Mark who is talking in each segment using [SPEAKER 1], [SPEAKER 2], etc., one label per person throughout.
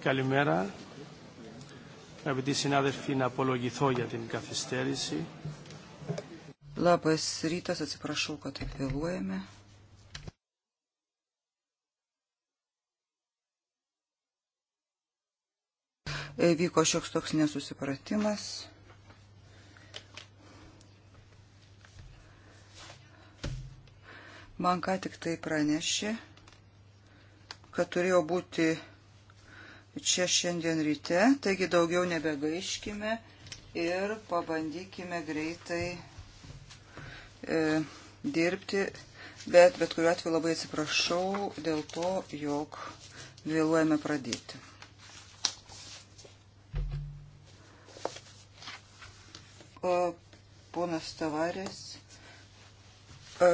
[SPEAKER 1] Καλημέρα. Αγαπητοί συνάδελφοι, να απολογηθώ για την καθυστέρηση.
[SPEAKER 2] Labas rytas, atsiprašau, kad taip vėluojame. Vyko šioks toks nesusipratimas. Man ką tik tai pranešė, kad turėjo būti čia šiandien ryte, taigi daugiau nebegaiškime ir pabandykime greitai e, dirbti, bet bet kuriuo atveju labai atsiprašau dėl to, jog vėluojame pradėti. O ponas Tavarės. E,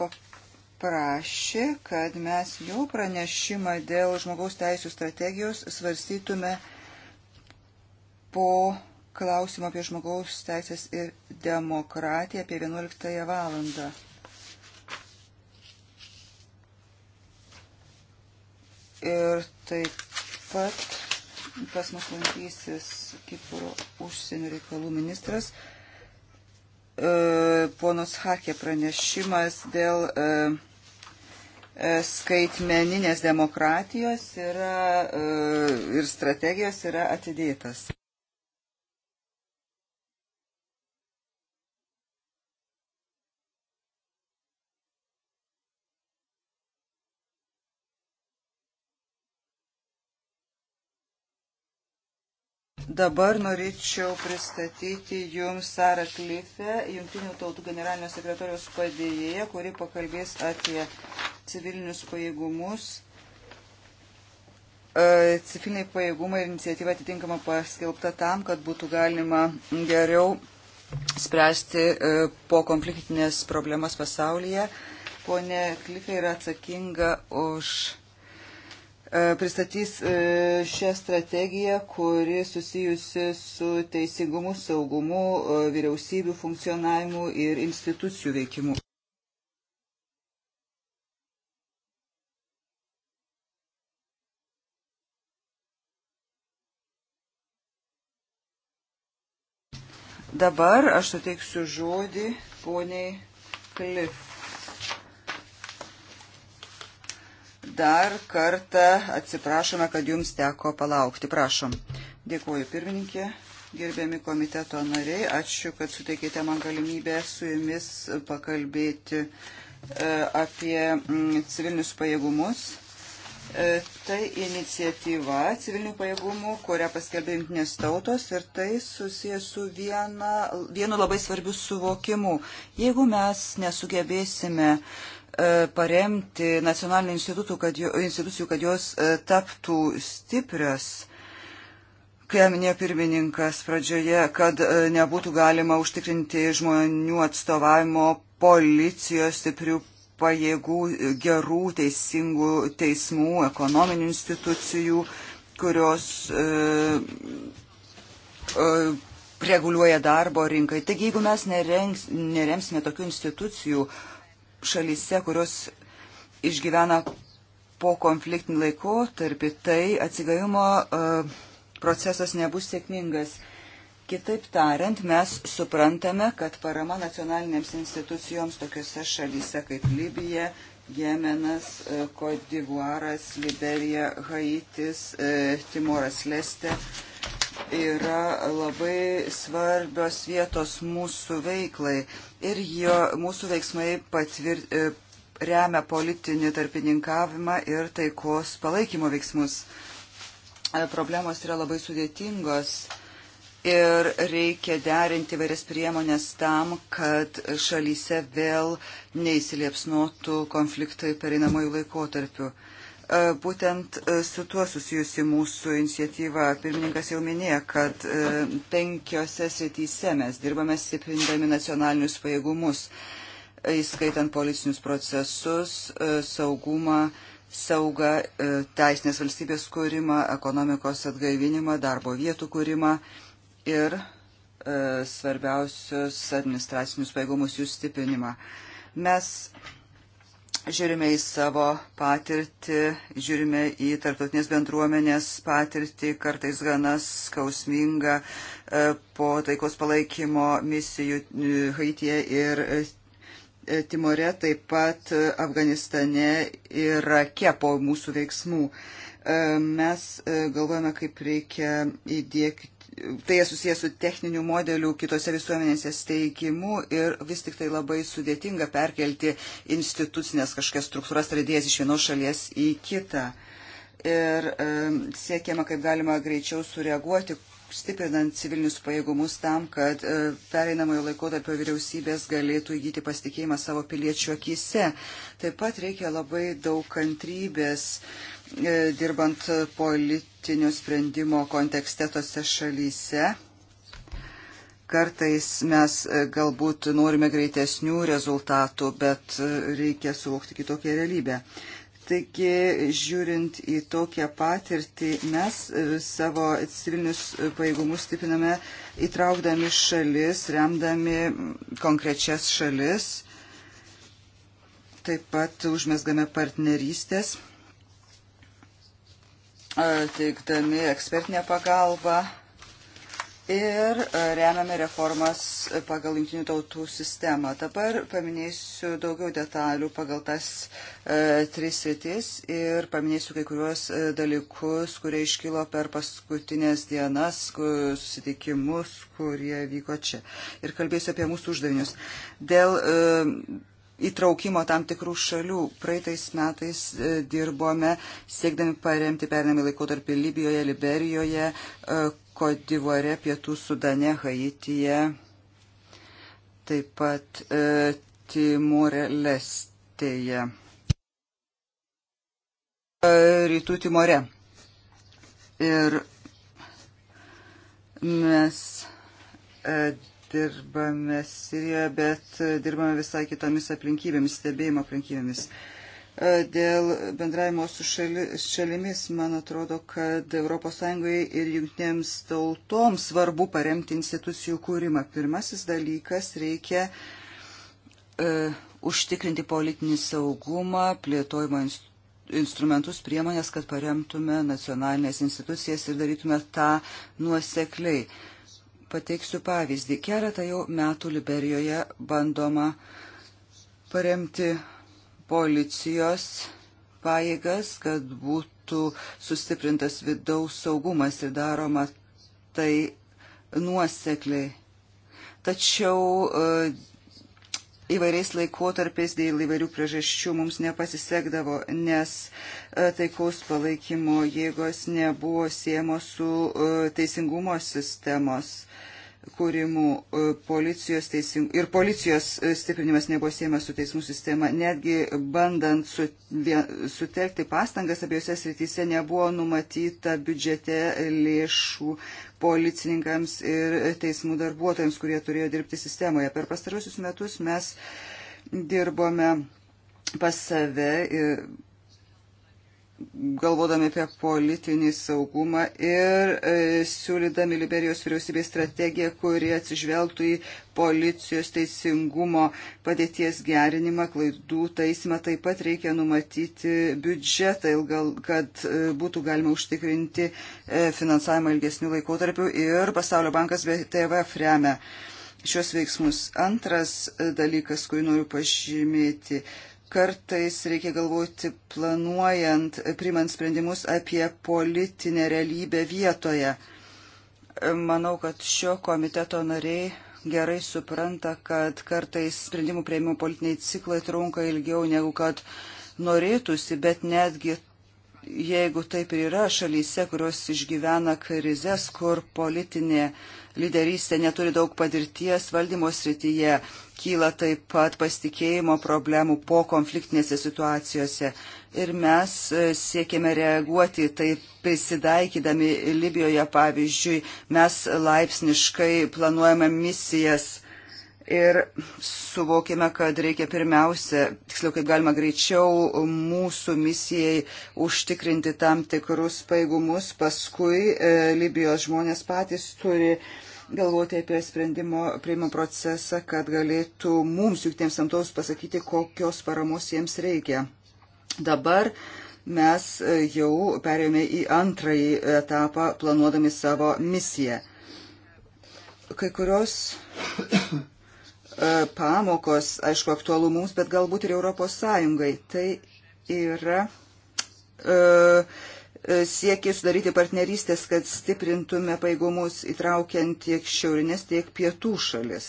[SPEAKER 2] paprašė, kad mes jo pranešimą dėl žmogaus teisų strategijos svarstytume po klausimo apie žmogaus teisės ir demokratiją apie 11 valandą. Ir taip pat pas mus lankysis Kipro užsienio reikalų ministras. E, ponos Hakė pranešimas dėl e, e, skaitmeninės demokratijos yra, ir strategijos yra atidėtas. Dabar norėčiau pristatyti Jums Sarą Klifę, Junktinių tautų generalinio sekretorijos padėjėją, kuri pakalbės apie civilinius pajėgumus, e, civiliniai pajėgumai ir iniciatyva atitinkama paskelbta tam, kad būtų galima geriau spręsti e, po konfliktinės problemas pasaulyje. Pone Klifė yra atsakinga už E, pristatys e, šią strategiją, kuri susijusi su teisingumu, saugumu, e, vyriausybių funkcionavimu ir institucijų veikimu. Dabar aš suteiksiu žodį poniai Klif. dar kartą atsiprašome, kad jums teko palaukti. Prašom. Dėkuoju pirmininkė, gerbiami komiteto nariai, ačiū, kad suteikėte man galimybę su jumis pakalbėti e, apie mm, civilinius pajėgumus. E, tai iniciatyva civilinių pajėgumų, kurią paskelbė Junktinės tautos ir tai susijęs su viena, vienu labai svarbiu suvokimu. Jeigu mes nesugebėsime uh, E, paremti nacionalinių institucijų, kad, jo, institucijų, kad jos e, taptų stiprios kai minėjo pirmininkas pradžioje, kad e, nebūtų galima užtikrinti žmonių atstovavimo policijos stiprių pajėgų, gerų, teisingų teismų, ekonominių institucijų, kurios e, e, reguliuoja darbo rinkai. Taigi, jeigu mes nerengs, neremsime tokių institucijų, šalyse, kurios išgyvena po konfliktinį laikotarpį, tai atsigavimo e, procesas nebus sėkmingas. Kitaip tariant, mes suprantame, kad parama nacionalinėms institucijoms tokiuose šalyse kaip Libija, Jemenas, e, Kodivuaras, Liberija, Haitis, e, Timoras Leste, yra labai svarbios vietos mūsų veiklai ir jo, mūsų veiksmai patvir, e, remia politinį tarpininkavimą ir taikos palaikymo veiksmus. E, problemos yra labai sudėtingos ir reikia derinti vairias priemonės tam, kad šalyse vėl neįsiliepsnotų konfliktai pereinamojų laikotarpių. E, būtent e, su tuo susijusi mūsų iniciatyva. Pirmininkas jau minėjo, kad e, penkiose srityse mes dirbame stiprindami nacionalinius pajėgumus, įskaitant policinius procesus, saugumą, saugą, teisinės valstybės kūrimą, ekonomikos atgaivinimą, darbo vietų kūrimą ir svarbiausius administracinius pajėgumus jų stiprinimą. Mes žiūrime į savo patirtį, žiūrime į tarptautinės bendruomenės patirtį, kartais gana skausmingą e, po taikos palaikymo misijų e, Haitie ir e, Timore, taip pat Afganistane ir Irake po mūsų veiksmų. Mes galvojame, kaip reikia įdėkti tai susijęs su techninių modelių kitose visuomenėse steigimu ir vis tik tai labai sudėtinga perkelti institucinės kažkokias struktūras ar idėjas iš vienos šalies į kitą. Ir e, siekiama, kaip galima greičiau sureaguoti, stiprinant civilinius pajėgumus tam, kad e, pereinamojo laikotarpio vyriausybės galėtų įgyti pasitikėjimą savo piliečių akise. Taip pat reikia labai daug kantrybės. E, E, dirbant politinio sprendimo kontekste tose šalyse. Kartais mes e, galbūt norime greitesnių rezultatų, bet e, reikia suvokti kitokią realybę. Taigi, žiūrint į tokią patirtį, mes savo civilinius pajėgumus stipriname įtraukdami šalis, remdami konkrečias šalis, taip pat užmesgame partnerystės teikdami ekspertinę pagalbą ir e, remiame reformas pagal jungtinių tautų sistemą. Dabar paminėsiu daugiau detalių pagal tas e, tris sritis ir paminėsiu kai kuriuos e, dalykus, kurie iškilo per paskutinės dienas kur, susitikimus, kurie vyko čia. Ir kalbėsiu apie mūsų uždavinius. Dėl e, įtraukimo tam tikrų šalių. Praeitais metais e, dirbome siekdami paremti pernami laikotarpį Libijoje, Liberijoje, e, Kodivore, Pietų Sudane, Haityje, taip pat e, Timūre Lestėje. Rytų Timore. Ir mes dirbame Sirijoje, bet dirbame visai kitomis aplinkybėmis, stebėjimo aplinkybėmis. E, dėl bendravimo su šali, šalimis, man atrodo, kad ES ir jungtinėms tautoms svarbu paremti institucijų kūrimą. Pirmasis dalykas reikia e, užtikrinti politinį saugumą, plėtojimo institucijų instrumentus, priemonės, kad paremtume nacionalinės institucijas ir darytume tą nuosekliai. Pateiksiu pavyzdį. Keletą jau metų Liberijoje bandoma paremti policijos paėgas, kad būtų sustiprintas vidaus saugumas ir daroma tai nuosekliai. Tačiau e, įvairiais laikotarpiais dėl įvairių priežasčių mums nepasisekdavo, nes e, taikaus palaikymo jėgos nebuvo siemos su e, teisingumo sistemos kūrimų e, policijos teising, ir policijos e, stiprinimas nebuvo siejamas su teismų sistema, netgi bandant su, vien, sutelkti pastangas abiejose srityse nebuvo numatyta biudžete lėšų policininkams ir teismų darbuotojams, kurie turėjo dirbti sistemoje. Per pastarusius metus mes dirbome pas save. Ir, galvodami apie politinį saugumą ir e, siūlydami Liberijos vyriausybės strategiją, kuri atsižvelgtų į policijos teisingumo padėties gerinimą, klaidų taisymą. Taip pat reikia numatyti biudžetą, ilgal, kad e, būtų galima užtikrinti e, finansavimą ilgesnių laikotarpių ir Pasaulio bankas bei TVF remia šios veiksmus. Antras e, dalykas, kurį noriu pažymėti. E, kartais reikia galvoti planuojant, primant sprendimus apie politinę realybę vietoje. Manau, kad šio komiteto nariai gerai supranta, kad kartais sprendimų prieimimo politiniai ciklai trunka ilgiau negu kad norėtųsi, bet netgi jeigu taip ir yra šalyse, kurios išgyvena krizės, kur politinė lyderystė, neturi daug patirties valdymo srityje, kyla taip pat pasitikėjimo problemų po konfliktinėse situacijose. Ir mes e, siekėme reaguoti, tai prisidaikydami Libijoje, pavyzdžiui, mes laipsniškai planuojame misijas ir suvokime, kad reikia pirmiausia, tiksliau kaip galima greičiau, mūsų misijai užtikrinti tam tikrus paigumus, paskui e, Libijos žmonės patys turi e, galvoti apie sprendimo prieimimo procesą, kad galėtų mums, jungtiems samtoms, pasakyti, kokios paramos jiems reikia. Dabar mes e, jau perėjome į antrąjį etapą, planuodami savo misiją. Kai kurios e, pamokos, aišku, aktualu mums, bet galbūt ir Europos Sąjungai. Tai yra. Uh, e, siekiai sudaryti partnerystės, kad stiprintume paėgumus įtraukiant tiek šiaurinės, tiek pietų šalis.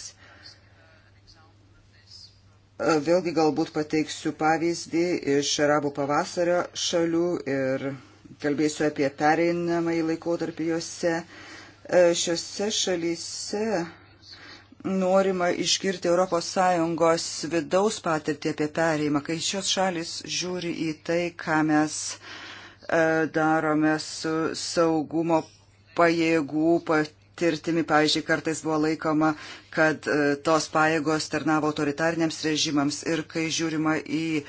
[SPEAKER 2] Vėlgi galbūt pateiksiu pavyzdį iš arabų pavasario šalių ir kalbėsiu apie pereinamąjį laikotarpį juose. E, Šiuose šalyse norima išgirti ES vidaus patirtį apie pereimą, kai šios šalis žiūri į tai, ką mes E, darome su saugumo pajėgų patirtimi. Pavyzdžiui, kartais buvo laikoma, kad e, tos pajėgos tarnavo autoritariniams režimams ir kai žiūrima į e,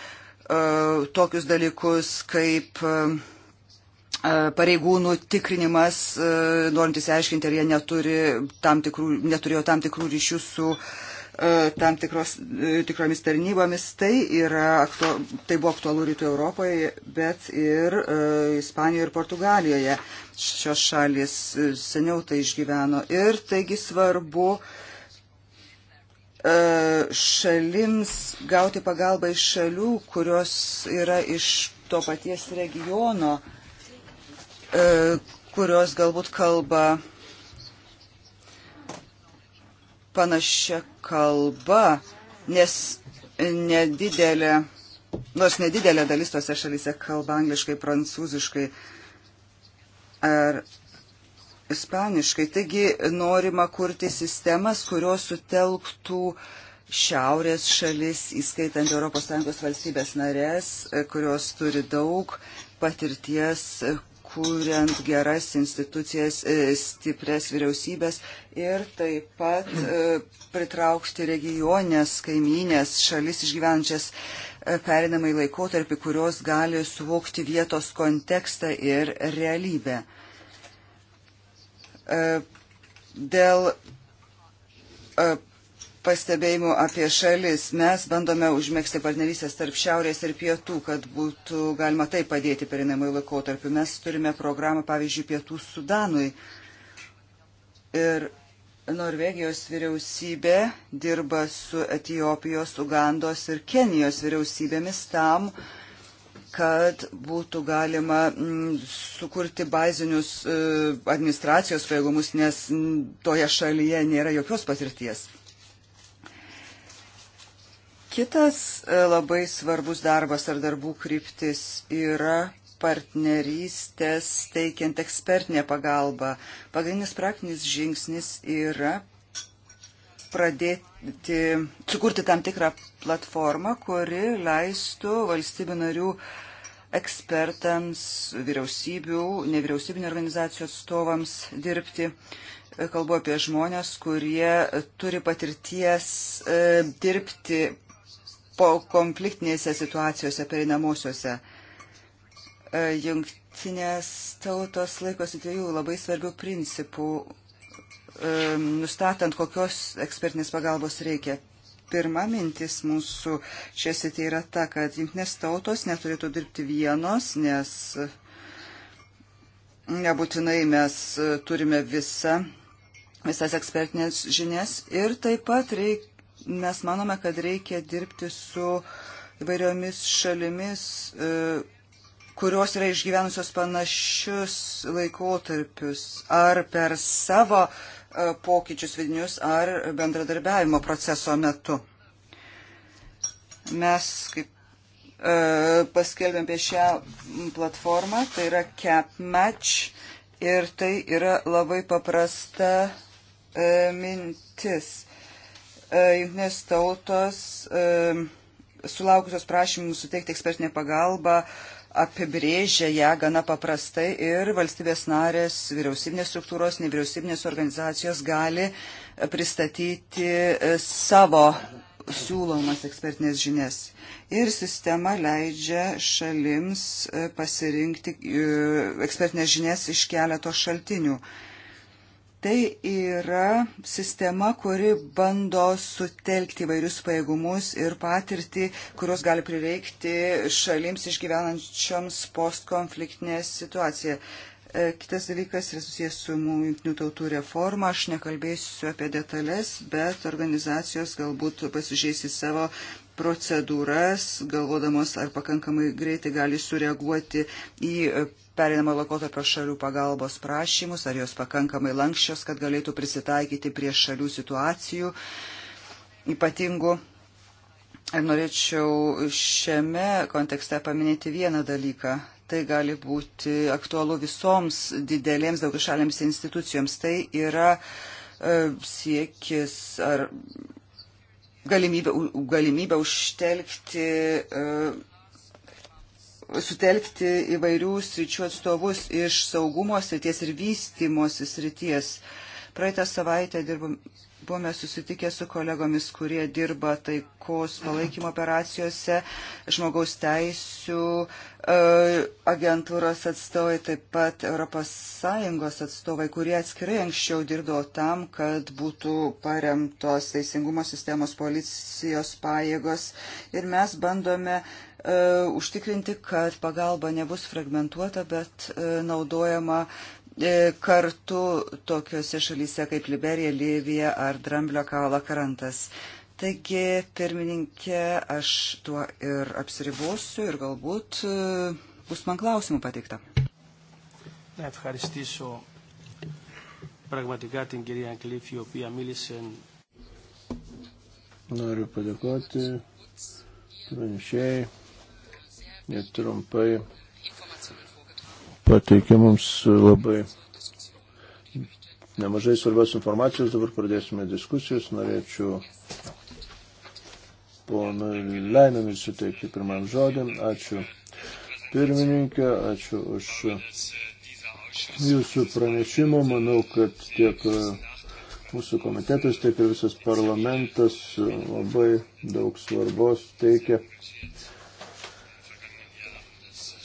[SPEAKER 2] tokius dalykus kaip pareigūnų tikrinimas, norint įsiaiškinti, ar jie neturi tam tikrų, neturėjo tam tikrų ryšių su uh, E, tam tikros, e, tikromis tarnybomis. Tai, yra, tai buvo aktualu rytų Europoje, bet ir e, Ispanijoje ir Portugalijoje šios šalis seniau tai išgyveno. Ir taigi svarbu šalims gauti pagalbą iš šalių, kurios yra iš to paties regiono, kurios galbūt kalba panašia kalba, nes nedidelė, nors nedidelė dalis tose šalyse kalba angliškai, prancūziškai ar ispaniškai. Taigi norima kurti sistemas, kurios sutelktų šiaurės šalis, įskaitant ES valstybės narės, kurios turi daug patirties kuriant geras institucijas, e, stipres vyriausybės ir taip pat e, pritraukti regionės, kaiminės šalis išgyvenančias e, perinamai laikotarpį, kurios gali suvokti vietos kontekstą ir realybę. Dėl pastebėjimų apie šalis. Mes bandome užmėgsti partnerystės tarp šiaurės ir pietų, kad būtų galima tai padėti perinamui laikotarpiu. Mes turime programą, pavyzdžiui, pietų Sudanui. Ir Norvegijos vyriausybė dirba su Etijopijos, Ugandos ir Kenijos vyriausybėmis tam, kad būtų galima mm, sukurti bazinius e, administracijos pajėgumus, nes mm, toje šalyje nėra jokios patirties. Kitas e, labai svarbus darbas ar darbų kryptis yra partnerystės teikiant ekspertinę pagalbą. Pagrindinis praktinis žingsnis yra pradėti, sukurti tam tikrą platformą, kuri leistų valstybių narių ekspertams, vyriausybių, nevyriausybinio organizacijų atstovams dirbti. Kalbu apie žmonės, kurie turi patirties e, dirbti po konfliktinėse situacijose pereinamosiuose. E, jungtinės tautos laikosi dviejų labai svarbių principų, e, nustatant, kokios ekspertinės pagalbos reikia. Pirma mintis mūsų čia sitė yra ta, kad jungtinės tautos neturėtų dirbti vienos, nes nebūtinai mes turime visą visas ekspertinės žinias ir taip pat reik, mes manome, kad reikia dirbti su įvairiomis šalimis, e, kurios yra išgyvenusios panašius laikotarpius ar per savo e, pokyčius vidinius ar bendradarbiavimo proceso metu. Mes kaip e, paskelbėm apie šią platformą, tai yra CapMatch ir tai yra labai paprasta mintis. E, Junktinės tautos e, sulaukusios prašymų suteikti ekspertinę pagalbą apibrėžia ją gana paprastai ir valstybės narės, vyriausybinės struktūros, nevyriausybinės organizacijos gali pristatyti e, savo siūlomas ekspertinės žinias. Ir sistema leidžia šalims pasirinkti ekspertinės žinias iš keleto šaltinių. Tai yra sistema, kuri bando sutelkti vairius pajėgumus ir patirtį, kurios gali prireikti šalims išgyvenančioms postkonfliktinę situaciją. E, kitas dalykas yra susijęs su jungtinių tautų reforma. Aš nekalbėsiu apie detalės, bet organizacijos galbūt pasižiūrės į savo procedūras, galvodamos, ar pakankamai greitai gali sureaguoti į e, perinamą laikotarpio šalių pagalbos prašymus, ar jos pakankamai lankščios, kad galėtų prisitaikyti prie šalių situacijų ypatingų. Ir norėčiau šiame kontekste paminėti vieną dalyką. Tai gali būti aktualu visoms didelėms daugišalėms institucijoms. Tai yra e, siekis ar galimybę, galimybę užtelkti, e, sutelkti įvairių sričių atstovus iš saugumo srities ir vystimosi srities. Praeitą savaitę dirbom buvome susitikę su kolegomis, kurie dirba taikos palaikymo operacijose, žmogaus teisų e, agentūros atstovai, taip pat ES atstovai, kurie atskirai anksčiau dirbo tam, kad būtų paremtos teisingumo sistemos policijos pajėgos. Ir mes bandome uh, užtikrinti, kad pagalba nebus fragmentuota, bet uh, naudojama uh, E, kartu tokiuose šalyse kaip Liberija, Libija ar Dramblio kaulo karantas. Taigi, pirmininkė, aš tuo ir apsiribosiu ir galbūt e, bus man klausimų pateikta.
[SPEAKER 1] Ευχαριστήσω πραγματικά την κυρία Κλήφ, η οποία μίλησε. Noriu padėkoti pranešėjai ir trumpai pateikė mums labai nemažai svarbios informacijos. Dabar pradėsime diskusijos. Norėčiau ponui Leininui suteikti pirmam žodį. Ačiū pirmininkė, ačiū už jūsų pranešimą. Manau, kad tiek mūsų komitetas, tiek ir visas parlamentas labai daug svarbos teikia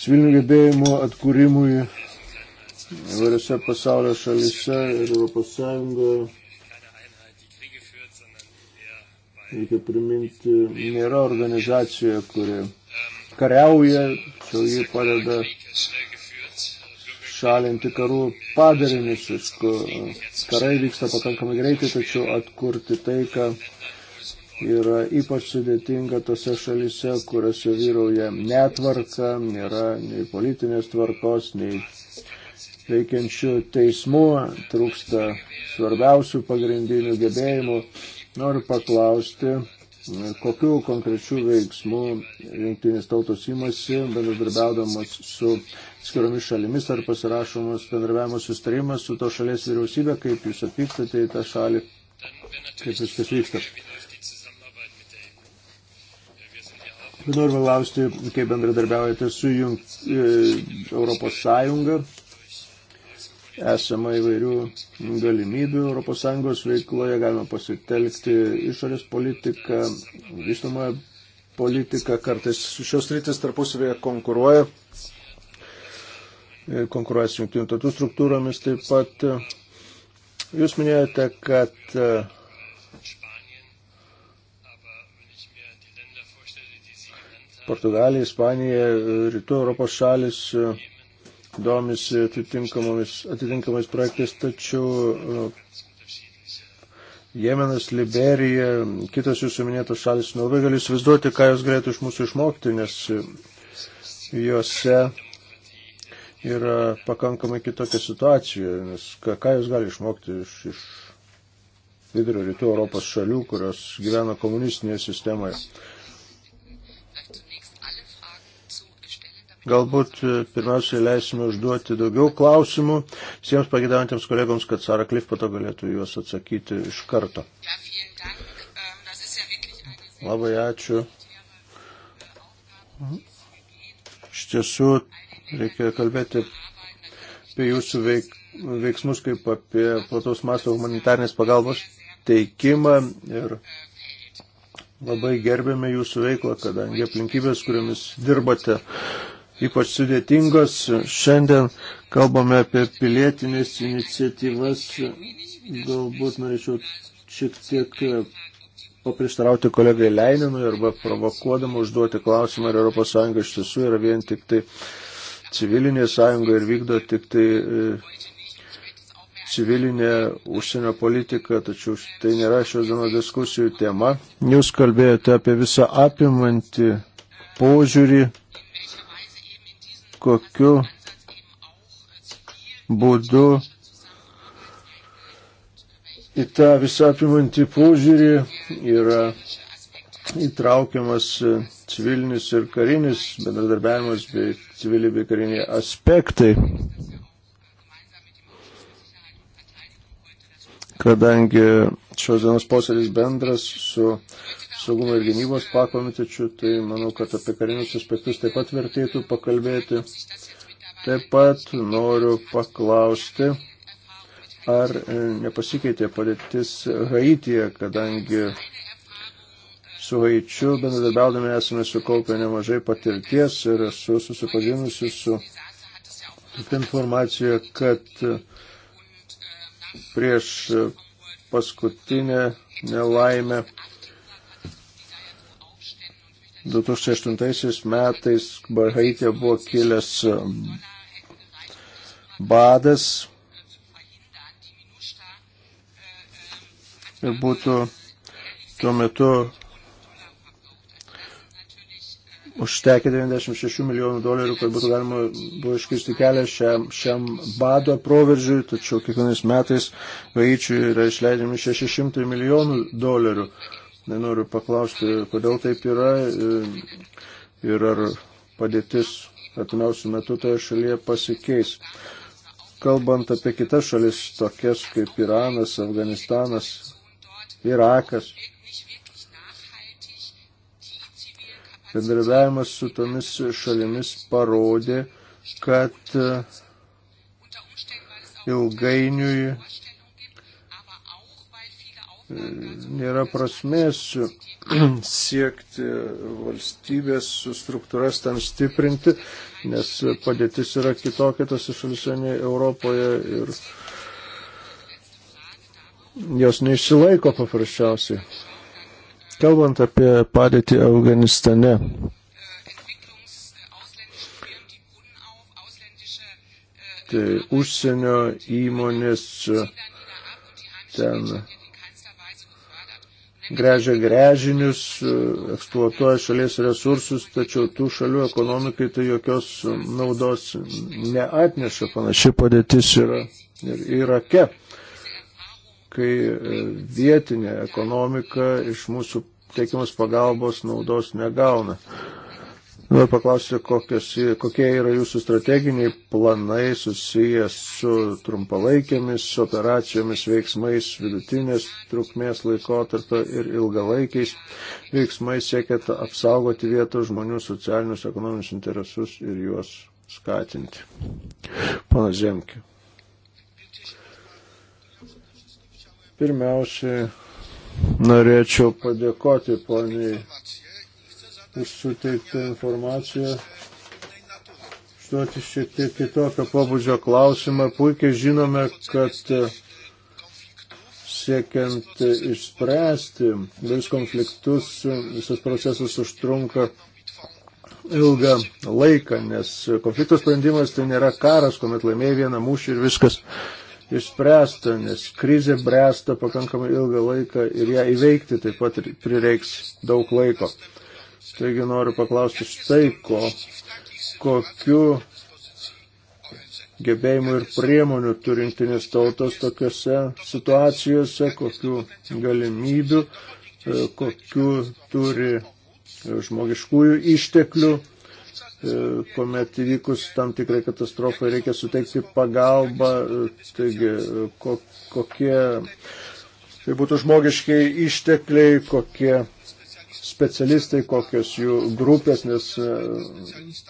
[SPEAKER 1] civilinių gebėjimų atkūrimui įvairiose pasaulio šalise ir Europos Sąjungoje. Reikia priminti, nėra organizacija, kuri kariauja, tačiau ji padeda šalinti karų padarinius. Karai vyksta pakankamai greitai, tačiau atkurti taiką yra ypač sudėtinga tose šalise, kuriuose vyrauja netvarka, nėra nei politinės tvarkos, nei veikiančių teismų, trūksta svarbiausių pagrindinių gebėjimų. Noriu paklausti, kokiu konkrečiu veiksmu jungtinės tautos įmasi, bendradarbiaudamas su skiromis šalimis ar pasirašomas bendradarbiavimo sustarimas su to šalies vyriausybė, kaip jūs atvykstate į tą šalį, kaip viskas vyksta. Noriu klausti, kaip bendradarbiaujate su jung, e, Europos Sąjunga. Esama įvairių galimybių Europos Sąjungos veikloje, galima pasitelkti išorės politiką, vystamoje politiką, kartais šios rytis tarpusavėje konkuruoja, e, konkuruoja su jungtinių tautų struktūromis taip pat. Jūs minėjote, kad e, Portugalija, Ispanija, rytų Europos šalis e, domisi atitinkamais projektais, tačiau e, Jemenas, Liberija, kitos jūsų minėtos šalis, nelabai galiu įsivaizduoti, ką jos galėtų iš mūsų išmokti, nes e, juose yra pakankamai kitokia situacija, nes ką, ką jūs gali išmokti iš, iš vidurio rytų Europos šalių, kurios gyvena komunistinėje sistemoje. Galbūt e, pirmiausiai leisime užduoti daugiau klausimų visiems pagėdavantiems kolegoms, kad Sara Klif pato galėtų juos atsakyti iš karto. Labai ačiū. Iš tiesų, reikia kalbėti apie jūsų veik, veiksmus kaip apie plataus masto humanitarnės pagalbos teikimą ir labai gerbėme jūsų veiklą, kadangi aplinkybės, kuriomis dirbate, ypač sudėtingos. Šiandien kalbame apie pilietinės iniciatyvas. Galbūt norėčiau šiek tiek paprieštarauti kolegai Leininui arba provokuodama užduoti klausimą, ar ES iš tiesų yra vien tik tai civilinė sąjunga ir vykdo tik tai e, civilinė užsienio politika, tačiau tai nėra šios dienos diskusijų tema. Jūs kalbėjote apie visą apimantį požiūrį kokiu būdu į tą visą apimantį požiūrį yra įtraukiamas civilinis ir karinis bendradarbiavimas bei civiliai bei kariniai aspektai, kadangi šios dienos posėdis bendras su saugumo ir gynybos pakomitečių, tai manau, kad apie karinius aspektus taip pat vertėtų pakalbėti. Taip pat noriu paklausti, ar e, nepasikeitė padėtis Haityje, kadangi su Haičiu bendradarbiaudami esame sukaupę nemažai patirties ir esu susipažinusi su informacija, kad prieš paskutinę nelaimę 2008 metais Barhaitė buvo kilęs um, badas ir būtų tuo metu užtekė 96 milijonų dolerių, kad būtų galima buvo iškirsti kelią šiam, šiam bado proveržiui, tačiau kiekvienais metais vaičiui yra išleidžiami 600 milijonų dolerių. Uh, Nenoriu paklausti, kodėl taip yra e, ir ar padėtis atimiausių metų toje šalyje pasikeis. Kalbant apie kitas šalis, tokias kaip Iranas, Afganistanas, Irakas, bendradarbiavimas su tomis šalimis parodė, kad e, ilgainiui nėra prasmės siekti valstybės struktūras ten stiprinti, nes padėtis yra kitokia tose šalise nei Europoje ir jos neišsilaiko paprasčiausiai. Kalbant apie padėtį Afganistane. Tai užsienio įmonės ten grežia grežinius, eksploatuoja šalies resursus, tačiau tų šalių ekonomikai tai jokios naudos neatneša. Panaši padėtis yra ir Irake, kai e, vietinė ekonomika iš mūsų teikiamus pagalbos naudos negauna. Noriu paklausti, kokios, kokie yra jūsų strateginiai planai susijęs su trumpalaikėmis operacijomis, veiksmais, vidutinės trukmės laikotarpio ir ilgalaikiais veiksmais siekiant apsaugoti vietos žmonių socialinius, ekonominius interesus ir juos skatinti. Pana Zemkė. Pirmiausiai norėčiau padėkoti poniai suteiktą informaciją. Užduoti šiek tiek kitokio pobūdžio klausimą. Puikiai žinome, kad e, siekiant išspręsti vis konfliktus, visas procesas užtrunka ilgą laiką, nes konflikto sprendimas tai nėra karas, kuomet laimėjai vieną mūšį ir viskas išspręsta, nes krizė bręsta pakankamai ilgą laiką ir ją įveikti taip pat prireiks daug laiko. Taigi noriu paklausti štai ko, kokiu gebėjimų ir priemonių turintinės tautos tokiuose situacijose, kokiu galimybių, e, kokiu turi žmogiškųjų išteklių, e, kuomet įvykus tam tikrai katastrofai reikia suteikti pagalbą, e, taigi kokie tai būtų žmogiškiai ištekliai, kokie specialistai, kokios jų grupės, nes e,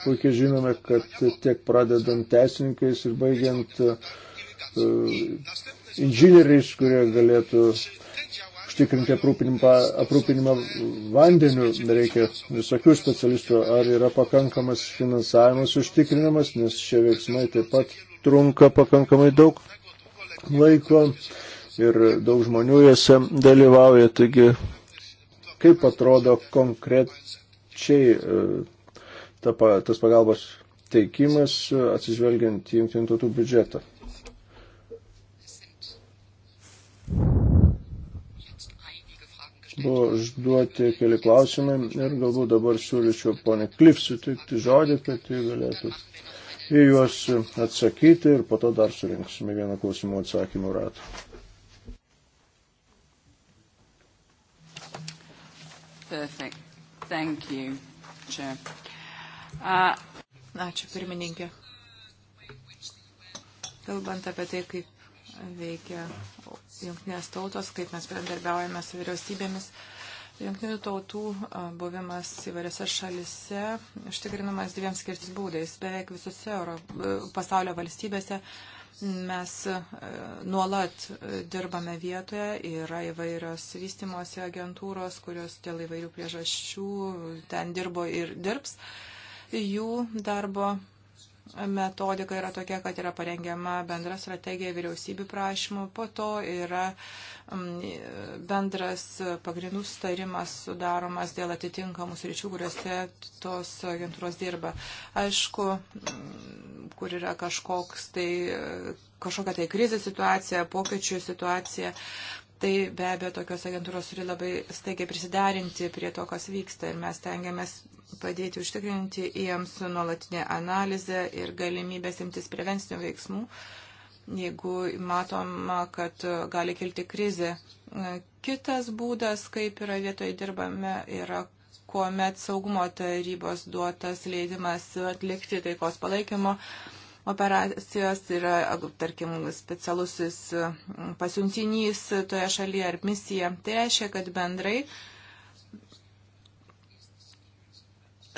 [SPEAKER 1] puikiai žinome, kad tiek pradedant teisininkais ir baigiant e, inžinieriais, kurie galėtų užtikrinti aprūpinimą, aprūpinimą vandeniu, reikia visokių specialistų, ar yra pakankamas finansavimas užtikrinamas, nes šie veiksmai taip pat trunka pakankamai daug laiko ir daug žmonių juose dalyvauja, taigi kaip atrodo konkrečiai e, ta, tas pagalbos teikimas e, atsižvelgiant į jungtinių tautų biudžetą. Buvo užduoti keli klausimai ir galbūt dabar siūlyčiau ponė Klif sutikti žodį, kad jį galėtų į juos atsakyti ir po to dar surinksime vieną klausimų atsakymų ratą.
[SPEAKER 3] Perfect.
[SPEAKER 2] Thank you, Chair.
[SPEAKER 3] Uh, Ačiū, pirmininkė. Kalbant apie tai, kaip veikia jungtinės tautos, kaip mes bendarbiaujame su vyriausybėmis, jungtinių tautų uh, buvimas įvairiose šalise užtikrinamas dviem skirtis būdais. Beveik visose Euro, uh, pasaulio valstybėse uh, Mes e, nuolat e, dirbame vietoje, yra įvairios vystimosi agentūros, kurios dėl įvairių priežasčių ten dirbo ir dirbs. Jų darbo metodika yra tokia, kad yra parengiama bendra strategija vyriausybių prašymų, po to yra mm, bendras pagrindų starimas sudaromas dėl atitinkamų sričių, kuriuose tos agentūros dirba. Aišku, mm, kur yra kažkoks tai kažkokia tai krizė situacija, pokyčių situacija, tai be abejo tokios agentūros turi labai staigiai prisiderinti prie to, kas vyksta ir mes tengiamės padėti užtikrinti jiems nuolatinę analizę ir galimybės imtis prevencinių veiksmų, jeigu matoma, kad gali kilti krizė. Kitas būdas, kaip yra vietoje dirbame, yra kuomet saugumo tarybos duotas leidimas atlikti taikos palaikymo operacijos, yra, tarkim, specialusis mm, pasiuntinys toje šalyje ar misija. Tai reiškia, kad bendrai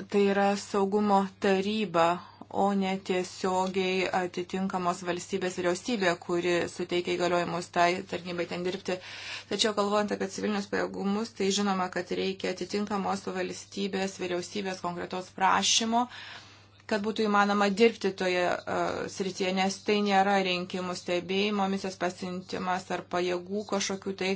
[SPEAKER 3] tai yra saugumo taryba, o ne tiesiogiai atitinkamos valstybės vyriausybė, kuri suteikia įgaliojimus tai tarnybai ten dirbti. Tačiau kalbant apie civilinius pajėgumus, tai žinoma, kad reikia atitinkamos valstybės vyriausybės konkretos prašymo kad būtų įmanoma dirbti toje uh, srityje, nes tai nėra rinkimų stebėjimo misijos pasiuntimas ar pajėgų kažkokių tai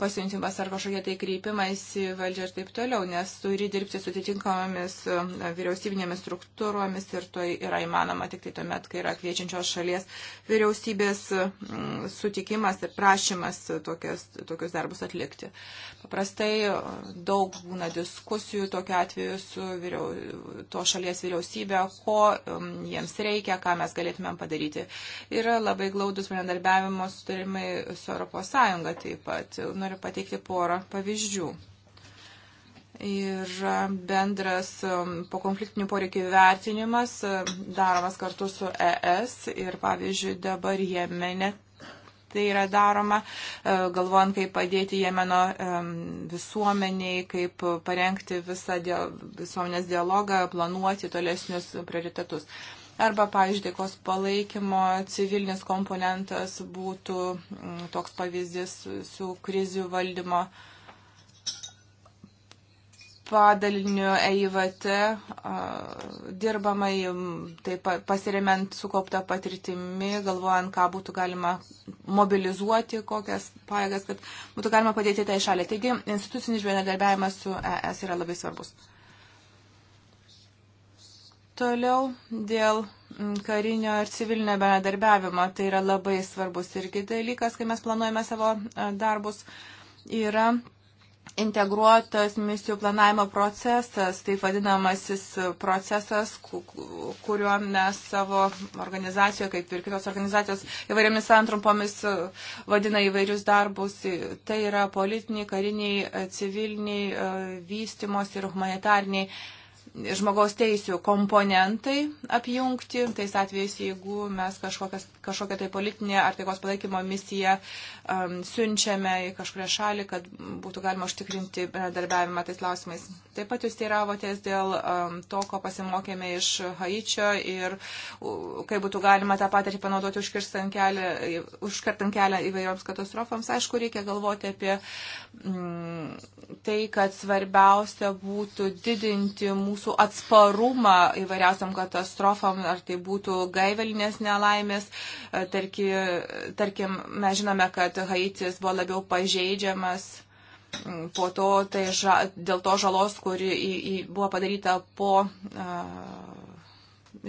[SPEAKER 3] pasiuntimas ar kažkokie tai kreipimais į valdžią ir taip toliau, nes turi dirbti su atitinkamomis uh, vyriausybinėmis struktūromis ir to yra įmanoma tik tai tuomet, kai yra kviečiančios šalies vyriausybės mm, sutikimas ir prašymas tokias, tokius darbus atlikti. Paprastai daug būna diskusijų tokiu atveju su vyriau, to šalies vyriausybė, ko um, jiems reikia, ką mes galėtumėm padaryti. Yra labai glaudus bendarbiavimo sutarimai su ES taip pat. Noriu pateikti porą pavyzdžių. Ir um, bendras um, po konfliktinių poreikių vertinimas daromas kartu su ES ir pavyzdžiui dabar Jemene tai yra daroma, e, galvojant, kaip padėti Jemeno visuomeniai, kaip parengti visą visuomenės dialogą, planuoti tolesnius prioritetus arba, pavyzdžiui, taikos palaikymo civilinis komponentas būtų toks pavyzdys su krizių valdymo uh, padaliniu EIVT dirbamai, taip pasiremiant sukauptą patirtimi, galvojant, ką būtų galima mobilizuoti, kokias pajėgas, kad būtų galima padėti tai šaliai. Taigi, institucinis bendradarbiavimas su ES yra labai svarbus. Toliau dėl karinio ir civilinio bendradarbiavimo. Tai yra labai svarbus irgi dalykas, kai mes planuojame savo darbus. Yra integruotas misijų planavimo procesas, taip vadinamasis procesas, kuriuo mes savo organizacijoje, kaip ir kitos organizacijos, įvairiomis santrumpomis e, vadina įvairius darbus. E, tai yra politiniai, kariniai, e, civiliniai, vystimos ir humanitariniai žmogaus teisų komponentai apjungti, tais atvejais, jeigu mes kažkokias, kažkokią tai politinę ar taikos palaikymo misiją um, siunčiame į kažkurę šalį, kad būtų galima užtikrinti bendradarbiavimą tais klausimais. Taip pat jūs teiravotės dėl um, to, ko pasimokėme iš Haičio ir uh, kaip būtų galima tą patirtį panaudoti užkirtant kelią, užkartant kelią įvairioms katastrofams. Aišku, reikia galvoti apie mm, tai, kad svarbiausia būtų didinti mūsų mūsų atsparumą įvairiausiam katastrofam, ar tai būtų gaivelinės nelaimės. E, tarki, tarkim, mes žinome, kad Haitis buvo labiau pažeidžiamas po to, tai ža, dėl to žalos, kuri į, į, buvo padaryta po. Uh,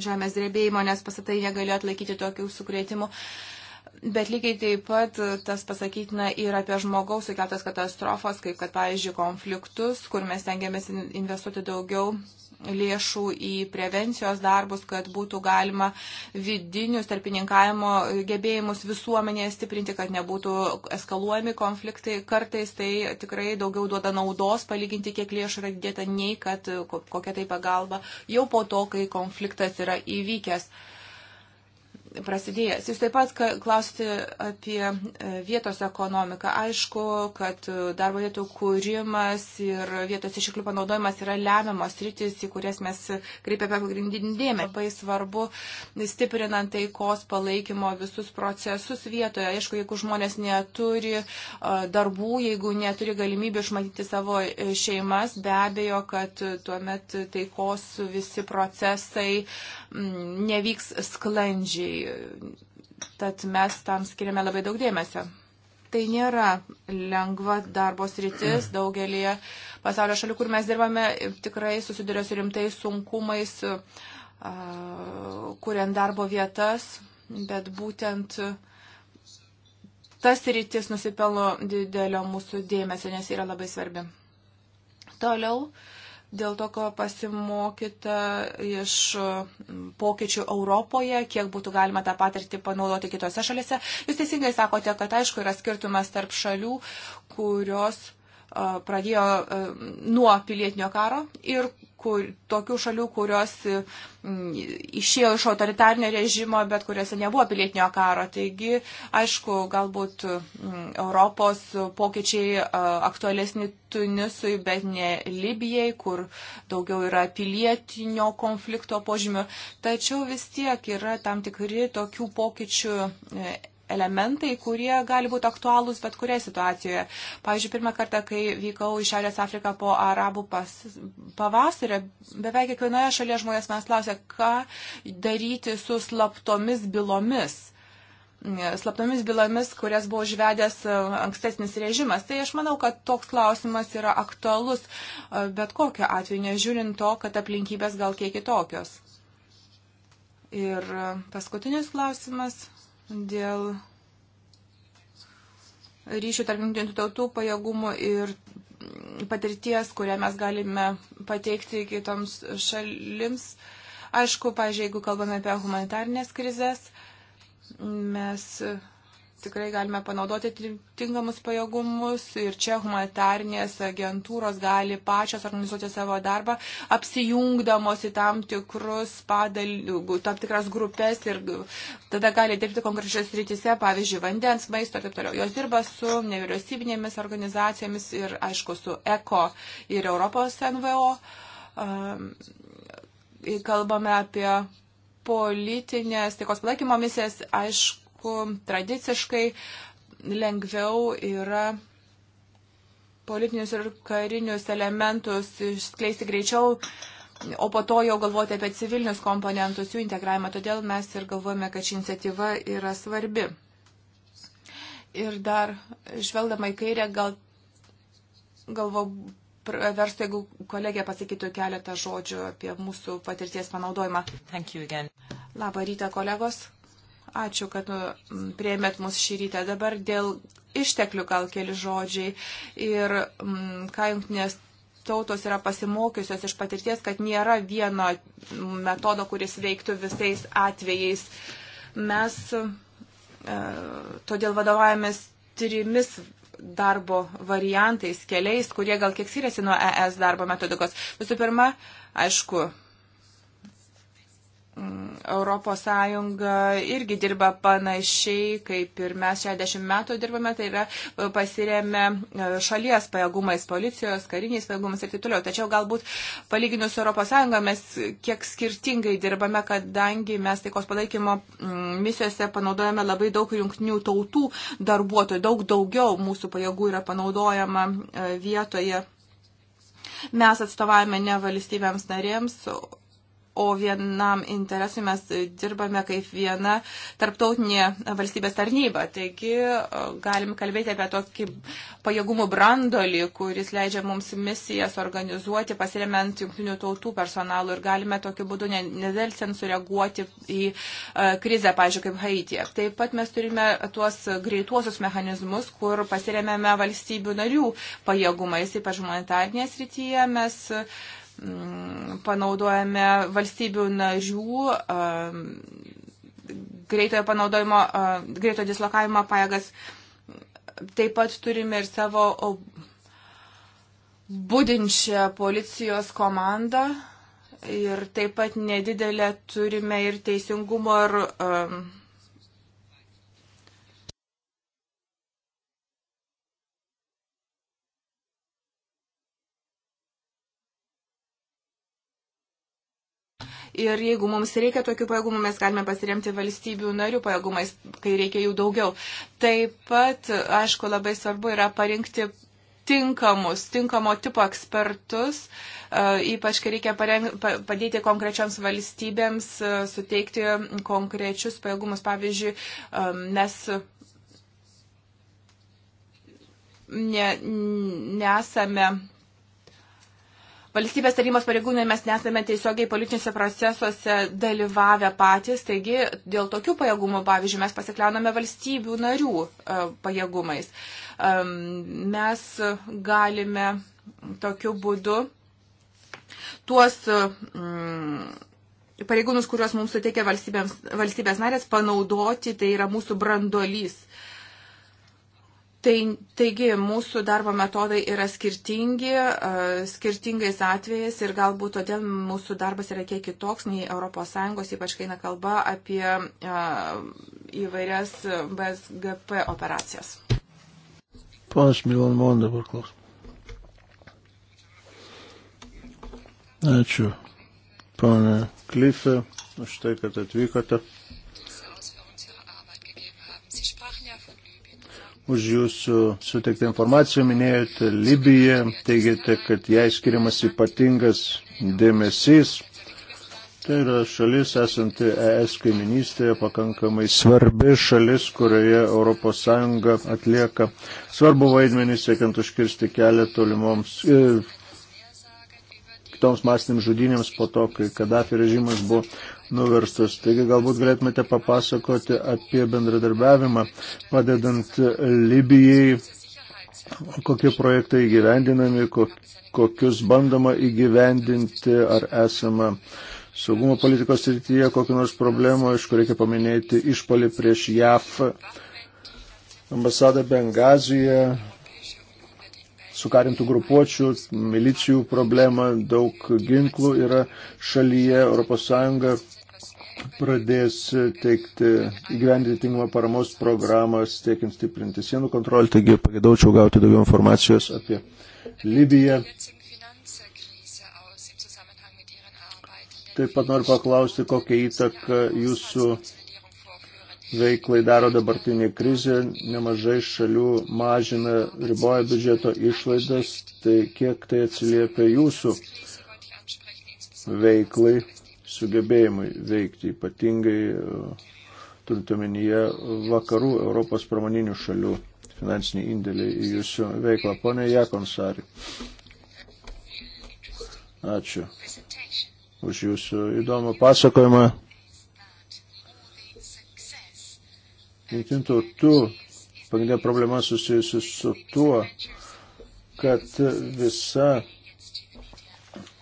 [SPEAKER 3] žemės drebėjimo, nes pastatai negalėjo atlaikyti tokių sukrėtimų. Uh, Bet lygiai taip pat tas pasakytina ir apie žmogaus sukeltas katastrofas, kaip kad, pavyzdžiui, konfliktus, kur mes tengiamės investuoti daugiau lėšų į prevencijos darbus, kad būtų galima vidinius tarpininkavimo gebėjimus visuomenėje stiprinti, kad nebūtų eskaluojami konfliktai. Kartais tai tikrai daugiau duoda naudos palyginti, kiek lėšų yra dėta, nei kad kokia tai pagalba jau po to, kai konfliktas yra įvykęs prasidėjęs. Jūs taip pat klausite apie e, vietos ekonomiką. Aišku, kad e, darbo vietų kūrimas ir vietos išiklių panaudojimas yra lemiamos rytis, į kurias mes kreipiame pagrindinį dėmesį. Labai svarbu stiprinant taikos palaikymo visus procesus vietoje. Aišku, jeigu žmonės neturi e, darbų, jeigu neturi galimybę išmatyti savo šeimas, be abejo, kad tuomet taikos visi procesai nevyks sklandžiai tad mes tam skiriame labai daug dėmesio. Tai nėra lengva darbo sritis daugelį pasaulio šalių, kur mes dirbame, tikrai susiduria su rimtais sunkumais, kuriant darbo vietas, bet būtent tas rytis nusipelno didelio mūsų dėmesio, nes yra labai svarbi. Toliau. Uh, dėl to, ko pasimokyta iš pokyčių Europoje, kiek būtų galima tą patirtį panaudoti kitose šalise. Jūs teisingai sakote, kad aišku yra skirtumas tarp šalių, kurios pradėjo nuo pilietinio karo ir kur, tokių šalių, kurios m, mm, išėjo iš autoritarnio režimo, bet kuriuose nebuvo pilietinio karo. Taigi, aišku, galbūt m, mm, Europos pokyčiai a, aktualesni Tunisui, bet ne Libijai, kur daugiau yra pilietinio konflikto požymio. Tačiau vis tiek yra tam tikri tokių pokyčių e, elementai, kurie gali būti aktualūs bet kurioje situacijoje. Pavyzdžiui, pirmą kartą, kai vykau į Šiaurės Afriką po arabų pas, pavasario, beveik kiekvienoje šalyje žmonės manęs klausė, ką daryti su slaptomis bylomis slaptomis bylomis, kurias buvo žvedęs e, ankstesnis režimas. Tai aš manau, kad toks klausimas yra aktualus e, bet kokiu atveju, nežiūrint to, kad aplinkybės gal kiek kitokios. Ir e, paskutinis klausimas dėl ryšių tarp jungtinių tautų pajėgumų ir patirties, kurią mes galime pateikti kitoms šalims. Aišku, pažiūrėjau, jeigu kalbame apie humanitarnės krizės, mes tikrai galime panaudoti tinkamus pajėgumus ir čia humanitarnės agentūros gali pačios organizuoti savo darbą, apsijungdamos į tam, tikrus padal, tam tikras grupės ir tada gali dirbti konkrečios rytise, pavyzdžiui, vandens, maisto ir taip toliau. Jos dirba su nevyriausybinėmis organizacijomis ir, aišku, su ECO ir Europos NVO. Um, kalbame apie politinės taikos palaikymo misijas, aišku, tradiciškai lengviau yra politinius ir karinius elementus išskleisti greičiau, o po to jau galvoti apie civilinius komponentus, jų integravimą. Todėl mes ir galvojame, kad ši iniciatyva yra svarbi. Ir dar, žvelgdama į kairę, gal galvo verstų, jeigu kolegė pasakytų keletą žodžių apie mūsų patirties panaudojimą. Labą rytą, kolegos. Ačiū, kad mm, prieimėt mus šį rytą. Dabar dėl išteklių gal keli žodžiai ir m, mm, ką jungtinės tautos yra pasimokiusios iš patirties, kad nėra vieno mm, metodo, kuris veiktų visais atvejais. Mes e, todėl vadovavomės trimis darbo variantais, keliais, kurie gal kiek skiriasi nuo ES darbo metodikos. Visų pirma, aišku, Europos Sąjunga irgi dirba panašiai, kaip ir mes 60 metų dirbame, tai yra e, pasiremė e, šalies pajėgumais, policijos, kariniais pajėgumais ir taip toliau. Tačiau galbūt palyginus su Europos Sąjunga mes kiek skirtingai dirbame, kadangi mes taikos palaikymo mm, misijose panaudojame labai daug jungtinių tautų darbuotojų, daug daugiau mūsų pajėgų yra panaudojama e, vietoje. Mes atstovavome ne valstybėms narėms, o vienam interesui mes dirbame kaip viena tarptautinė valstybės tarnyba. Taigi e, galim kalbėti apie tokį pajėgumų brandolį, kuris leidžia mums misijas organizuoti, pasiremiant jungtinių tautų personalų ir galime tokiu būdu nedelsiant sureaguoti į e, krizę, pažiūrėjau, kaip Haitie. Taip pat mes turime tuos greituosius mechanizmus, kur pasiremiame valstybių narių pajėgumais, ypač humanitarnės rytyje mes uh, Mm, panaudojame valstybių narių um, greitojo panaudojimo, um, greito dislokavimo pajėgas. Taip pat turime ir savo būdinčią policijos komandą ir taip pat nedidelę turime ir teisingumo ir um, ir jeigu mums reikia tokių pajėgumų, mes galime pasiremti valstybių narių pajėgumais, kai reikia jų daugiau. Taip pat, aišku, labai svarbu yra parinkti tinkamus, tinkamo tipo ekspertus, e, ypač kai reikia pareng, padėti konkrečioms valstybėms, e, suteikti konkrečius pajėgumus. Pavyzdžiui, e, mes ne, nesame Valstybės tarybos pareigūnai mes nesame tiesiogiai politinėse procesuose dalyvavę patys, taigi dėl tokių pajėgumų, pavyzdžiui, mes pasikliauname valstybių narių e, pajėgumais. Mes galime tokiu būdu tuos mm, pareigūnus, kuriuos mums suteikia valstybės narės, panaudoti, tai yra mūsų brandolys. Uh, Tai, taigi mūsų darbo metodai yra skirtingi, skirtingais atvejais ir galbūt todėl mūsų darbas yra kiek kitoks nei ES, ypač kai eina kalba apie įvairias BSGP operacijas.
[SPEAKER 1] Panas Milan Mon dabar klaus. Ačiū, pana Klife, už tai, kad atvykote. už jūsų suteiktą informaciją. Minėjote Libiją, teigėte, kad jai skiriamas ypatingas dėmesys. Tai yra šalis esanti ES kaiminystėje, pakankamai svarbi šalis, kurioje ES atlieka svarbu vaidmenį siekiant užkirsti kelią tolimoms, e, kitoms masinėms žudynėms po to, kai Kadafi režimas buvo nuverstas. Taigi galbūt galėtumėte papasakoti apie bendradarbiavimą, padedant Libijai, kokie projektai įgyvendinami, kokius bandoma įgyvendinti, ar esama saugumo politikos srityje kokiu nors problemu, iš kur reikia paminėti išpolį prieš JAF ambasadą Bengazijoje, sukarintų grupuočių, milicijų problemą, daug ginklų yra šalyje, ES pradės teikti įgyvendinimo paramos programas, tiekiant stiprinti sienų kontrolę, taigi pagėdaučiau gauti daugiau informacijos apie Libiją. Taip pat noriu paklausti, kokią įtaką jūsų veiklai daro dabartinė krizė, nemažai šalių mažina, riboja biudžeto išlaidas, tai kiek tai atsiliepia jūsų veiklai, sugebėjimui veikti, ypatingai e, turint omenyje vakarų Europos pramoninių šalių finansinį indėlį į jūsų veiklą. Pone Jakonsari, ačiū už jūsų įdomų pasakojimą. jungtinių tautų pagrindinė problema susijusi su tuo, kad visa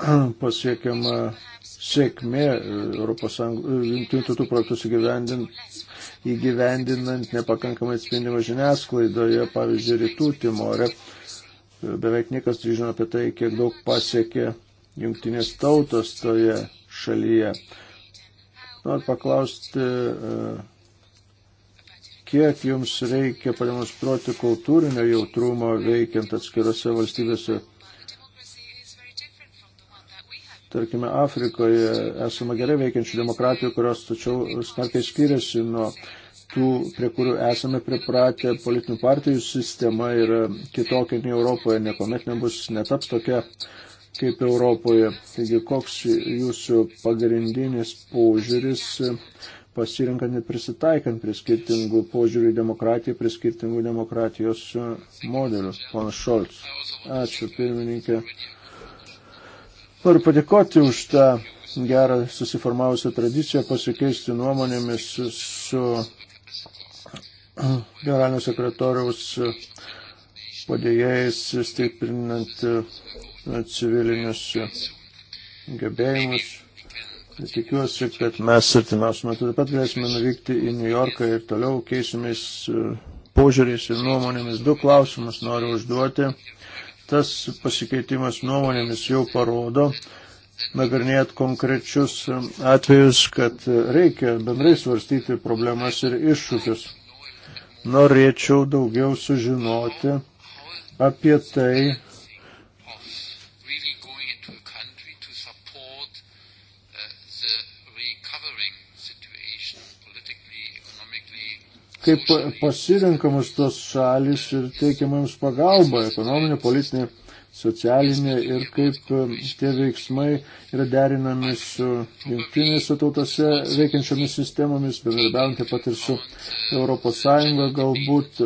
[SPEAKER 1] pasiekiama sėkmė jungtinių tautų projektus įgyvendinti įgyvendinant nepakankamai atspindimą žiniasklaidoje, pavyzdžiui, rytų Timorė. Beveik niekas žino apie tai, kiek daug pasiekė jungtinės tautos toje šalyje. Noriu paklausti uh, kiek jums reikia pademonstruoti kultūrinio jautrumo veikiant atskirose valstybėse. Tarkime, Afrikoje esame gerai veikiančių demokratijų, kurios tačiau smarkiai skiriasi nuo tų, prie kurių esame pripratę, politinių partijų sistema yra kitokia nei Europoje, niekuomet nebus, netaps tokia kaip Europoje. Taigi, koks jūsų pagrindinis požiūris pasirenka net prisitaikant prie skirtingų požiūrių į demokratiją, prie skirtingų demokratijos e, modelių. Ponas Šolts. Ačiū, pirmininkė. Noriu padėkoti už tą gerą susiformavusią tradiciją pasikeisti nuomonėmis su generalinio sekretoriaus padėjėjais, stiprinant e, civilinius gebėjimus Tikiuosi, kad mes artimiausiu metu taip pat galėsime nuvykti į New Yorką ir toliau keisimės e, požiūrės ir nuomonėmis. Du klausimus noriu užduoti. Tas pasikeitimas nuomonėmis jau parodo, nagrinėjant konkrečius e, atvejus, kad e, reikia bendrai svarstyti problemas ir iššūkius. Norėčiau daugiau sužinoti apie tai, kaip pasirinkamas tos šalis ir teikiamams pagalba ekonominė, politinė, socialinė ir kaip e, tie veiksmai yra derinami su jungtinėse tautose veikiančiomis sistemomis, bendradarbiaujant taip pat ir su ES galbūt.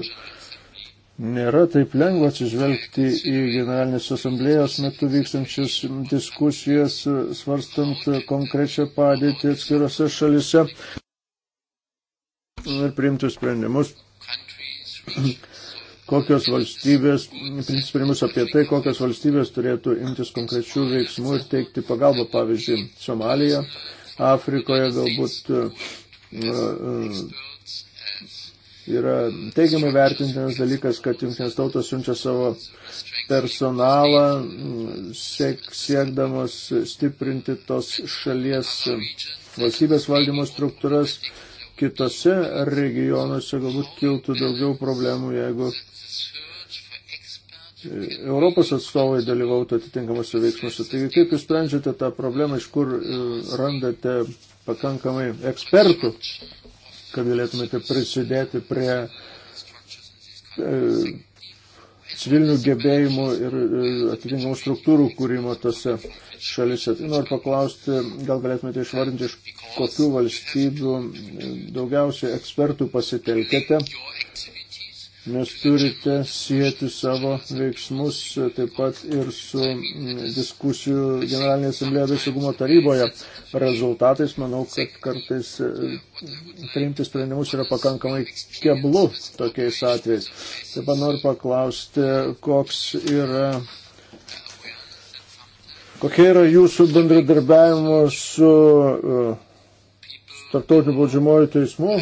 [SPEAKER 1] Nėra taip lengva atsižvelgti į generalinės asamblėjos metu vykstančias diskusijas, svarstant konkrečią padėtį atskirose šalise ir priimtų sprendimus, kokios valstybės, priimtų sprendimus apie tai, kokios valstybės turėtų imtis konkrečių veiksmų ir teikti pagalbą, pavyzdžiui, Somalija, Afrikoje galbūt e, e, yra teigiamai vertintinas dalykas, kad jungtinės tautos siunčia savo personalą, siek, siekdamos stiprinti tos šalies valstybės valdymo struktūras kitose regionuose galbūt kiltų daugiau problemų, jeigu Europos atstovai dalyvautų atitinkamuose veiksmuose. Taigi kaip jūs sprendžiate tą problemą, iš kur e, randate pakankamai ekspertų, kad galėtumėte prisidėti prie e, civilinių gebėjimų ir e, atitinkamų struktūrų kūrimo tose šalise. Tai noriu paklausti, gal galėtumėte išvardinti, iš kokių valstybių e, daugiausiai ekspertų pasitelkėte nes turite sieti savo veiksmus taip pat ir su mm, diskusijų Generalinėje asamblėje bei saugumo taryboje rezultatais. Manau, kad kartais e, priimti sprendimus yra pakankamai keblu tokiais atvejais. Taip pat noriu paklausti, koks yra Kokia yra jūsų bendradarbiavimo su uh, tarptautiniu baudžiamoju teismu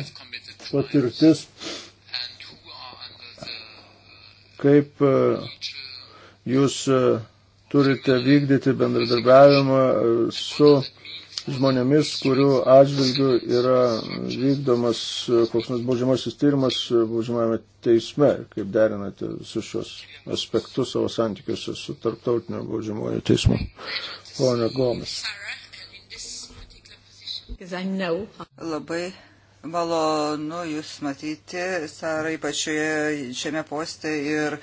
[SPEAKER 1] patirtis? kaip e, jūs e, turite vykdyti bendradarbiavimą e, su žmonėmis, kurių atžvilgių yra vykdomas koks nors baudžiamasis tyrimas baudžiamame teisme, kaip derinate su šios aspektus savo santykiuose su tarptautiniu baudžiamuoju teismu. Pone Gomis.
[SPEAKER 2] Labai Malonu Jūs matyti, Sara, ypač šiame poste ir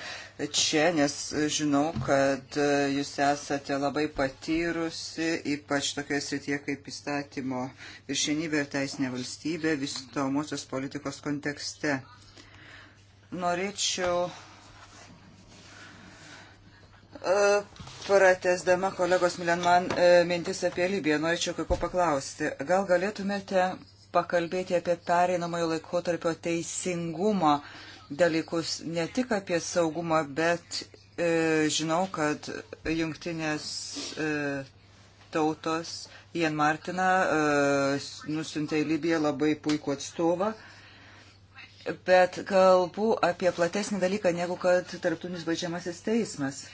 [SPEAKER 2] čia, nes žinau, kad Jūs esate labai patyrusi, ypač tokioje srityje kaip įstatymo viršenybė ir teisinė valstybė vystomosios politikos kontekste. Norėčiau e, Pratesdama kolegos Milenman e, mintis apie Libiją, norėčiau kai ko paklausti. Gal galėtumėte pakalbėti apie pereinamojo laikotarpio teisingumo dalykus, ne tik apie saugumą, bet e, žinau, kad jungtinės e, tautos Ian Martiną e, nusintė į Libiją labai puikų atstovą. Bet kalbu apie platesnį dalyką negu kad tarptautinis baudžiamasis teismas.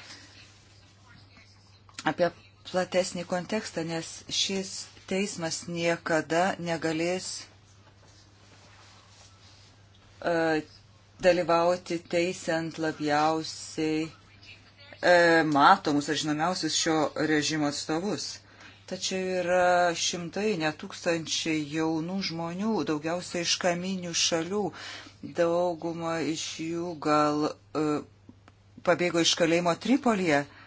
[SPEAKER 2] Apie platesnį kontekstą, nes šis teismas niekada negalės e, dalyvauti teisiant labiausiai e, matomus ar žinomiausius šio režimo atstovus. Tačiau yra šimtai, netūkstančiai jaunų žmonių, daugiausiai iš kaminių šalių. Dauguma iš jų gal e, pabėgo iš kalėjimo Tripolyje. E,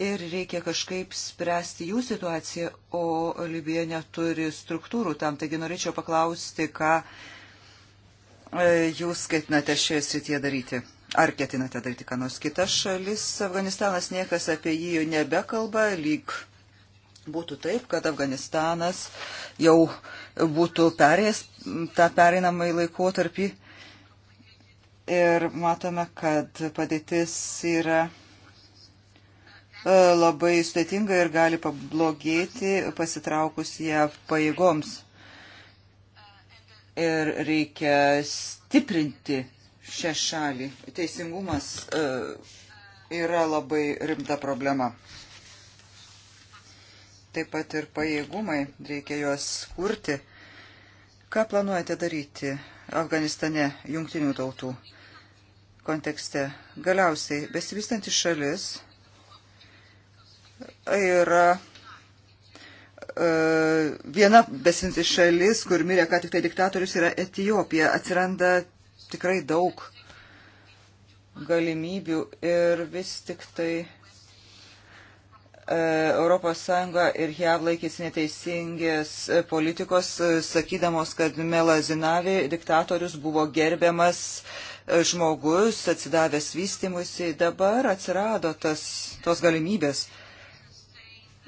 [SPEAKER 2] ir reikia kažkaip spręsti jų situaciją, o Libija neturi struktūrų tam. Taigi norėčiau paklausti, ką e, jūs ketinate šioje srityje daryti. Ar ketinate daryti ką nors kitą šalis? Afganistanas niekas apie jį jau nebekalba, lyg būtų taip, kad Afganistanas jau būtų perėjęs tą pereinamąjį laikotarpį. Ir matome, kad padėtis yra E, labai sudėtinga ir gali pablogėti pasitraukus ją pajėgoms. Ir reikia stiprinti šią šalį. Teisingumas e, yra labai rimta problema. Taip pat ir pajėgumai, reikia juos kurti. Ką planuojate daryti Afganistane jungtinių tautų kontekste? Galiausiai, besivystanti šalis yra e, viena besinti šalis, kur mirė ką tik tai diktatorius, yra Etijopija. Atsiranda tikrai daug galimybių ir vis tik tai ES ir JAV laikėsi neteisingės e, politikos, e, sakydamos, kad Melazinavi diktatorius buvo gerbiamas žmogus, atsidavęs vystimusi. Dabar atsirado tas, tos galimybės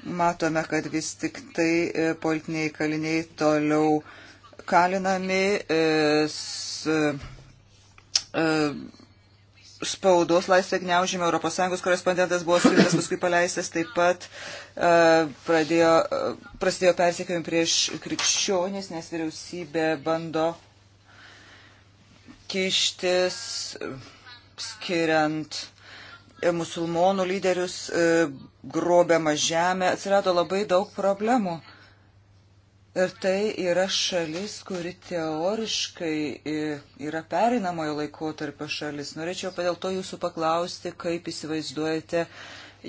[SPEAKER 2] Matome, kad vis tik tai e, politiniai kaliniai toliau kalinami, e, e, spaudos laisvę gniaužymą, ES korespondentas buvo suimtas, paskui paleistas, taip pat pradėjo, prasidėjo persiekimai prieš krikščionis, nes vyriausybė bando kištis, skiriant E, musulmonų lyderius, e, grobiama žemė, atsirado labai daug problemų. Ir tai yra šalis, kuri teoriškai e, yra perinamojo laikotarpio šalis. Norėčiau padėl to jūsų paklausti, kaip įsivaizduojate,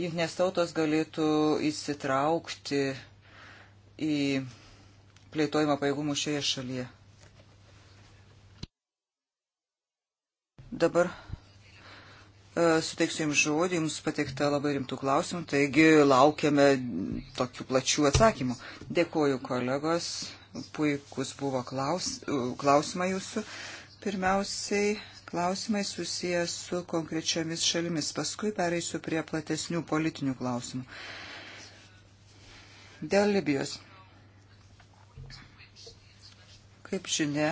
[SPEAKER 2] jungtinės tautos galėtų įsitraukti į plėtojimą pajėgumų šioje šalyje. Dabar Suteiksiu Jums žodį, Jums pateikta labai rimtų klausimų, taigi laukiame tokių plačių atsakymų. Dėkoju kolegos, puikus buvo klaus, klausimai Jūsų. Pirmiausiai klausimai susijęs su konkrečiomis šalimis, paskui pereisiu prie platesnių politinių klausimų. Dėl Libijos. Kaip žinia,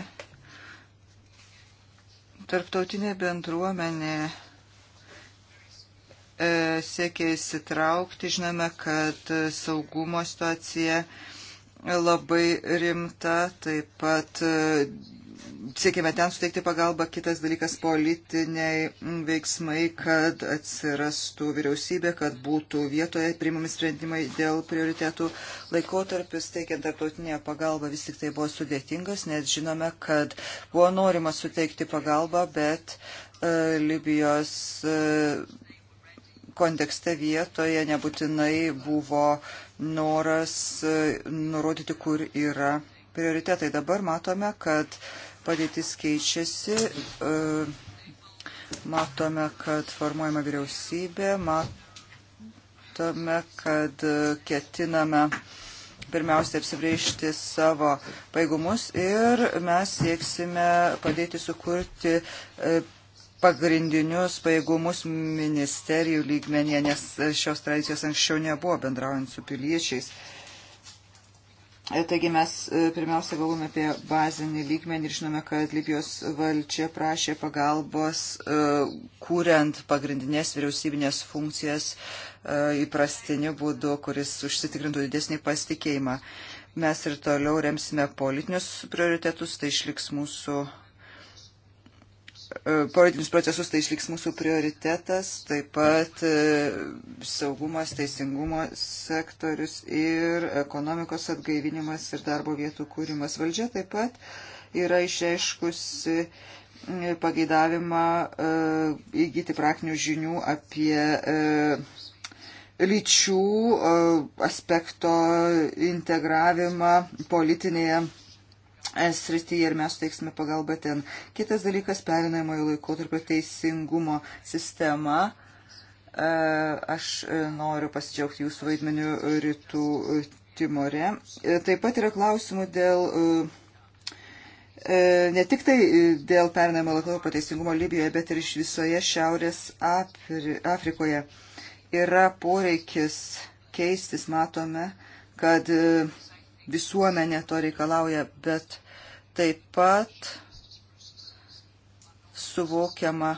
[SPEAKER 2] tarptautinė bendruomenė E, siekia įsitraukti. Žinome, kad saugumo situacija labai rimta, taip pat e, siekime ten suteikti pagalbą, kitas dalykas politiniai veiksmai, kad atsirastų vyriausybė, kad būtų vietoje priimami sprendimai dėl prioritetų. Laikotarpis teikiant tarptautinę pagalbą vis tik tai buvo sudėtingas, nes žinome, kad buvo norima suteikti pagalbą, bet e, Libijos e, kontekste vietoje nebūtinai buvo noras e, nurodyti, kur yra prioritetai. Dabar matome, kad padėtis keičiasi, e, matome, kad formuojama vyriausybė, matome, kad ketiname pirmiausia apsibriežti savo paigumus ir mes sieksime padėti sukurti e, pagrindinius pajėgumus ministerijų lygmenyje, nes šios tradicijos anksčiau nebuvo bendraujant su piliečiais. E, taigi mes e, pirmiausia galvome apie bazinį lygmenį ir žinome, kad Libijos valdžia prašė pagalbos, e, kuriant pagrindinės vyriausybinės funkcijas įprastiniu būdu, kuris užsitikrintų didesnį pasitikėjimą. Mes ir toliau remsime politinius prioritetus, tai išliks mūsų E, politinius procesus, tai išliks mūsų prioritetas, taip pat e, saugumas, teisingumo sektorius ir ekonomikos atgaivinimas ir darbo vietų kūrimas. Valdžia taip pat yra išreiškusi e, pageidavimą įgyti praktinių žinių apie lyčių aspekto integravimą politinėje E srityje ir mes teiksime pagalbą ten. Kitas dalykas - perinamojo laikotarpio teisingumo sistema. E, aš e, noriu pasidžiaugti jūsų vaidmeniu rytų Timore. Taip pat yra klausimų dėl. Ne tik tai dėl pernamo laikotarpio teisingumo Libijoje, bet ir iš visoje Šiaurės Afri Afrikoje yra poreikis keistis, matome, kad visuomenė to reikalauja, bet Taip pat suvokiama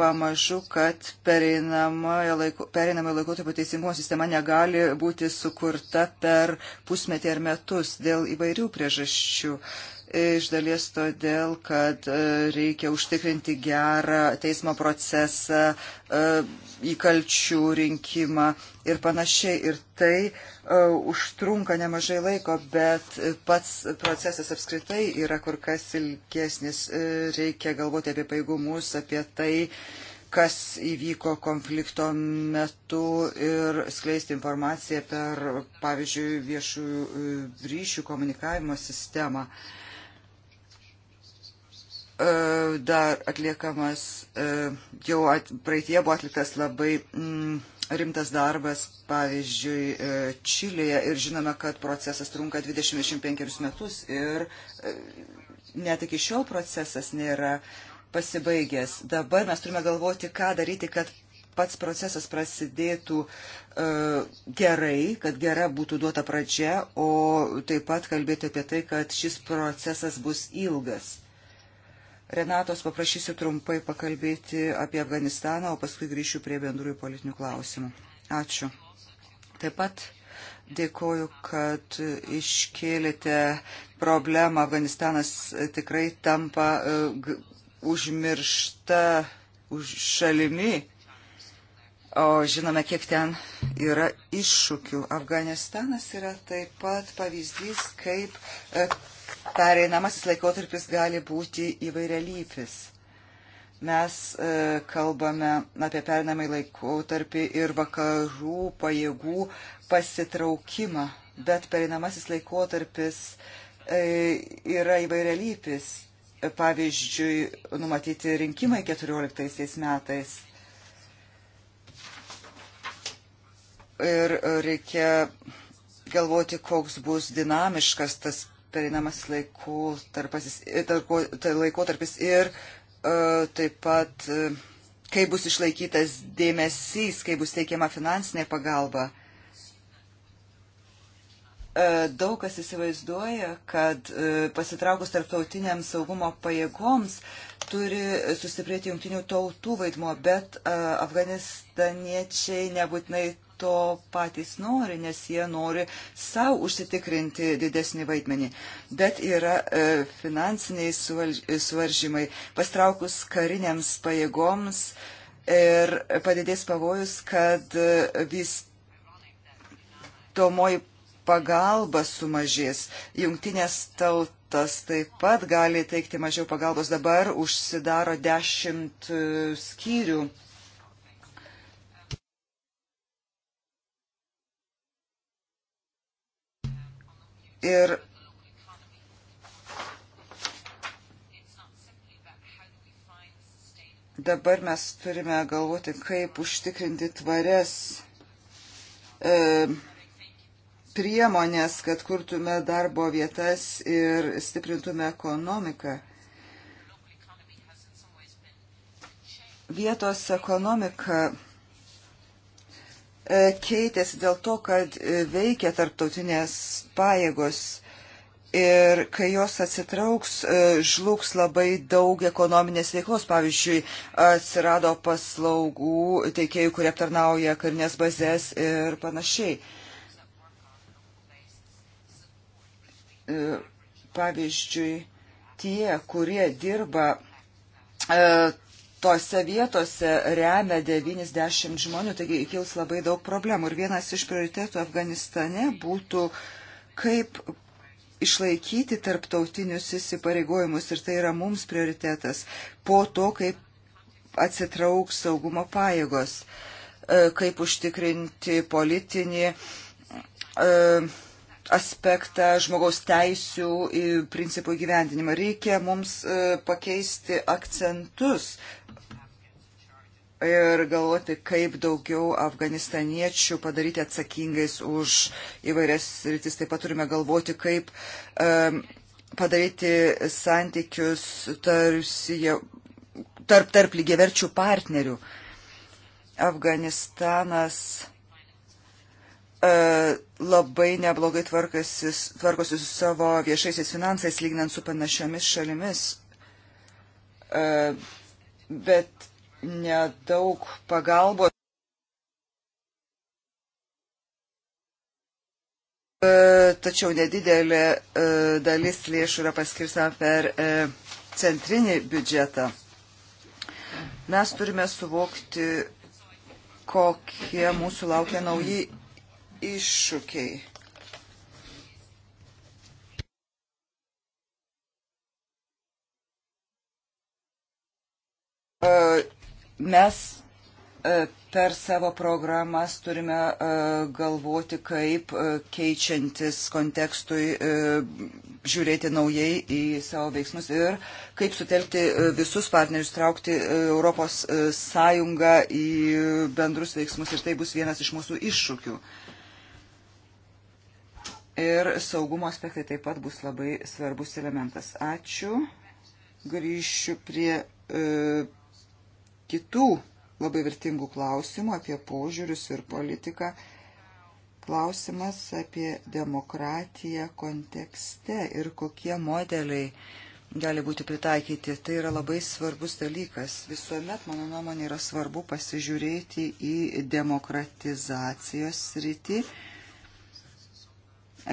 [SPEAKER 2] pamažu, kad pereinamąjį laikotarpį teisingumo sistema negali būti sukurta per pusmetį ar metus dėl įvairių priežasčių iš dalies todėl, kad e, reikia užtikrinti gerą teismo procesą, e, įkalčių rinkimą ir panašiai. Ir tai e, užtrunka nemažai laiko, bet pats procesas apskritai yra kur kas ilgesnis. Reikia galvoti apie paigumus, apie tai, kas įvyko konflikto metu ir skleisti informaciją per, pavyzdžiui, viešųjų ryšių komunikavimo sistemą. Uh, E, dar atliekamas, e, jau at, praeitie buvo atliktas labai mm, rimtas darbas, pavyzdžiui, e, Čilėje ir žinome, kad procesas trunka 25 metus ir net iki šiol procesas nėra pasibaigęs. Dabar mes turime galvoti, ką daryti, kad pats procesas prasidėtų uh, gerai, kad gera būtų duota pradžia, o taip pat kalbėti apie tai, kad šis procesas bus ilgas. Renatos paprašysiu trumpai pakalbėti apie Afganistaną, o paskui grįšiu prie bendrųjų politinių klausimų. Ačiū. Taip pat dėkoju, kad iškėlėte problemą. Afganistanas tikrai tampa uh, užmiršta už šalimi. O žinome, kiek ten yra iššūkių. Afganistanas yra taip pat pavyzdys, kaip e, pereinamasis laikotarpis gali būti įvairialypis. Mes e, kalbame apie pereinamąjį laikotarpį ir vakarų pajėgų pasitraukimą, bet pereinamasis laikotarpis e, yra įvairialypis. Pavyzdžiui, numatyti rinkimai 14 metais. Ir reikia galvoti, koks bus dinamiškas tas pereinamasis laikotarpis tarko, laiko ir tai e, taip pat e, kaip bus išlaikytas dėmesys, kaip bus teikiama finansinė pagalba. E, daug kas įsivaizduoja, kad pasitraukus tarptautiniam saugumo pajėgoms turi sustiprėti jungtinių tautų vaidmo, bet afganistaniečiai nebūtinai to patys nori, nes jie nori savo užsitikrinti didesnį vaidmenį. Bet yra e, finansiniai suvaržymai, pastraukus kariniams pajėgoms ir padidės pavojus, kad e, vis tomoji pagalba sumažės. Jungtinės tautas taip pat gali teikti mažiau pagalbos. Dabar užsidaro dešimt e, skyrių Ir dabar mes turime galvoti, kaip užtikrinti tvarias e, priemonės, kad kurtume darbo vietas ir stiprintume ekonomiką. Vietos ekonomika E, keitėsi dėl to, kad e, veikia tarptautinės pajėgos ir kai jos atsitrauks, e, žlugs labai daug ekonominės veiklos. Pavyzdžiui, atsirado paslaugų teikėjų, kurie aptarnauja karinės bazės ir panašiai. Pavyzdžiui, tie, kurie dirba tose vietose remia 90 žmonių, taigi kils labai daug problemų. Ir vienas iš prioritetų Afganistane būtų, kaip išlaikyti tarptautinius įsipareigojimus ir tai yra mums prioritetas po to, kaip atsitrauks saugumo pajėgos, e, kaip užtikrinti politinį e, aspektą žmogaus teisių principų gyvendinimą. Reikia mums e, pakeisti akcentus ir galvoti, kaip daugiau afganistaniečių padaryti atsakingais už įvairias rytis. Taip pat turime galvoti, kaip um, padaryti santykius tarsi, tarp, tarp lygiaverčių partnerių. Afganistanas uh, labai neblogai tvarkosi su savo viešaisiais finansais, lyginant su panašiomis šalimis. Uh, bet nedaug pagalbos. E, tačiau nedidelė e, dalis lėšų yra paskirstama per e, centrinį biudžetą. Mes turime suvokti, kokie mūsų laukia nauji iššūkiai. Uh, Mes e, per savo programas turime e, galvoti, kaip e, keičiantis kontekstui žiūrėti naujai į savo veiksmus ir kaip sutelkti visus partnerius, traukti Europos Sąjungą į bendrus veiksmus ir tai bus vienas iš mūsų iššūkių. Ir saugumo aspektai taip pat bus labai svarbus elementas. Ačiū. Grįšiu prie e, kitų labai vertingų klausimų apie požiūrius ir politiką. Klausimas apie demokratiją kontekste ir kokie modeliai gali būti pritaikyti. Tai yra labai svarbus dalykas. Visuomet, mano nuomonė, yra svarbu pasižiūrėti į demokratizacijos sritį.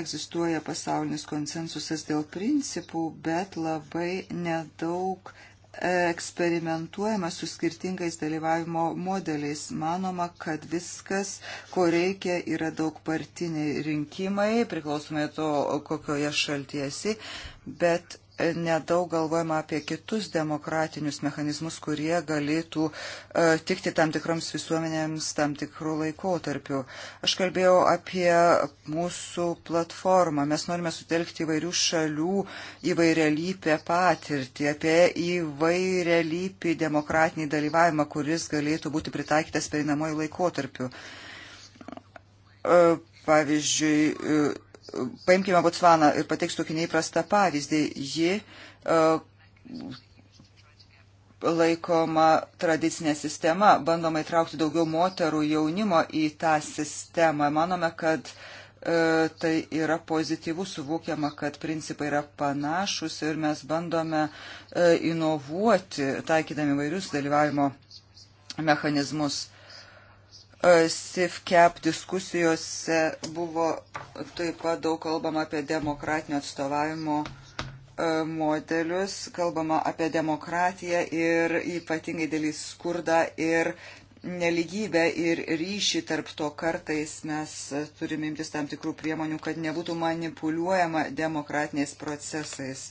[SPEAKER 2] Egzistuoja pasaulinis konsensusas dėl principų, bet labai nedaug eksperimentuojama su skirtingais dalyvavimo modeliais. Manoma, kad viskas, ko reikia, yra daug partiniai rinkimai, priklausomai to, kokioje šaltiesi, bet nedaug galvojama apie kitus demokratinius mechanizmus, kurie galėtų e, tikti tam tikroms visuomenėms tam tikrų laikotarpių. Aš kalbėjau apie mūsų platformą. Mes norime sutelkti įvairių šalių įvairialypę patirtį, apie įvairialypį demokratinį dalyvavimą, kuris galėtų būti pritaikytas pereinamojų laikotarpių. E, pavyzdžiui, paimkime Botsvaną ir pateiksiu tokį neįprastą pavyzdį. Ji uh, laikoma tradicinė sistema, bandoma įtraukti daugiau moterų jaunimo į tą sistemą. Manome, kad uh, tai yra pozityvų suvokiama, kad principai yra panašus ir mes bandome uh, inovuoti, taikydami vairius dalyvavimo mechanizmus SIFCAP diskusijose buvo taip pat daug kalbama apie demokratinio atstovavimo e, modelius, kalbama apie demokratiją ir ypatingai dėl skurdą ir neligybę ir ryšį tarp to kartais mes turime imtis tam tikrų priemonių, kad nebūtų manipuliuojama demokratiniais procesais.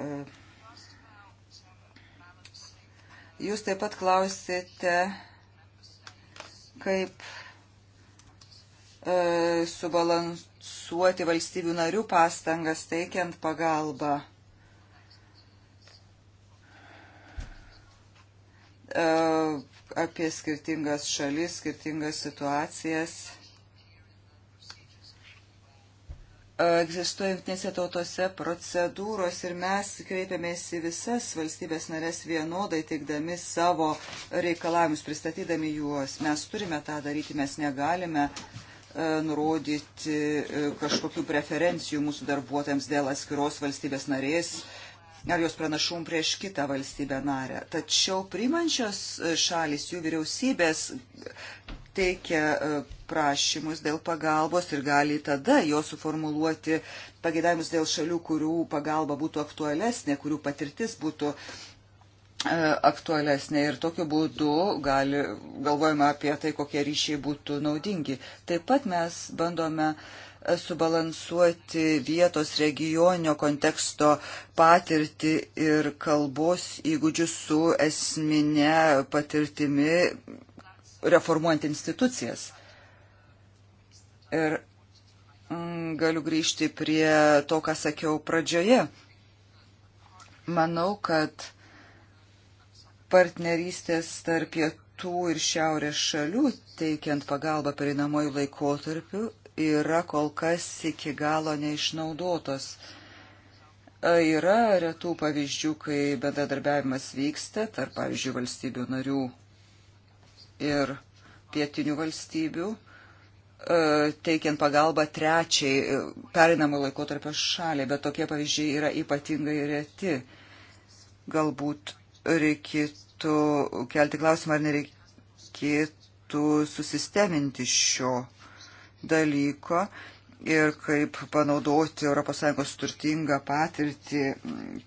[SPEAKER 2] Uh Jūs taip pat klausėte, kaip e, subalansuoti valstybių narių pastangas teikiant pagalbą. E, apie skirtingas šalis, skirtingas situacijas. egzistuoja jungtinėse tautose procedūros ir mes kreipiamės į visas valstybės narės vienodai teikdami savo reikalavimus, pristatydami juos. Mes turime tą daryti, mes negalime e, nurodyti e, kažkokių preferencijų mūsų darbuotojams dėl atskiros valstybės narės ar jos pranašumų prieš kitą valstybę narę. Tačiau priimančios šalis, jų vyriausybės teikia e, prašymus dėl pagalbos ir gali tada jo suformuluoti pagėdavimus dėl šalių, kurių pagalba būtų aktualesnė, kurių patirtis būtų e, aktualesnė ir tokiu būdu gali, galvojama apie tai, kokie ryšiai būtų naudingi. Taip pat mes bandome e, subalansuoti vietos regioninio konteksto patirtį ir kalbos įgūdžius su esminė patirtimi reformuojant institucijas. Ir mm, galiu grįžti prie to, ką sakiau pradžioje. Manau, kad partnerystės tarp pietų ir šiaurės šalių, teikiant pagalbą pereinamojų laikotarpių, yra kol kas iki galo neišnaudotos. E, yra retų pavyzdžių, kai bendradarbiavimas vyksta tarp, pavyzdžiui, valstybių narių ir pietinių valstybių, e, teikiant pagalbą trečiai e, pereinamo laikotarpio šaliai, bet tokie pavyzdžiai yra ypatingai reti. Galbūt reikėtų kelti klausimą, ar nereikėtų susisteminti šio dalyko ir kaip panaudoti ES turtingą patirtį,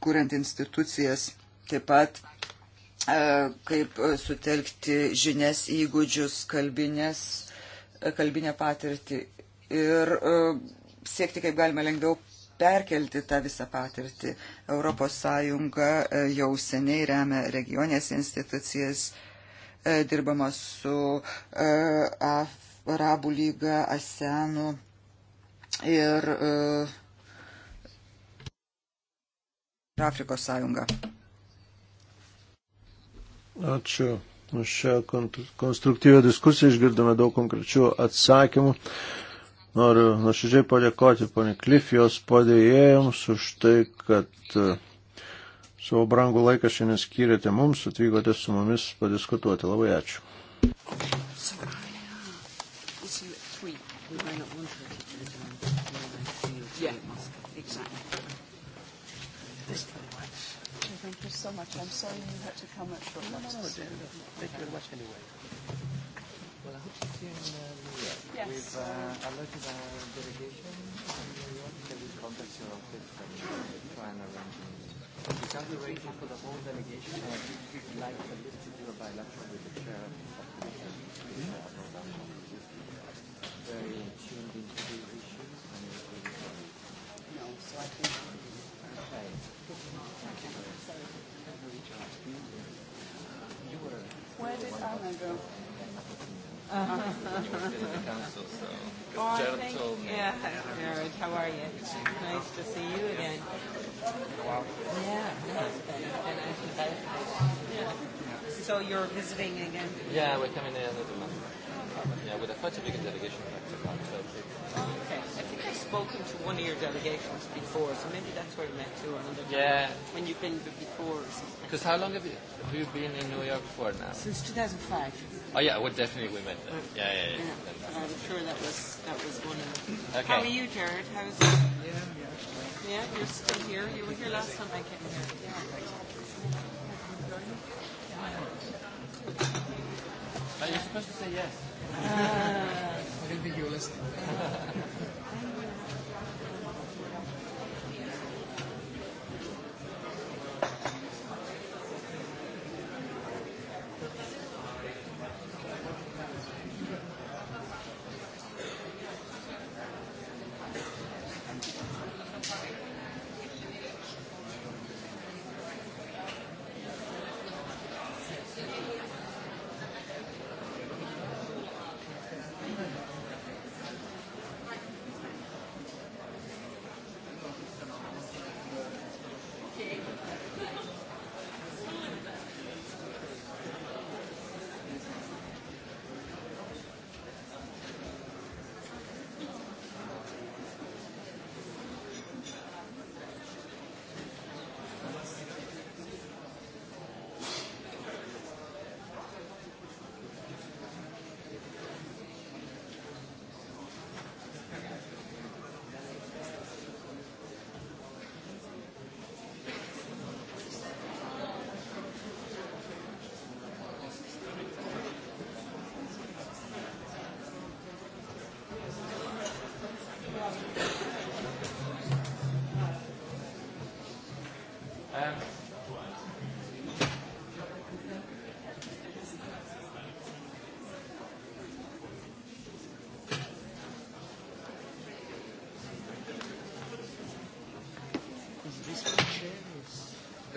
[SPEAKER 2] kuriant institucijas, taip pat E, kaip sutelkti žinias, įgūdžius, kalbinės, e, kalbinę patirtį ir e, siekti kaip galima lengviau perkelti tą visą patirtį. Europos Sąjunga jau seniai remia regionės institucijas, dirbama su Arabų lyga, ASEANu ir Afrikos Sąjunga.
[SPEAKER 1] Ačiū. Už šią konstruktyvę diskusiją išgirdome daug konkrečių atsakymų. Noriu nuoširdžiai padėkoti ponė Klifijos padėjėjams už tai, kad e, savo brangų laiką šiandien skyrėte mums, atvykote su mumis padiskutuoti. Labai ačiū.
[SPEAKER 3] so much. I'm sorry you had to come at short notice. No, no, no. Thank you very much anyway.
[SPEAKER 1] Well, I hope to see you in uh, New York. Yes. We've uh, alerted our delegation in New York. They will contact your office and try and arrange a meeting. We can't arrange it for the whole delegation. I would like at least to do a bilateral with the chair of the commission. Hmm? Uh, very tuned into these issues. And uh, no, so I think I did Armago. council, so. Oh, Jared thank, told me. Yeah, Jared, how are you? Nice to see you again. Wow. Yeah, no, it's been, been actually nice.
[SPEAKER 2] Yeah. So you're visiting again? Yeah,
[SPEAKER 1] we're coming in another month. Yeah, we're quite a big delegation back to March. So
[SPEAKER 3] okay. I think I've spoken to
[SPEAKER 1] one of your delegations before,
[SPEAKER 3] so maybe that's where I met you. Or another yeah. Time, when you've been before or something. Because how long have you, have you been in New York for now? Since 2005. Oh yeah, well definitely we met then. Yeah, yeah, yeah. yeah. I'm sure that was
[SPEAKER 1] that was one of them. Okay. How are you, Jared?
[SPEAKER 3] How's it? Yeah, yeah.
[SPEAKER 1] Yeah, you're still here. You were here last time I came here. Yeah. Are you supposed to say yes?
[SPEAKER 2] Uh, I didn't think you were listening.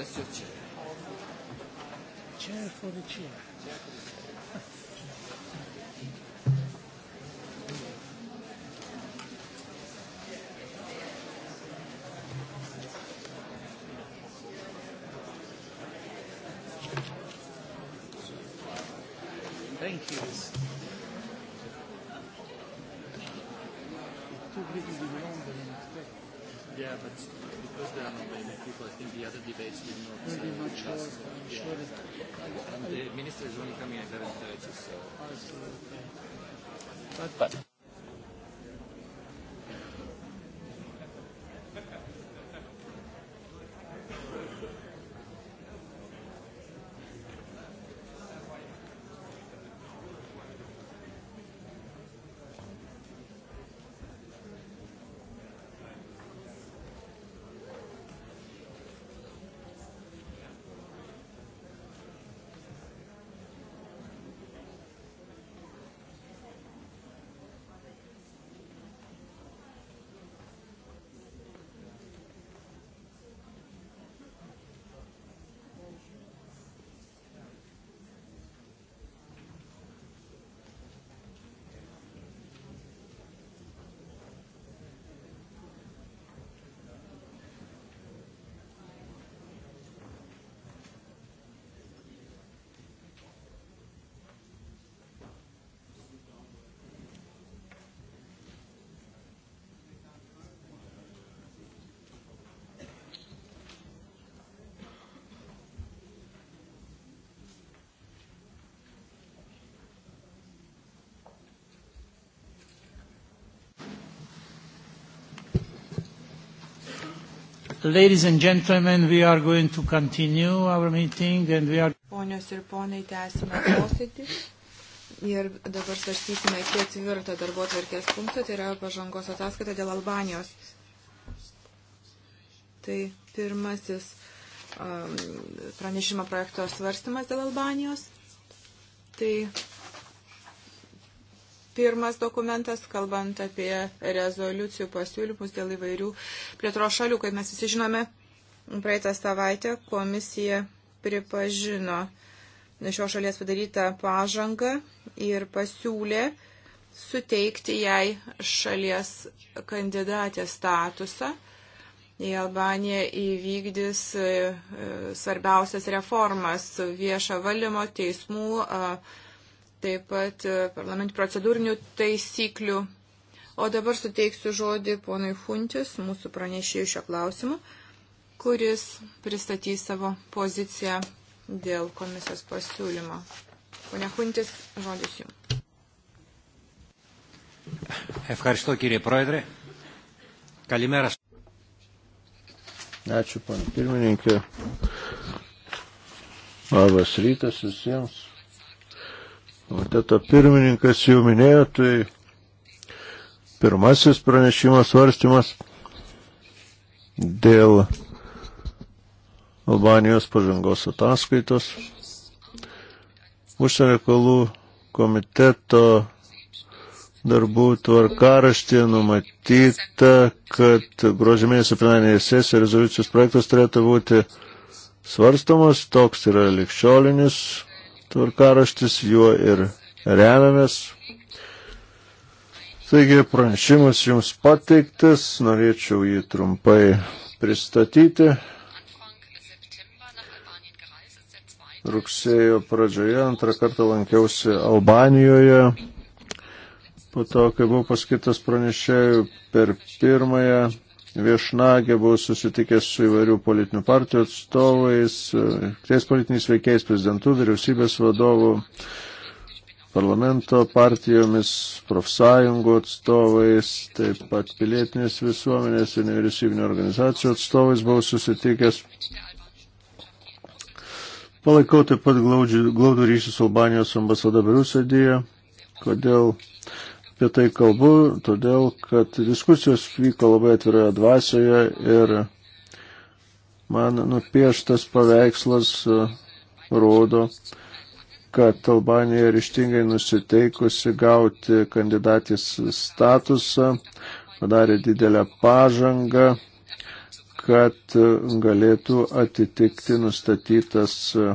[SPEAKER 1] Adesso c'è. C'è fuoricina. Thank you. Tu vedi di Londra in te? Yeah, but
[SPEAKER 3] because they are not there. I think the other debates will not
[SPEAKER 1] very uh, much last. Sure. Yeah. Sure.
[SPEAKER 3] And, and the minister is only coming at 11.30, so... I
[SPEAKER 1] see. Okay. But, but Ladies and gentlemen, we are going to continue our meeting and we are...
[SPEAKER 3] Ponios ir ponai, tęsime posėdį. Ir dabar svarstysime ketvirtą darbo tvarkės punktą, tai yra pažangos ataskaita dėl Albanijos. Tai pirmasis um, pranešimo projekto svarstymas dėl Albanijos. Tai pirmas dokumentas, kalbant apie rezoliucijų pasiūlymus dėl įvairių plėtros šalių. Kaip mes visi žinome, praeitą savaitę komisija pripažino šios šalies padarytą pažangą ir pasiūlė suteikti jai šalies kandidatės statusą. Į Albaniją įvykdys e, e, svarbiausias reformas - viešo valymo, teismų, taip pat e, parlament procedūrinių taisyklių. O dabar suteiksiu žodį ponui Huntis, mūsų pranešėjų šio klausimu, kuris pristatys savo poziciją dėl komisijos pasiūlymo. Pone Huntis, žodis jums.
[SPEAKER 1] Ευχαριστώ κύριε Πρόεδρε. Καλημέρα. Ačiū, pan pirmininkė. Labas rytas visiems komiteto pirmininkas jau minėjo, tai pirmasis pranešimas svarstymas dėl Albanijos pažangos ataskaitos. Užsienio reikalų komiteto darbų tvarkaraštė numatyta, kad gruožio mėnesio finalinėje sesijoje rezoliucijos projektas turėtų būti svarstomas. Toks yra likščiolinis tvarkaraštis, juo ir remiamės. Taigi pranešimas jums pateiktas, norėčiau jį trumpai pristatyti. Rugsėjo pradžioje antrą kartą lankiausi Albanijoje, po to, kai buvau paskirtas pranešėjų per pirmąją viešnagė buvau susitikęs su įvairių politinių partijų atstovais, ties politiniais veikėjais, prezidentų, vyriausybės vadovų, parlamento partijomis, profsąjungų atstovais, taip pat pilietinės visuomenės ir nevyriausybinio organizacijų atstovais buvau susitikęs. Palaikau taip pat glaudžių, glaudų ryšį su Albanijos ambasada Briuselėje, kodėl apie tai kalbu, todėl kad diskusijos vyko labai atviroje dvasioje ir man nupieštas paveikslas e, rodo, kad Albanija ryštingai nusiteikusi gauti kandidatės statusą, padarė didelę pažangą, kad galėtų atitikti nustatytas e,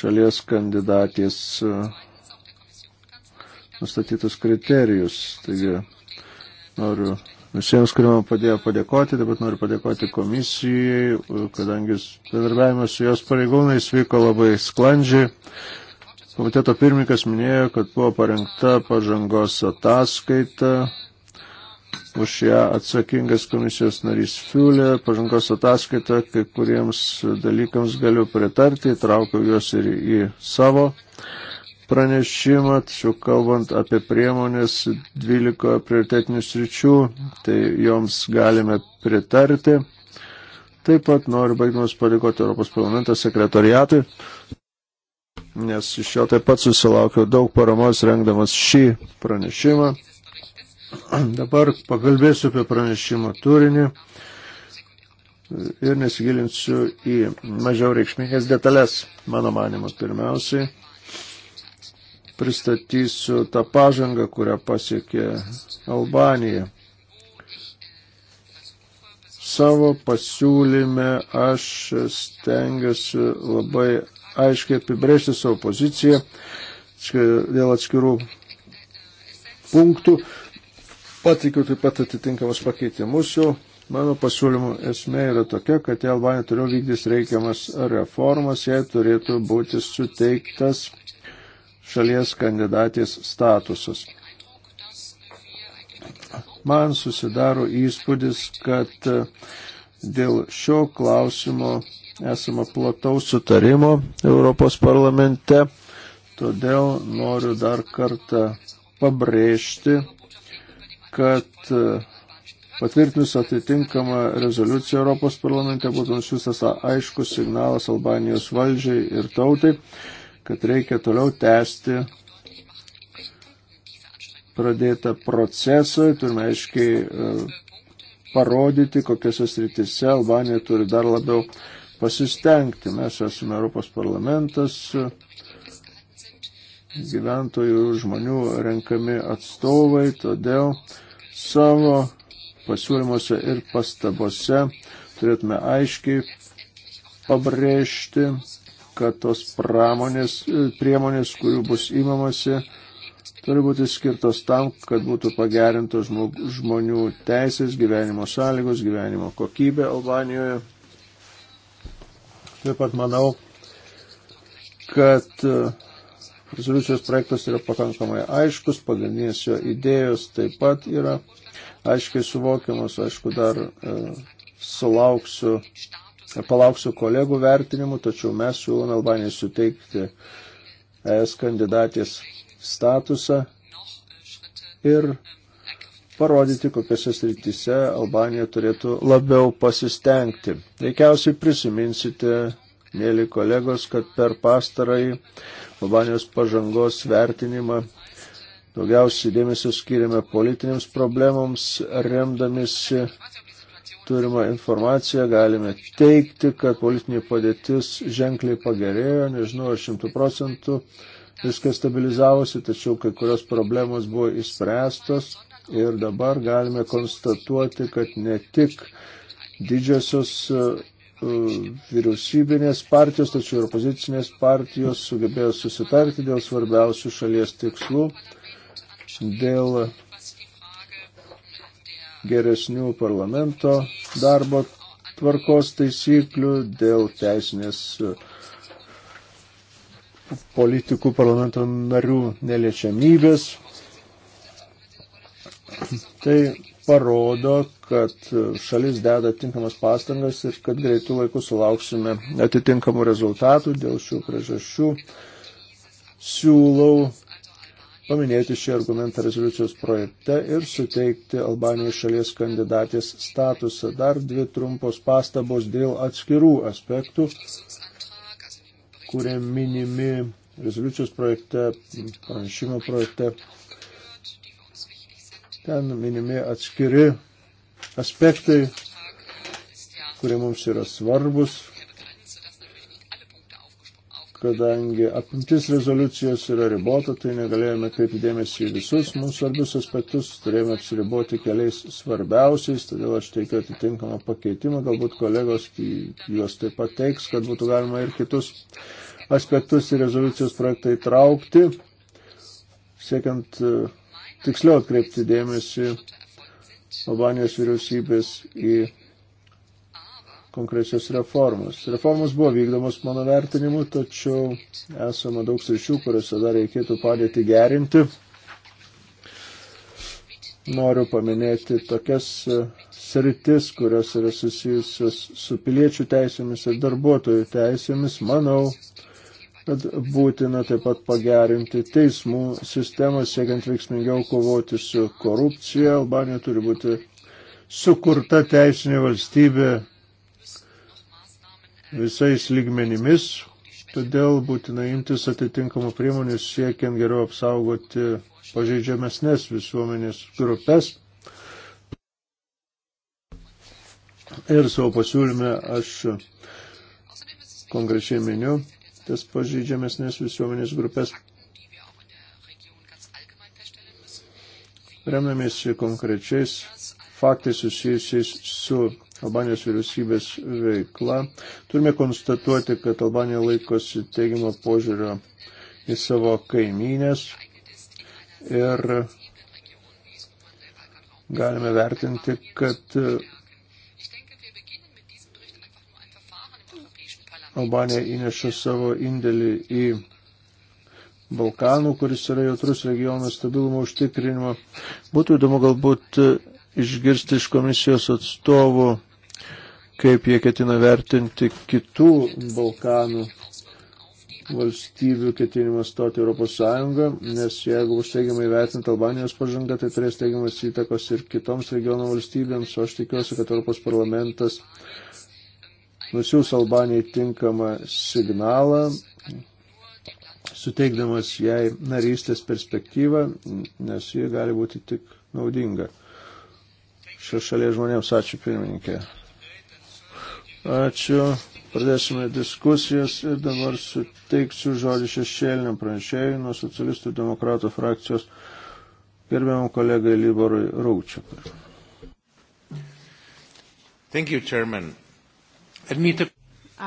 [SPEAKER 1] šalies kandidatės e, nustatytus kriterijus. Taigi noriu visiems, kurie man padėjo padėkoti, taip pat noriu padėkoti komisijai, kadangi bendarbiavimas su jos pareigūnais vyko labai sklandžiai. Komiteto pirmininkas minėjo, kad buvo parengta pažangos ataskaita. Už ją atsakingas komisijos narys Fiulė, pažangos ataskaita, kai kuriems dalykams galiu pritarti, traukiau juos ir į savo pranešimą, tačiau kalbant apie priemonės 12 prioritetinių sričių, tai joms galime pritarti. Taip pat noriu baigdamas padėkoti Europos parlamento sekretariatui, nes iš jo taip pat susilaukiau daug paramos rengdamas šį pranešimą. Dabar pakalbėsiu apie pranešimo turinį ir nesigilinsiu į mažiau reikšmingas detalės, mano manimas pirmiausiai pristatysiu tą pažangą, kurią pasiekė Albanija. Savo pasiūlyme aš stengiuosi labai aiškiai apibrėžti savo poziciją dėl atskirų punktų. Patikiu taip pat atitinkamus pakeitimus jau. Mano pasiūlymų esmė yra tokia, kad Albanija toliau vykdys reikiamas reformas, jai turėtų būti suteiktas šalies kandidatės statusas. Man susidaro įspūdis, kad e, dėl šio klausimo esama plataus sutarimo Europos parlamente, todėl noriu dar kartą pabrėžti, kad e, Patvirtinus atitinkamą rezoliuciją Europos parlamente būtų nusiųstas aiškus signalas Albanijos valdžiai ir tautai, kad reikia toliau tęsti pradėtą procesą, turime aiškiai e, parodyti, kokiose sritise Albanija turi dar labiau pasistengti. Mes esame Europos parlamentas, gyventojų žmonių renkami atstovai, todėl savo pasiūlymuose ir pastabose turėtume aiškiai pabrėžti, kad tos pramonės, e, priemonės, kurių bus įmamasi, turi būti skirtos tam, kad būtų pagerintos žmonių teisės, gyvenimo sąlygos, gyvenimo kokybė Albanijoje. Taip pat manau, kad e, rezoliucijos projektas yra pakankamai aiškus, pagrindinės jo idėjos taip pat yra aiškiai suvokiamas, aišku, dar e, sulauksiu palauksiu kolegų vertinimų, tačiau mes siūlome Albanijai suteikti ES kandidatės statusą ir parodyti, kokiose srityse Albanija turėtų labiau pasistengti. Veikiausiai prisiminsite, mėly kolegos, kad per pastarąjį Albanijos pažangos vertinimą daugiausiai dėmesio skiriame politinėms problemams, remdamėsi turimą informaciją galime teikti, kad politinė padėtis ženkliai pagerėjo, nežinau, ar šimtų procentų viskas stabilizavosi, tačiau kai kurios problemos buvo išspręstos ir dabar galime konstatuoti, kad ne tik didžiosios e, e, vyriausybinės partijos, tačiau ir opozicinės partijos sugebėjo susitarti dėl svarbiausių šalies tikslų, dėl geresnių parlamento darbo tvarkos taisyklių, dėl teisinės e, politikų parlamento narių neliečiamybės. Tai parodo, kad šalis deda tinkamas pastangas ir kad greitų laikų sulauksime atitinkamų rezultatų dėl šių priežasčių. Siūlau paminėti šį argumentą rezoliucijos projekte ir suteikti Albanijai šalies kandidatės statusą. Dar dvi trumpos pastabos dėl atskirų aspektų, kurie minimi rezoliucijos projekte, pranešimo projekte. Ten minimi atskiri aspektai, kurie mums yra svarbus, kadangi apimtis rezoliucijos yra ribota, tai negalėjome kreipti dėmesį į visus mūsų svarbius aspektus, turėjome apsiriboti keliais svarbiausiais, todėl aš teikiu atitinkamą pakeitimą, galbūt kolegos juos taip pat teiks, kad būtų galima ir kitus aspektus į rezoliucijos projektą įtraukti, siekiant e, tiksliau atkreipti dėmesį Albanijos vyriausybės į konkrečias reformas. Reformos buvo vykdomos mano vertinimu, tačiau esama daug sričių, kuriuose dar reikėtų padėti gerinti. Noriu paminėti tokias e, sritis, kurios yra susijusios su piliečių teisėmis ir darbuotojų teisėmis. Manau, kad būtina taip pat pagerinti teismų sistemą, siekiant veiksmingiau kovoti su korupcija. Albanija turi būti sukurta teisinė valstybė visais lygmenimis, todėl būtina imtis atitinkamų priemonių siekiant geriau apsaugoti pažeidžiamesnės visuomenės grupės. Ir savo pasiūlyme aš konkrečiai miniu tas pažeidžiamesnės visuomenės grupės. Remdamiesi konkrečiais faktais susijusiais su Albanijos vyriausybės veikla. Turime konstatuoti, kad Albanija laikosi teigiamo požiūrio į savo kaimynės ir galime vertinti, kad Albanija įneša savo indėlį į Balkanų, kuris yra jautrus regionas stabilumo užtikrinimo. Būtų įdomu galbūt išgirsti iš komisijos atstovų kaip jie ketina vertinti kitų Balkanų valstybių ketinimą stoti Europos Sąjungą, nes jeigu bus teigiamai vertinti Albanijos pažangą, tai turės teigiamas įtakos ir kitoms regiono valstybėms, o aš tikiuosi, kad Europos parlamentas nusiūs Albanijai tinkamą signalą, suteikdamas jai narystės perspektyvą, nes ji gali būti tik naudinga. Šios šalies žmonėms ačiū pirmininkė. Ačiū. Pradėsime diskusijas ir dabar suteiksiu žodį šešėliniam pranešėjui nuo socialistų demokratų frakcijos gerbiamam kolegai Liborui Raučiukui. Thank you, Chairman. Admito...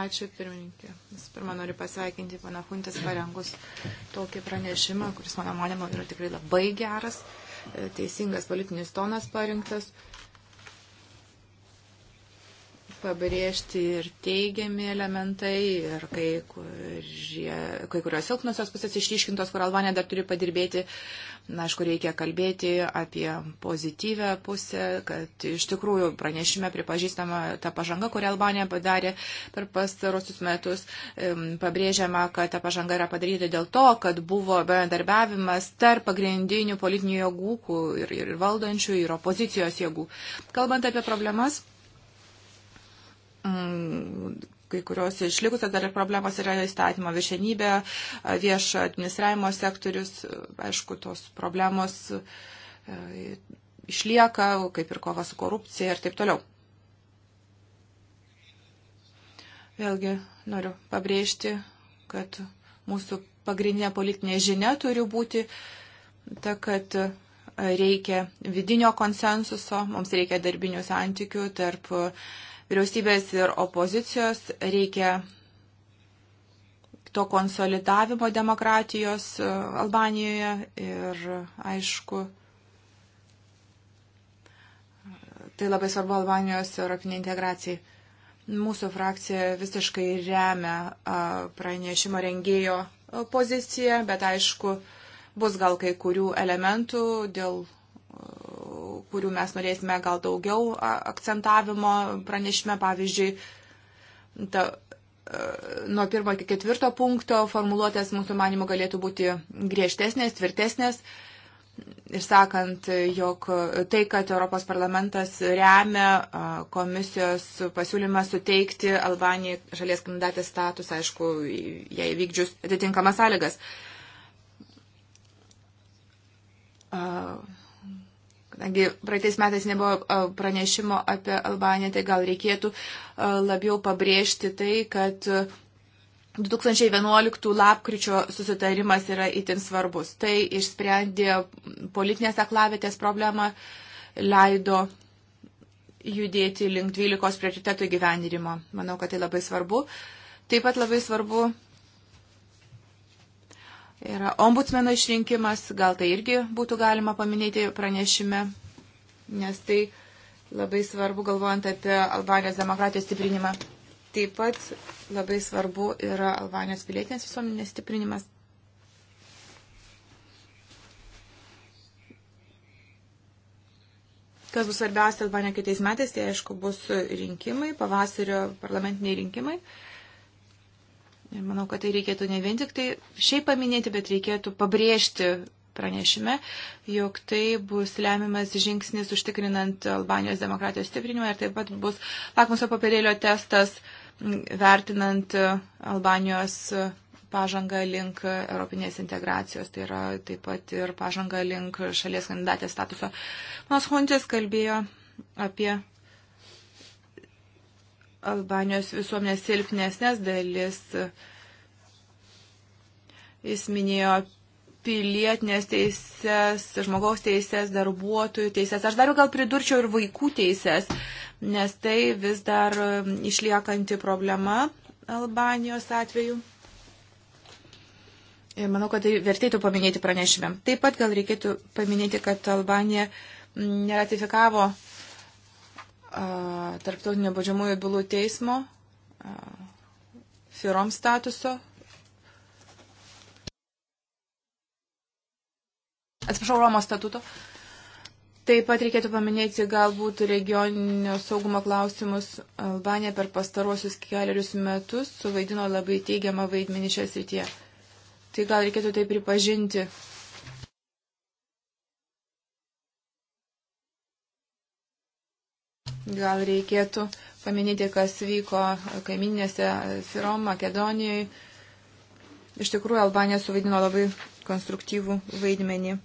[SPEAKER 3] Ačiū pirmininkė. Visų pirma, noriu pasveikinti pana Huntis parengus tokį pranešimą, kuris mano manimo yra tikrai labai geras, e, teisingas politinis tonas parinktas. Uh, pabrėžti ir teigiami elementai, ir kai, kurie, kai kurios silpnosios pusės išryškintos, kur Albanija dar turi padirbėti. Na, aišku, reikia kalbėti apie pozityvę pusę, kad iš tikrųjų pranešime pripažįstama ta pažanga, kurią Albanija padarė per pastarosius metus. Pabrėžiama, kad ta pažanga yra padaryta dėl to, kad buvo bendarbiavimas tarp pagrindinių politinių jėgų ir, ir valdančių, ir opozicijos jėgų. Kalbant apie problemas. Mm, kai kurios išlikusios dar ir problemos yra įstatymo viršenybė, viešo administravimo sektorius, aišku, tos problemos e, išlieka, kaip ir kova su korupcija ir taip toliau. Vėlgi noriu pabrėžti, kad mūsų pagrindinė politinė žinia turi būti ta, kad reikia vidinio konsensuso, mums reikia darbinių santykių tarp uh, vyriausybės ir opozicijos, reikia to konsolidavimo demokratijos e, Albanijoje ir aišku, tai labai svarbu Albanijos europinė integracijai. Mūsų frakcija visiškai remia pranešimo rengėjo poziciją, bet aišku, bus gal kai kurių elementų, dėl kurių mes norėsime gal daugiau akcentavimo pranešime, pavyzdžiui, ta, e, nuo pirmo iki ketvirto punkto formuluotės mūsų manimo galėtų būti griežtesnės, tvirtesnės. Ir sakant, jog tai, kad Europos parlamentas remia komisijos pasiūlymą suteikti Albanijai šalies kandidatės status, aišku, jai vykdžius atitinkamas sąlygas. Uh Kadangi praeitais metais nebuvo pranešimo apie Albaniją, tai gal reikėtų labiau pabrėžti tai, kad 2011 lapkričio susitarimas yra itin svarbus. Tai išsprendė politinės aklavėtės problemą, leido judėti link 12 prioritetų gyvenimo. Manau, kad tai labai svarbu. Taip pat labai svarbu Yra ombudsmeno išrinkimas, gal tai irgi būtų galima paminėti pranešime, nes tai labai svarbu galvojant apie Albanijos demokratijos stiprinimą. Taip pat labai svarbu yra Albanijos pilietinės visuomenės stiprinimas. Kas bus svarbiausia Albanija kitais metais, tai aišku bus rinkimai, pavasario parlamentiniai rinkimai. Uh, Ir manau, kad tai reikėtų ne vien tik tai šiaip paminėti, bet reikėtų pabrėžti pranešime, jog tai bus lemiamas žingsnis užtikrinant Albanijos demokratijos stiprinimą ir taip pat bus lakmuso papirėlio testas vertinant Albanijos pažanga link Europinės integracijos, tai yra taip pat ir pažanga link šalies kandidatės statuso. Mas Huntis kalbėjo apie Albanijos visuomenės silpnesnės dalis. Jis minėjo pilietinės teises, žmogaus teises, darbuotojų teises. Aš dar gal pridurčiau ir vaikų teises, nes tai vis dar um, išliekanti problema Albanijos atveju. Ir manau, kad tai vertėtų paminėti pranešime. Taip pat gal reikėtų paminėti, kad Albanija neratifikavo tarptautinio baudžiamųjų bylų teismo firom statuso. Atsiprašau, Romos statuto. Taip pat reikėtų paminėti galbūt regioninio saugumo klausimus. Albanija per pastaruosius keliarius metus suvaidino labai teigiamą vaidmenį šią srityje. Tai gal reikėtų tai pripažinti. Gal reikėtų paminėti, kas vyko kaiminėse Firom, Makedonijoje. Iš tikrųjų, Albanija suvaidino labai konstruktyvų vaidmenį,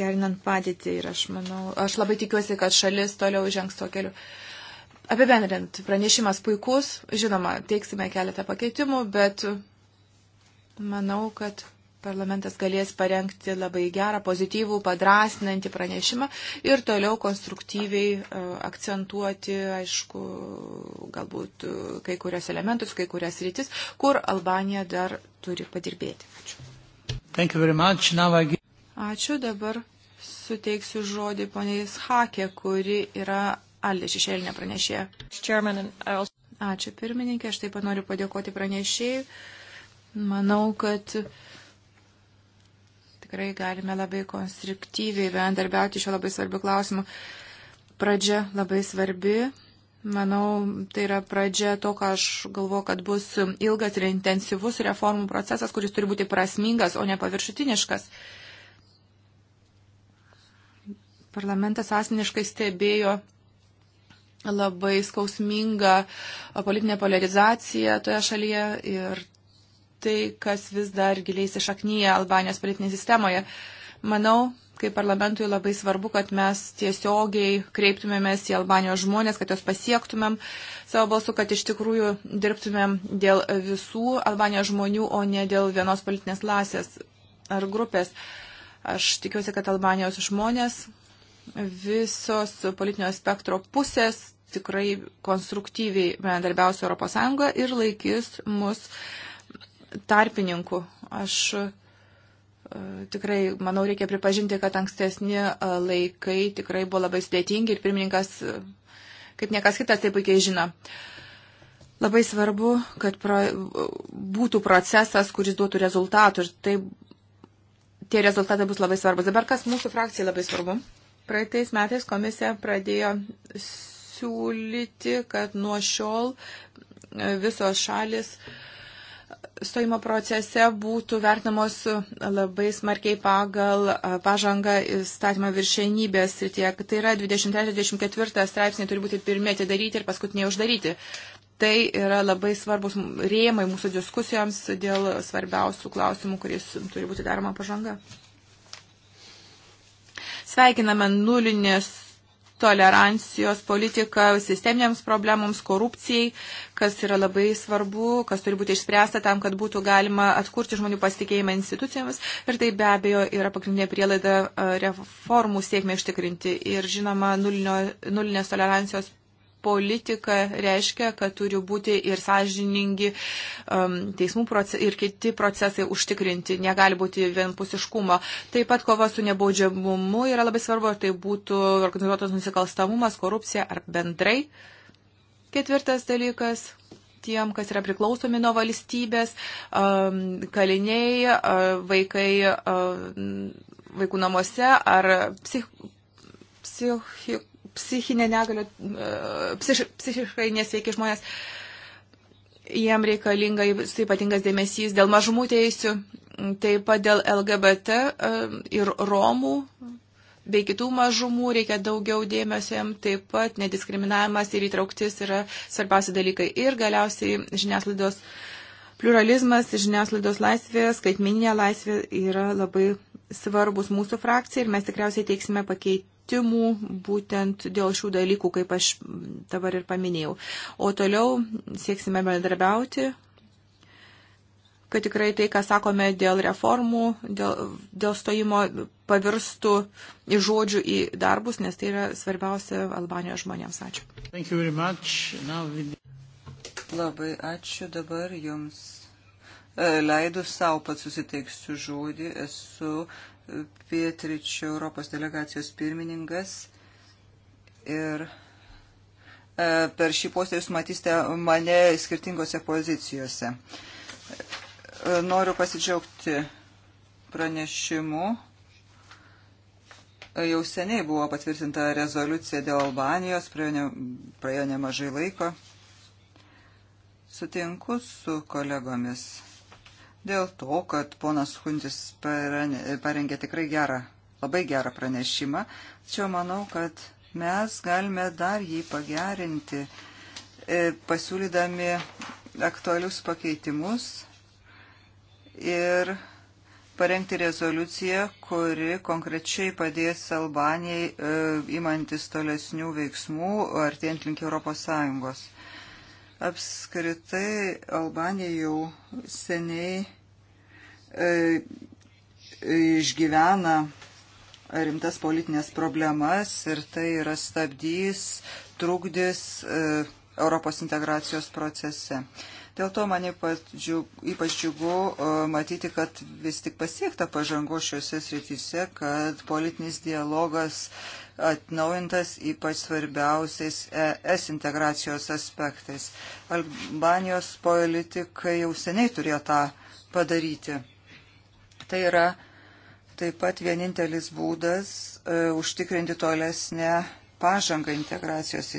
[SPEAKER 3] gerinant padėtį ir aš manau, aš labai tikiuosi, kad šalis toliau žengs to keliu. Apibendrint, pranešimas puikus, žinoma, teiksime keletą pakeitimų, bet manau, kad parlamentas galės parengti labai gerą, pozityvų, padrasinantį pranešimą ir toliau konstruktyviai e, akcentuoti, aišku, galbūt e, kai kurias elementus, kai kurias rytis, kur Albanija dar turi padirbėti.
[SPEAKER 1] Ačiū. I...
[SPEAKER 3] Ačiū, dabar suteiksiu žodį poniai Hakė, kuri yra Aldė šešėlinė pranešėja. Ačiū pirmininkė, aš taip pat noriu padėkoti pranešėjai. Manau, kad uh, tikrai galime labai konstruktyviai bendarbiauti šio labai svarbių klausimų. Pradžia labai svarbi. Manau, tai yra pradžia to, ką aš galvoju, kad bus ilgas ir intensyvus reformų procesas, kuris turi būti prasmingas, o ne paviršutiniškas. Parlamentas asmeniškai stebėjo labai skausminga politinė polarizacija toje šalyje ir tai, kas vis dar giliai įsišaknyja Albanijos politinėje sistemoje. Manau, kaip parlamentui labai svarbu, kad mes tiesiogiai kreiptumėmės į Albanijos žmonės, kad jos pasiektumėm savo balsu, kad iš tikrųjų dirbtumėm dėl visų Albanijos žmonių, o ne dėl vienos politinės klasės ar grupės. Aš tikiuosi, kad Albanijos žmonės visos politinio spektro pusės tikrai konstruktyviai bendarbiaus Europos Sąjungą ir laikys mus uh, tarpininkų. Aš e, tikrai, manau, reikia pripažinti, kad ankstesni e, laikai tikrai buvo labai sudėtingi ir pirmininkas, e, kaip niekas kitas, tai puikiai žino. Labai svarbu, kad pro, būtų procesas, kuris duotų rezultatų ir tai, tie rezultatai bus labai svarbus. Dabar kas mūsų frakcijai labai svarbu? Praeitais metais komisija pradėjo siūlyti, kad nuo šiol visos šalis uh, stojimo procese būtų vertinamos labai smarkiai pagal pažangą įstatymo viršenybės ir tiek. Tai yra 23-24 straipsniai turi būti pirmie atidaryti ir paskutiniai uždaryti. Tai yra labai svarbus rėmai mūsų diskusijoms dėl svarbiausių klausimų, kuriais turi būti daroma pažanga. Sveikiname nulinės tolerancijos politika sisteminėms problemams, korupcijai, kas yra labai svarbu, kas turi būti išspręsta tam, kad būtų galima atkurti žmonių pasitikėjimą institucijomis. Ir tai be abejo yra pagrindinė prielaida e, reformų sėkmė ištikrinti. Ir žinoma, nulinio, nulinės tolerancijos politika reiškia, kad turi būti ir sąžiningi um, teismų procesai ir kiti procesai užtikrinti, negali būti vienpusiškumo. Taip pat kova su nebaudžiamumu yra labai svarbu, ar tai būtų organizuotas nusikalstamumas, korupcija ar bendrai. Ketvirtas dalykas tiem, kas yra priklausomi nuo valstybės, um, kaliniai, uh, vaikai uh, vaikų namuose ar psich, psichik psichinė negalio, e, psiš, psichiškai nesveiki žmonės, jiem reikalinga ypatingas dėmesys dėl mažumų teisių, taip pat dėl LGBT e, ir Romų bei kitų mažumų reikia daugiau dėmesio, taip pat nediskriminavimas ir įtrauktis yra svarbiausi dalykai. Ir galiausiai žiniaslaidos pluralizmas, žiniaslaidos laisvė, skaitmininė laisvė yra labai svarbus mūsų frakcijai ir mes tikriausiai teiksime pakeitimą pakeitimų būtent dėl šių dalykų, kaip aš dabar ir paminėjau. O toliau sieksime bendradarbiauti kad tikrai tai, ką sakome dėl reformų, dėl, dėl stojimo, pavirstų iš žodžių į darbus, nes tai yra svarbiausia Albanijos žmonėms. Ačiū.
[SPEAKER 1] Now...
[SPEAKER 2] Labai ačiū dabar jums. E, leidus savo pats susiteiksiu žodį, esu Pietričio Europos delegacijos pirmininkas. Ir e, per šį postą jūs matysite mane skirtingose pozicijose. E, noriu pasidžiaugti pranešimu. E, jau seniai buvo patvirtinta rezoliucija dėl Albanijos, praėjo, ne, praėjo nemažai laiko. Sutinku su kolegomis dėl to, kad ponas Huntis parengė tikrai gerą, labai gerą pranešimą. Tačiau manau, kad mes galime dar jį pagerinti, e, pasiūlydami aktualius pakeitimus ir parengti rezoliuciją, kuri konkrečiai padės Albanijai e, imantis tolesnių veiksmų, artėjant link Europos Sąjungos. Apskritai Albanija jau seniai e, išgyvena rimtas politinės problemas ir tai yra stabdys, trukdis e, Europos integracijos procese. E, Dėl to man ypač džiugu e, matyti, kad vis tik pasiekta pažango šiuose srityse, kad politinis dialogas atnaujintas ypač svarbiausiais ES integracijos aspektais. Albanijos politikai jau seniai turėjo tą padaryti. Tai yra taip pat vienintelis būdas e, užtikrinti tolesnę pažangą integracijos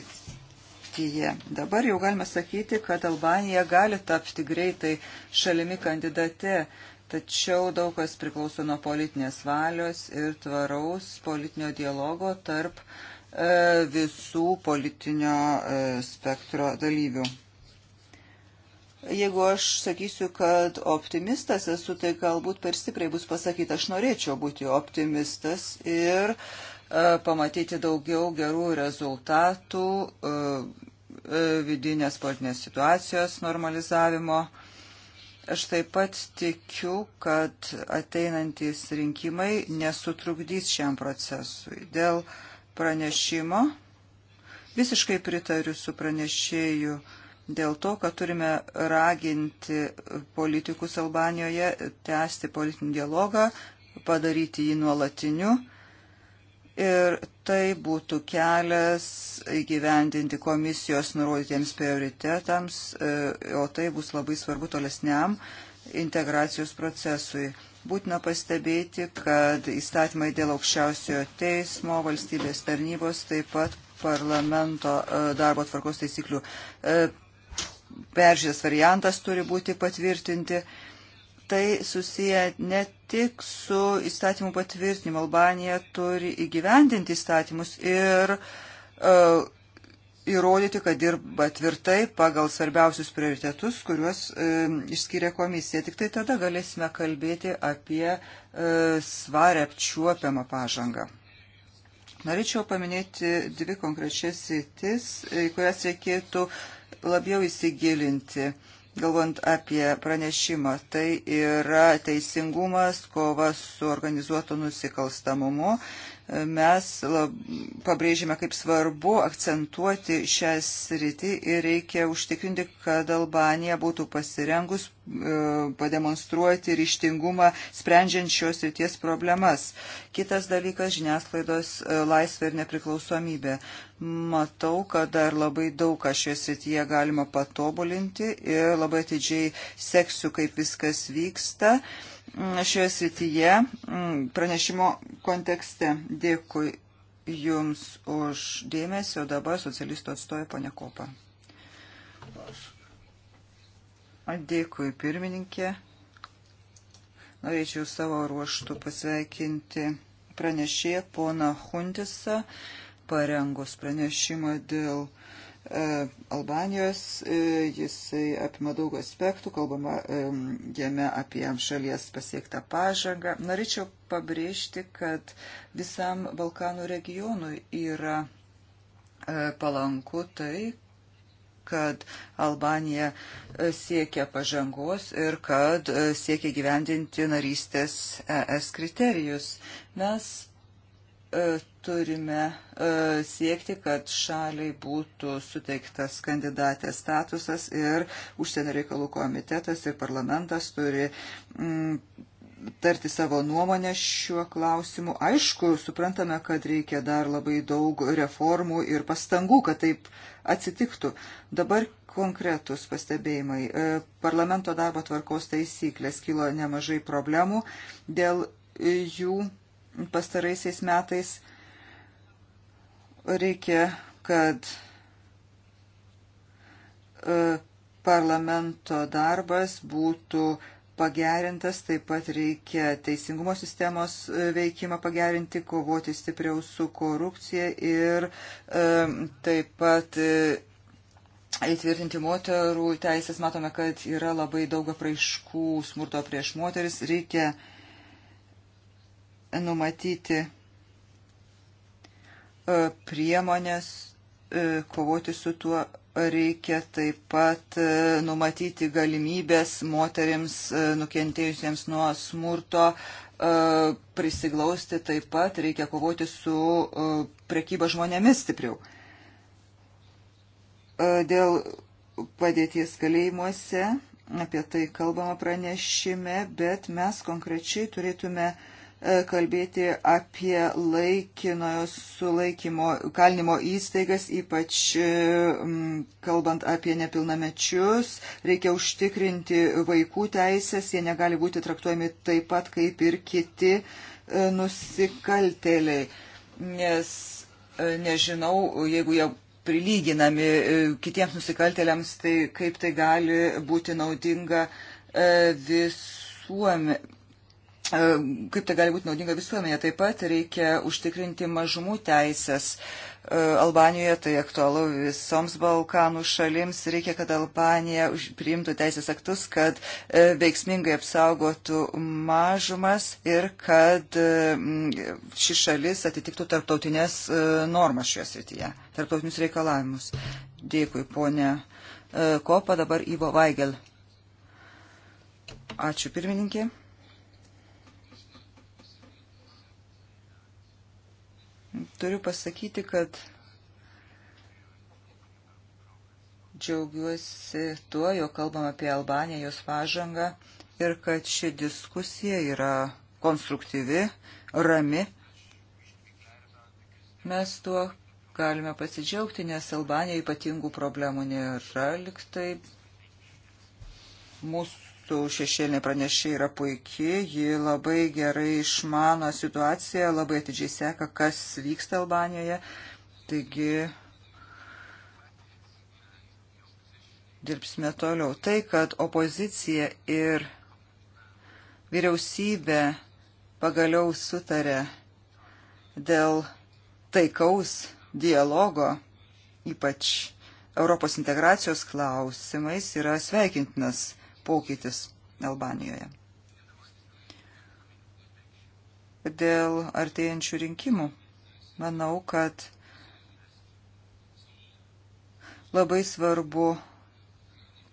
[SPEAKER 2] Turkiją. Dabar jau galime sakyti, kad Albanija gali tapti greitai šalimi kandidate, tačiau daug kas priklauso nuo politinės valios ir tvaraus politinio dialogo tarp e, visų politinio e, spektro dalyvių. Jeigu aš sakysiu, kad optimistas esu, tai galbūt per stipriai bus pasakyta, aš norėčiau būti optimistas ir E, pamatyti daugiau gerų rezultatų e, e, vidinės politinės situacijos normalizavimo. Aš taip pat tikiu, kad ateinantys rinkimai nesutrukdys šiam procesui. Dėl pranešimo visiškai pritariu su pranešėju dėl to, kad turime raginti politikus Albanijoje tęsti politinį dialogą, padaryti jį nuolatiniu ir tai būtų kelias įgyvendinti komisijos nurodytiems prioritetams, e, o tai bus labai svarbu tolesniam integracijos procesui. Būtina pastebėti, kad įstatymai dėl aukščiausiojo teismo, valstybės tarnybos, taip pat parlamento e, darbo tvarkos taisyklių e, peržiūrės variantas turi būti patvirtinti tai susiję ne tik su įstatymų patvirtinimu. Albanija turi įgyvendinti įstatymus ir uh, įrodyti, kad dirba tvirtai pagal svarbiausius prioritetus, kuriuos uh, e, išskiria komisija. Tik tai tada galėsime kalbėti apie uh, svarę apčiuopiamą pažangą. Norėčiau paminėti dvi konkrečias sritis, į kurias reikėtų labiau įsigilinti. Uh, galvant apie pranešimą, tai yra teisingumas, kova su organizuotu nusikalstamumu, mes lab, pabrėžime, kaip svarbu akcentuoti šią sritį ir reikia užtikrinti, kad Albanija būtų pasirengus e, pademonstruoti ryštingumą sprendžiant šios ryties problemas. Kitas dalykas - žiniasklaidos e, laisvė ir nepriklausomybė. Matau, kad dar labai daug ką šioje srityje galima patobulinti ir labai atidžiai seksiu, kaip viskas vyksta. Uh, Mm, šioje srityje mm, pranešimo kontekste. Dėkui Jums už dėmesį, o dabar socialisto atstovė ponė Kopa. Dėkui pirmininkė. Norėčiau savo ruoštų pasveikinti pranešėją poną Huntisą, parengus pranešimą dėl E, Albanijos, e, jisai apima daug aspektų, kalbama e, jame apie šalies pasiektą pažangą. Norėčiau pabrėžti, kad visam Balkanų regionui yra palanku tai, kad Albanija siekia pažangos ir kad siekia gyvendinti narystės ES kriterijus. Mes E, turime e, siekti, kad šaliai būtų suteiktas kandidatės statusas ir užsienio reikalų komitetas ir parlamentas turi mm, tarti savo nuomonę šiuo klausimu. Aišku, suprantame, kad reikia dar labai daug reformų ir pastangų, kad taip atsitiktų. Dabar konkretus pastebėjimai. E, parlamento darbo tvarkos taisyklės kilo nemažai problemų dėl jų pastaraisiais metais. Reikia, kad e, parlamento darbas būtų pagerintas, taip pat reikia teisingumo sistemos e, veikimą pagerinti, kovoti stipriau su korupcija ir e, taip pat įtvirtinti moterų teisės. Matome, kad yra labai daug apraiškų smurto prieš moteris. Reikia uh, numatyti e, priemonės e, kovoti su tuo reikia taip pat e, numatyti galimybės moterims nukentėjusiems nuo smurto prisiglausti, taip pat reikia kovoti su prekyba žmonėmis stipriau. Dėl padėties kalėjimuose apie tai kalbama pranešime, bet mes konkrečiai turėtume uh, E, kalbėti apie laikinojo sulaikymo, kalinimo įstaigas, ypač e, kalbant apie nepilnamečius. Reikia užtikrinti vaikų teisės, jie negali būti traktuojami taip pat kaip ir kiti e, nusikaltėliai, nes nežinau, jeigu jie prilyginami kitiems nusikaltėliams, tai kaip tai gali būti naudinga visuomenė E, kaip tai gali būti naudinga visuomenė. Taip pat reikia užtikrinti mažumų teisės. E, Albanijoje tai aktualu visoms Balkanų šalims. Reikia, kad Albanija priimtų teisės aktus, kad e, veiksmingai apsaugotų mažumas ir kad ši šalis atitiktų tarptautinės normas šioje srityje, tarptautinius reikalavimus. Dėkui, ponė Kopa, dabar Ivo Vaigel. Ačiū pirmininkė. Turiu pasakyti, kad džiaugiuosi tuo, jo kalbam apie Albaniją, jos pažangą ir kad ši diskusija yra konstruktyvi, rami. Mes tuo galime pasidžiaugti, nes Albanija ypatingų problemų nėra liktai. Mūsų mūsų šešėlinė pranešė yra puikiai, ji labai gerai išmano situaciją, labai atidžiai seka, kas vyksta Albanijoje. Taigi dirbsime toliau. Tai, kad opozicija ir vyriausybė pagaliau sutarė dėl taikaus dialogo, ypač Europos integracijos klausimais yra sveikintinas pokytis Albanijoje. Dėl artėjančių rinkimų manau, kad labai svarbu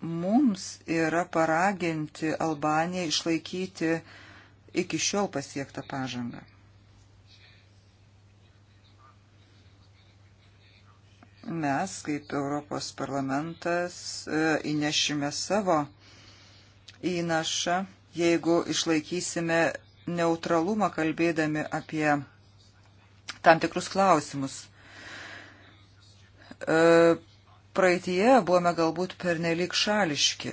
[SPEAKER 2] mums yra paraginti Albaniją išlaikyti iki šiol pasiektą pažangą. Mes, kaip Europos parlamentas, e, įnešime savo įnašą, jeigu išlaikysime neutralumą kalbėdami apie tam tikrus klausimus. E, praeitie buvome galbūt pernelik šališki.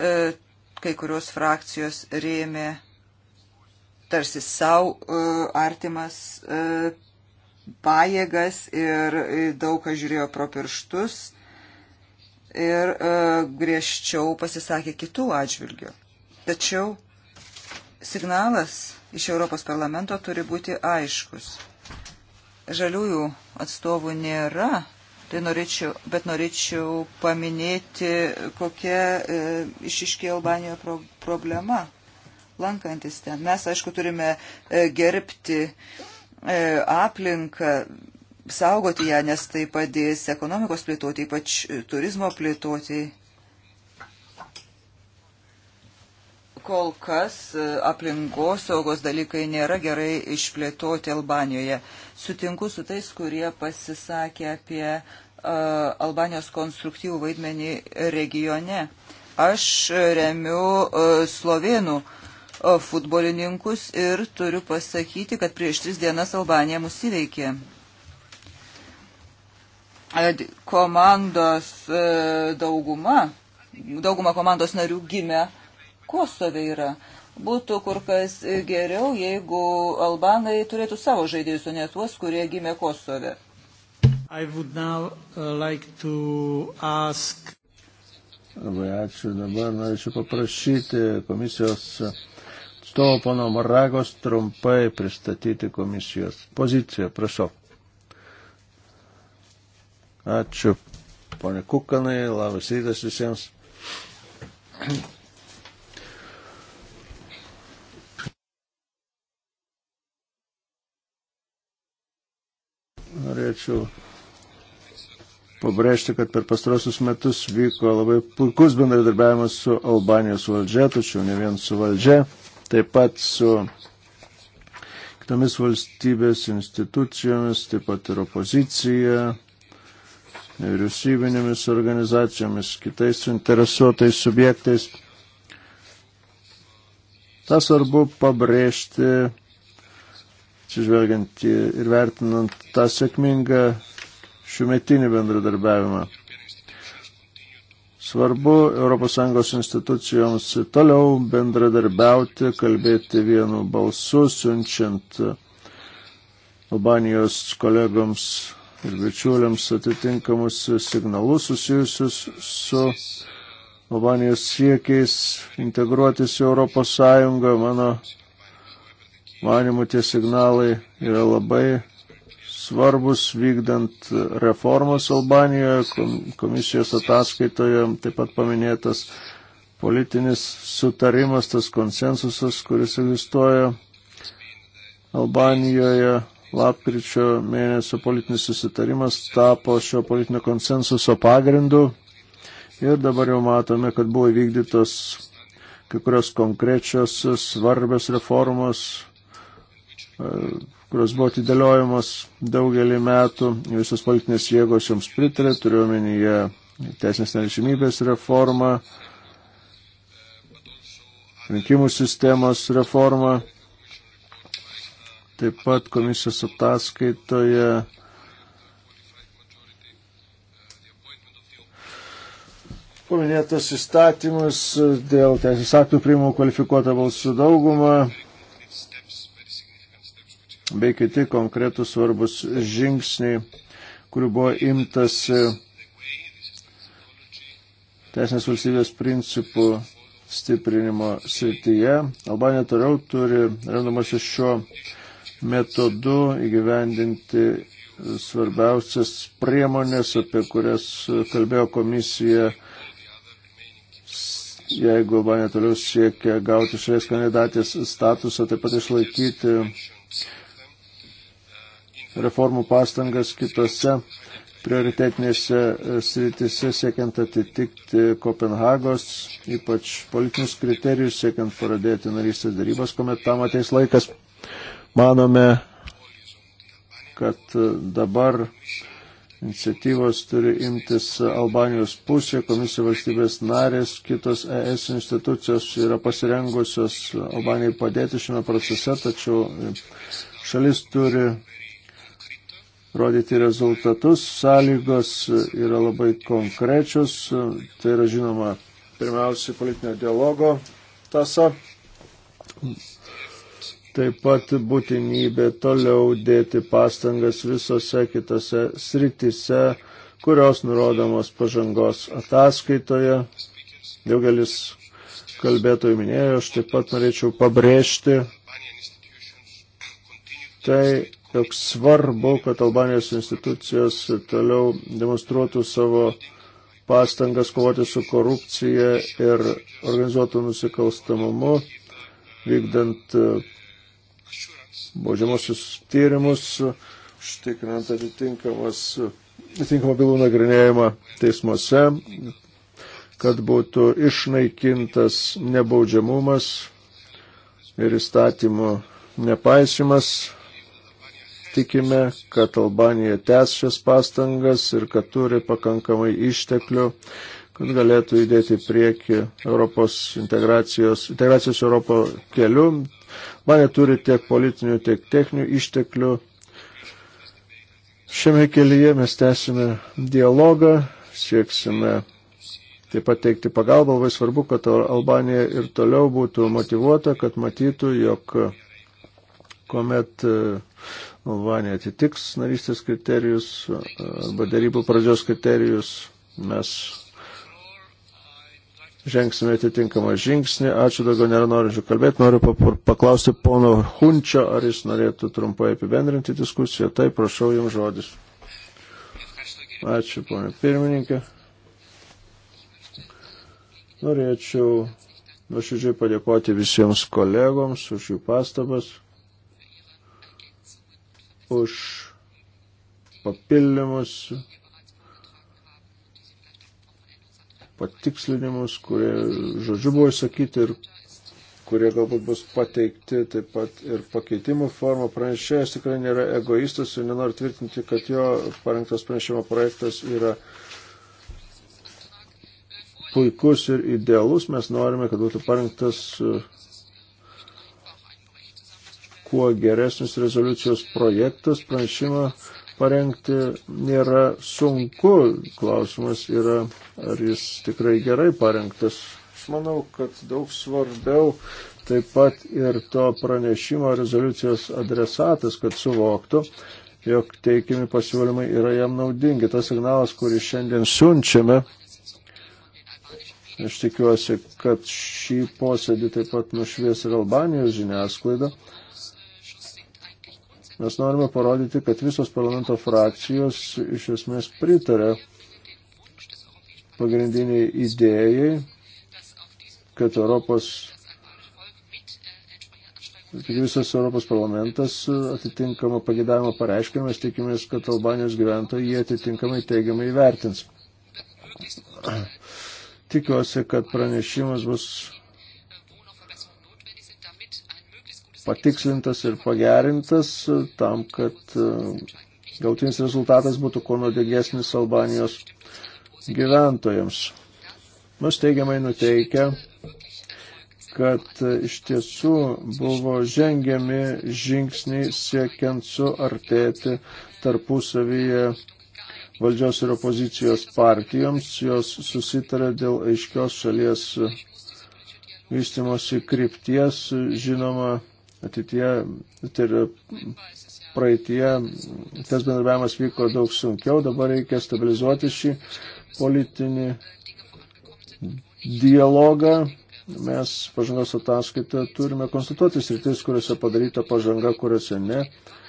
[SPEAKER 2] E, kai kurios frakcijos rėmė tarsi savo e, artimas pajėgas ir daug kas žiūrėjo pro pirštus ir e, griežčiau pasisakė kitų atžvilgių. Tačiau signalas iš Europos parlamento turi būti aiškus. Žaliųjų atstovų nėra, tai norėčiau, bet norėčiau paminėti, kokia e, išiškė Albanijoje pro, problema lankantis ten. Mes, aišku, turime e, gerbti e, aplinką, saugoti ją, nes tai padės ekonomikos plėtoti, ypač turizmo plėtoti. Kol kas e, aplinkosaugos dalykai nėra gerai išplėtoti Albanijoje. Sutinku su tais, kurie pasisakė apie uh, Albanijos konstruktyvų vaidmenį regione. Aš remiu uh, e, Slovenų uh, futbolininkus ir turiu pasakyti, kad prieš tris dienas Albanija mus įveikė komandos e, dauguma, dauguma komandos narių gimė Kosove yra. Būtų kur kas geriau, jeigu Albanai turėtų savo žaidėjus, o ne tuos, kurie gimė Kosove.
[SPEAKER 1] Uh, like ask... Labai ačiū. Dabar norėčiau paprašyti komisijos atstovo pono Maragos trumpai pristatyti komisijos poziciją. Prašau. Ačiū, ponė Kukanai, labas rytas visiems. Norėčiau pabrėžti, kad per pastarosius metus vyko labai puikus bendradarbiavimas su Albanijos valdžia, tačiau ne vien su valdžia, taip pat su kitomis valstybės institucijomis, taip pat ir opozicija, vyriausybinėmis organizacijomis, kitais suinteresuotais subjektais. Ta svarbu pabrėžti, atsižvelgiant ir vertinant tą sėkmingą šiumetinį bendradarbiavimą. Svarbu ES institucijoms toliau bendradarbiauti, kalbėti vienu balsu, siunčiant Albanijos kolegoms ir bičiuliams atitinkamus signalus susijusius su Albanijos siekiais integruotis į Europos Sąjungą. Mano manimu, tie signalai yra labai svarbus vykdant reformas Albanijoje, komisijos ataskaitoje taip pat paminėtas politinis sutarimas, tas konsensusas, kuris egzistuoja Albanijoje Lapkričio mėnesio politinis susitarimas tapo šio politinio konsensuso pagrindu ir dabar jau matome, kad buvo įvykdytos kai kurios konkrečios svarbios reformos, e, kurios buvo atidėliojamos daugelį metų, visos politinės jėgos joms pritarė, turiuomenyje teisinės neliečiamybės reforma, rinkimų sistemos reforma, Taip pat komisijos ataskaitoje paminėtas įstatymas dėl teisės aktų priimamų kvalifikuotą balsų daugumą bei kiti konkretus svarbus žingsniai, kurių buvo imtas teisinės valstybės principų stiprinimo srityje. Albanija toliau turi, remdamasi šio metodu įgyvendinti svarbiausias priemonės, apie kurias kalbėjo komisija, jeigu Albanija toliau siekia gauti šalies kandidatės statusą, taip pat išlaikyti reformų pastangas kitose prioritetinėse sritise, siekiant atitikti Kopenhagos, ypač politinius kriterijus, siekiant pradėti narystės darybas, kuomet tam ateis laikas. Manome, kad dabar iniciatyvos turi imtis Albanijos pusė, komisija valstybės narės, kitos ES institucijos yra pasirengusios Albanijai padėti šiame procese, tačiau šalis turi rodyti rezultatus, sąlygos yra labai konkrečios, tai yra žinoma pirmiausiai politinio dialogo tasa, taip pat būtinybė toliau dėti pastangas visose kitose sritise, kurios nurodomos pažangos ataskaitoje. Daugelis kalbėtojų minėjo, aš taip pat norėčiau pabrėžti tai, jog svarbu, kad Albanijos institucijos toliau demonstruotų savo pastangas kovoti su korupcija ir organizuotų nusikalstamumu, vykdant baudžiamusius tyrimus, užtikrinant atitinkamą bylų nagrinėjimą teismuose, kad būtų išnaikintas nebaudžiamumas ir įstatymo nepaisimas. Tikime, kad Albanija tęs šias pastangas ir kad turi pakankamai išteklių, kad galėtų judėti į priekį Europos integracijos, integracijos Europo keliu. Man neturi tiek politinių, tiek techninių išteklių. Šiame kelyje mes tęsime dialogą, sieksime taip pat teikti pagalbą. Labai svarbu, kad Albanija ir toliau būtų motivuota, kad matytų, jog kuomet e, Albanija atitiks narystės kriterijus e, arba darybų pradžios kriterijus, mes Žengsime atitinkamą žingsnį. Ačiū daugiau nėra norinčių kalbėti. Noriu paklausti pono Hunčio, ar jis norėtų trumpai apibendrinti diskusiją. Tai prašau jums žodis. Ačiū, ponė pirmininkė. Norėčiau nuoširdžiai padėkoti visiems kolegoms už jų pastabas, už papildymus patikslinimus, kurie žodžiu buvo išsakyti ir kurie galbūt bus pateikti taip pat ir pakeitimų formą. Pranešėjas tikrai nėra egoistas ir nenori tvirtinti, kad jo parengtas pranešimo projektas yra puikus ir idealus. Mes norime, kad būtų parengtas e, kuo geresnis rezoliucijos projektas. Pranešimą parengti nėra sunku. Klausimas yra, ar jis tikrai gerai parengtas. Aš manau, kad daug svarbiau taip pat ir to pranešimo rezoliucijos adresatas, kad suvoktų, jog teikiami pasiūlymai yra jam naudingi. Tas signalas, kurį šiandien siunčiame, aš tikiuosi, kad šį posėdį taip pat nušvies ir Albanijos žiniasklaida. Mes norime parodyti, kad visos parlamento frakcijos iš esmės pritarė pagrindiniai idėjai, kad Europos Tik visas Europos parlamentas atitinkamą pagėdavimą pareiškė, mes tikimės, kad Albanijos gyventojai jie atitinkamai teigiamai vertins. Tikiuosi, kad pranešimas bus patikslintas ir pagerintas tam, kad e, gautinis rezultatas būtų kuo nuodėgesnis Albanijos gyventojams. Mus teigiamai nuteikia, kad e, iš tiesų buvo žengiami žingsniai siekiant suartėti tarpusavyje valdžios ir opozicijos partijoms, jos susitarė dėl aiškios šalies vystimosi krypties, žinoma, ateitie, tai yra praeitie, tas bendravimas vyko daug sunkiau, dabar reikia stabilizuoti šį politinį dialogą. Mes pažangos ataskaitą turime konstatuoti sritis, kuriuose padaryta pažanga, kuriuose ne. Uh,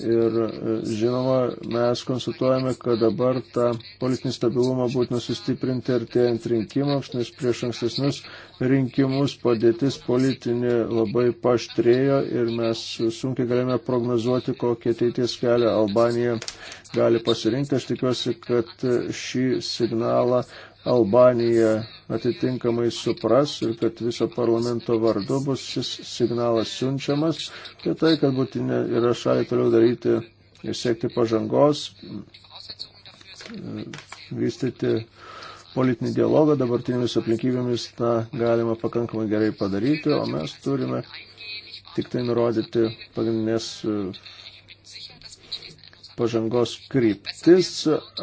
[SPEAKER 1] Ir e, žinoma, mes konsultuojame, kad dabar tą politinį stabilumą būtina sustiprinti artėjant rinkimams, nes prieš ankstesnius rinkimus padėtis politinė labai paštrėjo ir mes sunkiai galime prognozuoti, kokie ateities kelią Albanija gali pasirinkti. Aš tikiuosi, kad šį signalą Albanija atitinkamai supras ir kad viso parlamento vardu bus šis signalas siunčiamas, tai tai, kad būtinė yra šaliai toliau daryti ir siekti pažangos, vystyti politinį dialogą, dabartinėmis aplinkybėmis tą galima pakankamai gerai padaryti, o mes turime tik tai nurodyti pagrindinės pažangos kryptis.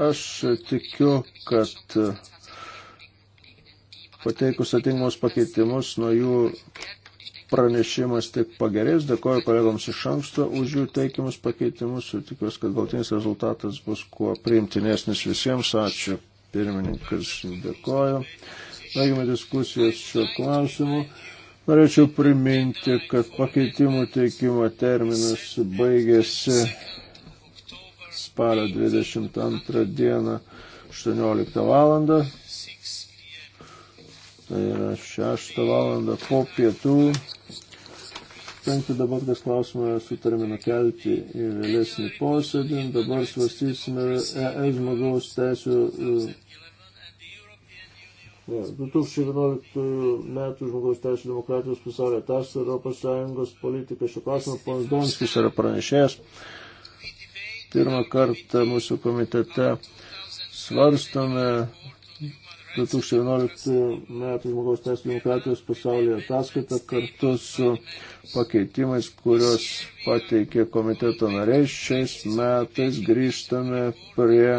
[SPEAKER 1] Aš tikiu, kad pateikus atingimus pakeitimus, nuo jų pranešimas tik pagerės. Dėkoju kolegoms iš anksto už jų teikimus pakeitimus ir tikiuosi, kad galtinis rezultatas bus kuo priimtinesnis visiems. Ačiū. Pirmininkas dėkoju. Baigime diskusijas šiuo klausimu. Norėčiau priminti, kad pakeitimų teikimo terminas baigėsi spalio 22 dieną 18 valandą tai yra 6 valandą po pietų. Penktą dabar tas klausimą sutarėme nukelti į vėlesnį posėdį. Dabar svarstysime ES e žmogaus teisų 2011 e, metų žmogaus teisų demokratijos pasaulio tas Europos Sąjungos politika šio klausimo ponas Donskis yra pranešėjęs. Pirmą kartą mūsų komitete svarstome 2011 metų žmogaus teisų demokratijos pasaulyje ataskaita kartu su pakeitimais, kuriuos pateikė komiteto nariai. Šiais metais grįžtame prie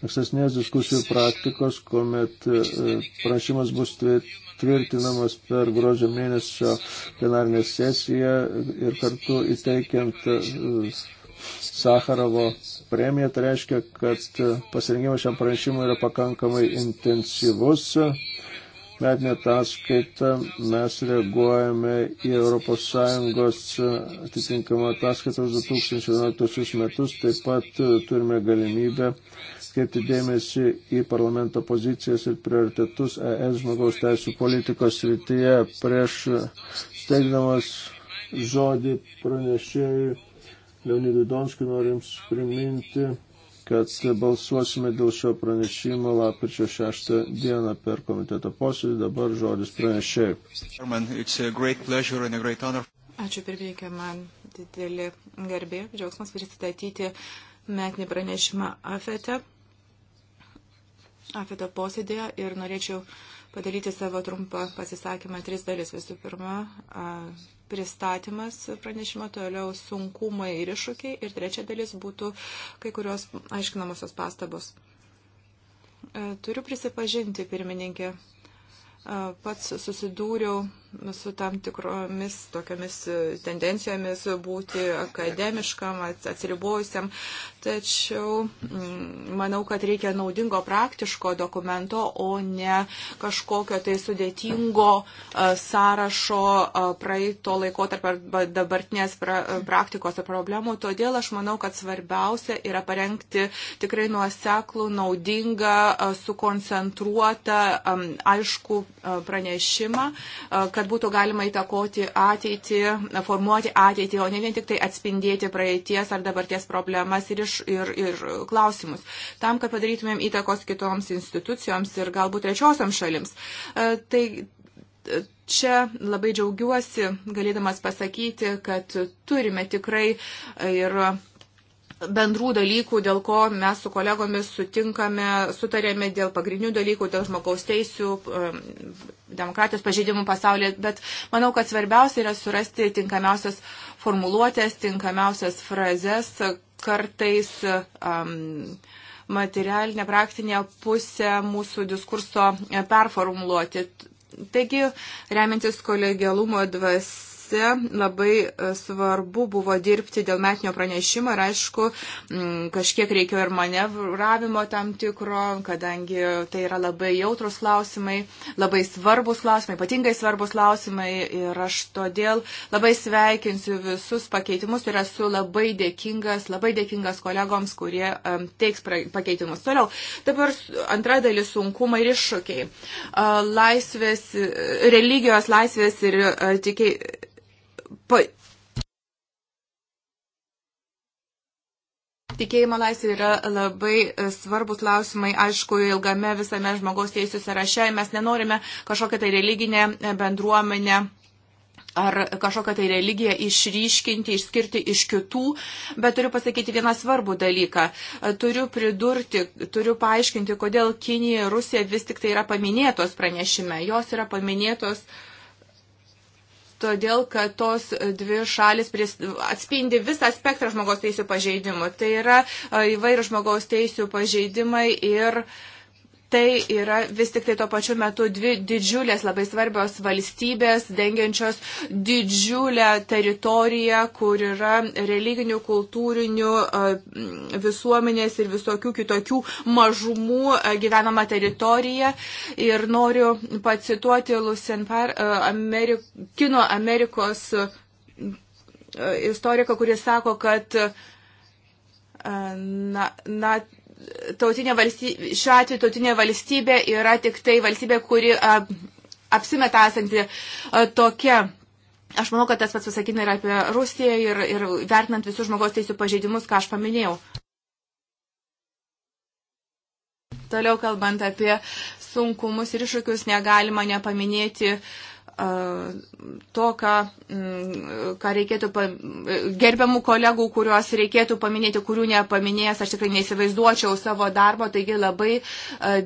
[SPEAKER 1] ankstesnės diskusijų praktikos, kuomet e, prašymas bus tvirtinamas per gruodžio mėnesio plenarinę sesiją ir kartu įteikiant e, Sakarovo premiją, tai reiškia, kad pasirinkimas šiam pranešimui yra pakankamai intensyvus. Metinė ataskaita mes reaguojame į ES atitinkamą ataskaitą už 2011 metus, taip pat turime galimybę skirti dėmesį į parlamento pozicijas ir prioritetus ES žmogaus teisų politikos srityje prieš steigdamas žodį pranešėjui Leonidui Donskui norim priminti, kad balsuosime dėl šio pranešimo lapkričio 6 dieną per komiteto posėdį. Dabar žodis pranešėjai.
[SPEAKER 3] Ačiū pirmininkė, man didelį garbė, džiaugsmas pristatyti metinį pranešimą AFETE, AFETE posėdėje ir norėčiau padaryti savo trumpą pasisakymą tris dalis. Visų pirma, pristatymas pranešimo, toliau sunkumai ir iššūkiai ir trečia dalis būtų kai kurios aiškinamosios pastabos. E, turiu prisipažinti, pirmininkė, e, pats susidūriau su tam tikromis tokiamis tendencijomis būti akademiškam, atsiribojusiam. Tačiau mm, manau, kad reikia naudingo praktiško dokumento, o ne kažkokio tai sudėtingo sąrašo praeito laiko tarp dabartinės praktikos ir problemų. Todėl aš manau, kad svarbiausia yra parengti tikrai nuoseklų, naudingą, sukoncentruotą, aišku pranešimą, kad kad būtų galima įtakoti ateitį, formuoti ateitį, o ne vien tik tai atspindėti praeities ar dabarties problemas ir, iš, ir, ir klausimus. Tam, kad padarytumėm įtakos kitoms institucijoms ir galbūt trečiosiam šalims. E, tai, e, čia labai džiaugiuosi, galėdamas pasakyti, kad turime tikrai ir bendrų dalykų, dėl ko mes su kolegomis sutinkame, sutarėme dėl pagrindinių dalykų, dėl žmogaus teisų, um, demokratijos pažeidimų pasaulyje, bet manau, kad svarbiausia yra surasti tinkamiausias formuluotės, tinkamiausias frazes, kartais um, materialinė, praktinė pusė mūsų diskurso e, performuluoti. Taigi, remiantis kolegialumo dvasia, namuose labai e, svarbu buvo dirbti dėl metinio pranešimo ir aišku, kažkiek reikėjo ir manevravimo tam tikro, kadangi tai yra labai jautrus klausimai, labai svarbus klausimai, ypatingai svarbus klausimai ir aš todėl labai sveikinsiu visus pakeitimus ir esu labai dėkingas, labai dėkingas kolegoms, kurie um, teiks pakeitimus. Toliau, dabar antra dalis sunkumai ir iššūkiai. Uh, laisvės, e, religijos laisvės ir uh, tikiai pa... Tikėjimo laisvė yra labai e, svarbus klausimai, aišku, ilgame visame žmogaus teisų sąraše. Mes nenorime kažkokią tai religinę e, bendruomenę ar kažkokią tai religiją išryškinti, išskirti iš kitų, bet turiu pasakyti vieną svarbų dalyką. E, turiu pridurti, turiu paaiškinti, kodėl Kinija ir Rusija vis tik tai yra paminėtos pranešime. Jos yra paminėtos uh, todėl kad tos dvi šalis atspindi visą spektrą žmogaus teisų pažeidimų. Tai yra e, įvairių žmogaus teisų pažeidimai ir uh, tai yra vis tik tai tuo pačiu metu dvi didžiulės labai svarbios valstybės, dengiančios didžiulę teritoriją, kur yra religinių, kultūrinių, visuomenės ir visokių kitokių mažumų gyvenama teritorija. Ir noriu pacituoti Lusenpar, Amerik, kino Amerikos istoriką, kuris sako, kad na, na, tautinė valstybė, šiuo atveju tautinė valstybė yra tik tai valstybė, kuri apsimeta esanti tokia. Aš manau, kad tas pats pasakytina ir apie Rusiją ir, ir vertinant visus žmogaus teisų pažeidimus, ką aš paminėjau. Toliau kalbant apie sunkumus ir iššūkius, negalima nepaminėti uh, to, ką, ką reikėtų, gerbiamų kolegų, kuriuos reikėtų paminėti, kurių nepaminėjęs, aš tikrai neįsivaizduočiau savo darbo, taigi labai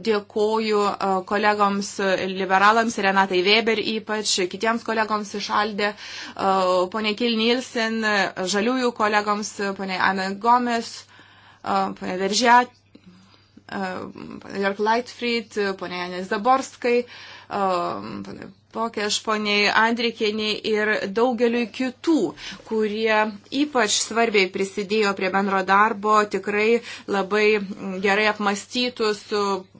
[SPEAKER 3] dėkoju kolegoms liberalams, Renatai Weber ypač, kitiems kolegoms išaldė, ponė Kil Nilsen, žaliųjų kolegoms, ponė Ana Gomes, ponė Veržėt Jörg Leitfried, ponė Janis Zaborskai, ponė tokia aš poniai Andrikieniai ir daugeliui kitų, kurie ypač svarbiai prisidėjo prie bendro darbo, tikrai labai gerai apmastytus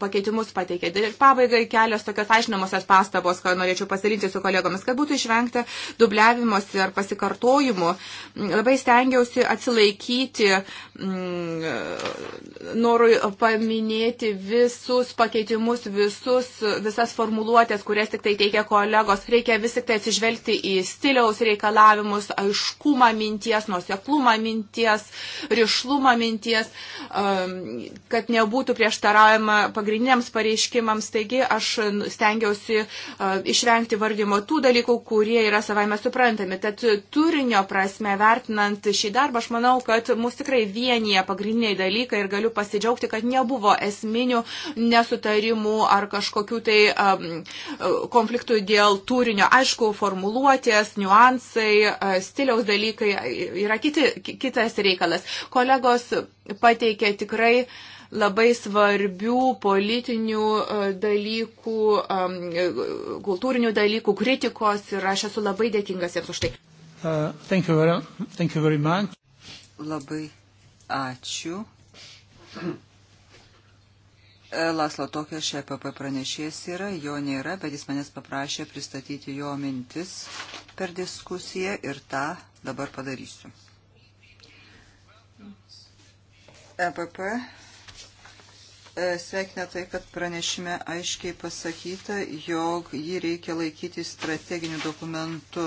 [SPEAKER 3] pakeitimus pateikė. Ir pabaigai kelios tokios aišinamosios pastabos, ką norėčiau pasirinti su kolegomis, kad būtų išvengta dubliavimuose ar pasikartojimu. Labai stengiausi atsilaikyti mm, norui paminėti visus pakeitimus, visus, visas formuluotės, kurias tik tai teikia kolegos kolegos, reikia vis tik tai atsižvelgti į stiliaus reikalavimus, aiškumą minties, nuoseklumą minties, ryšlumą minties, um, kad nebūtų prieštaraujama pagrindiniams pareiškimams. Taigi aš stengiausi uh, išvengti vardymo tų dalykų, kurie yra savaime suprantami. Tad turinio prasme, vertinant šį darbą, aš manau, kad mus tikrai vienyje pagrindiniai dalykai ir galiu pasidžiaugti, kad nebuvo esminių nesutarimų ar kažkokių tai um, konfliktų dėl dėl turinio. Aišku, formuluotės, niuansai, e, stiliaus dalykai e, yra kiti, kitas reikalas. Kolegos pateikė tikrai labai svarbių politinių e, dalykų, kultūrinių dalykų, kritikos ir aš esu labai dėkingas jiems už tai.
[SPEAKER 1] Uh, thank you very, thank you very much.
[SPEAKER 2] Labai ačiū. Laslo tokia ŠPP pranešėjas yra, jo nėra, bet jis manęs paprašė pristatyti jo mintis per diskusiją ir tą dabar padarysiu. EPP e, sveikina tai, kad pranešime aiškiai pasakyta, jog jį reikia laikyti strateginių dokumentų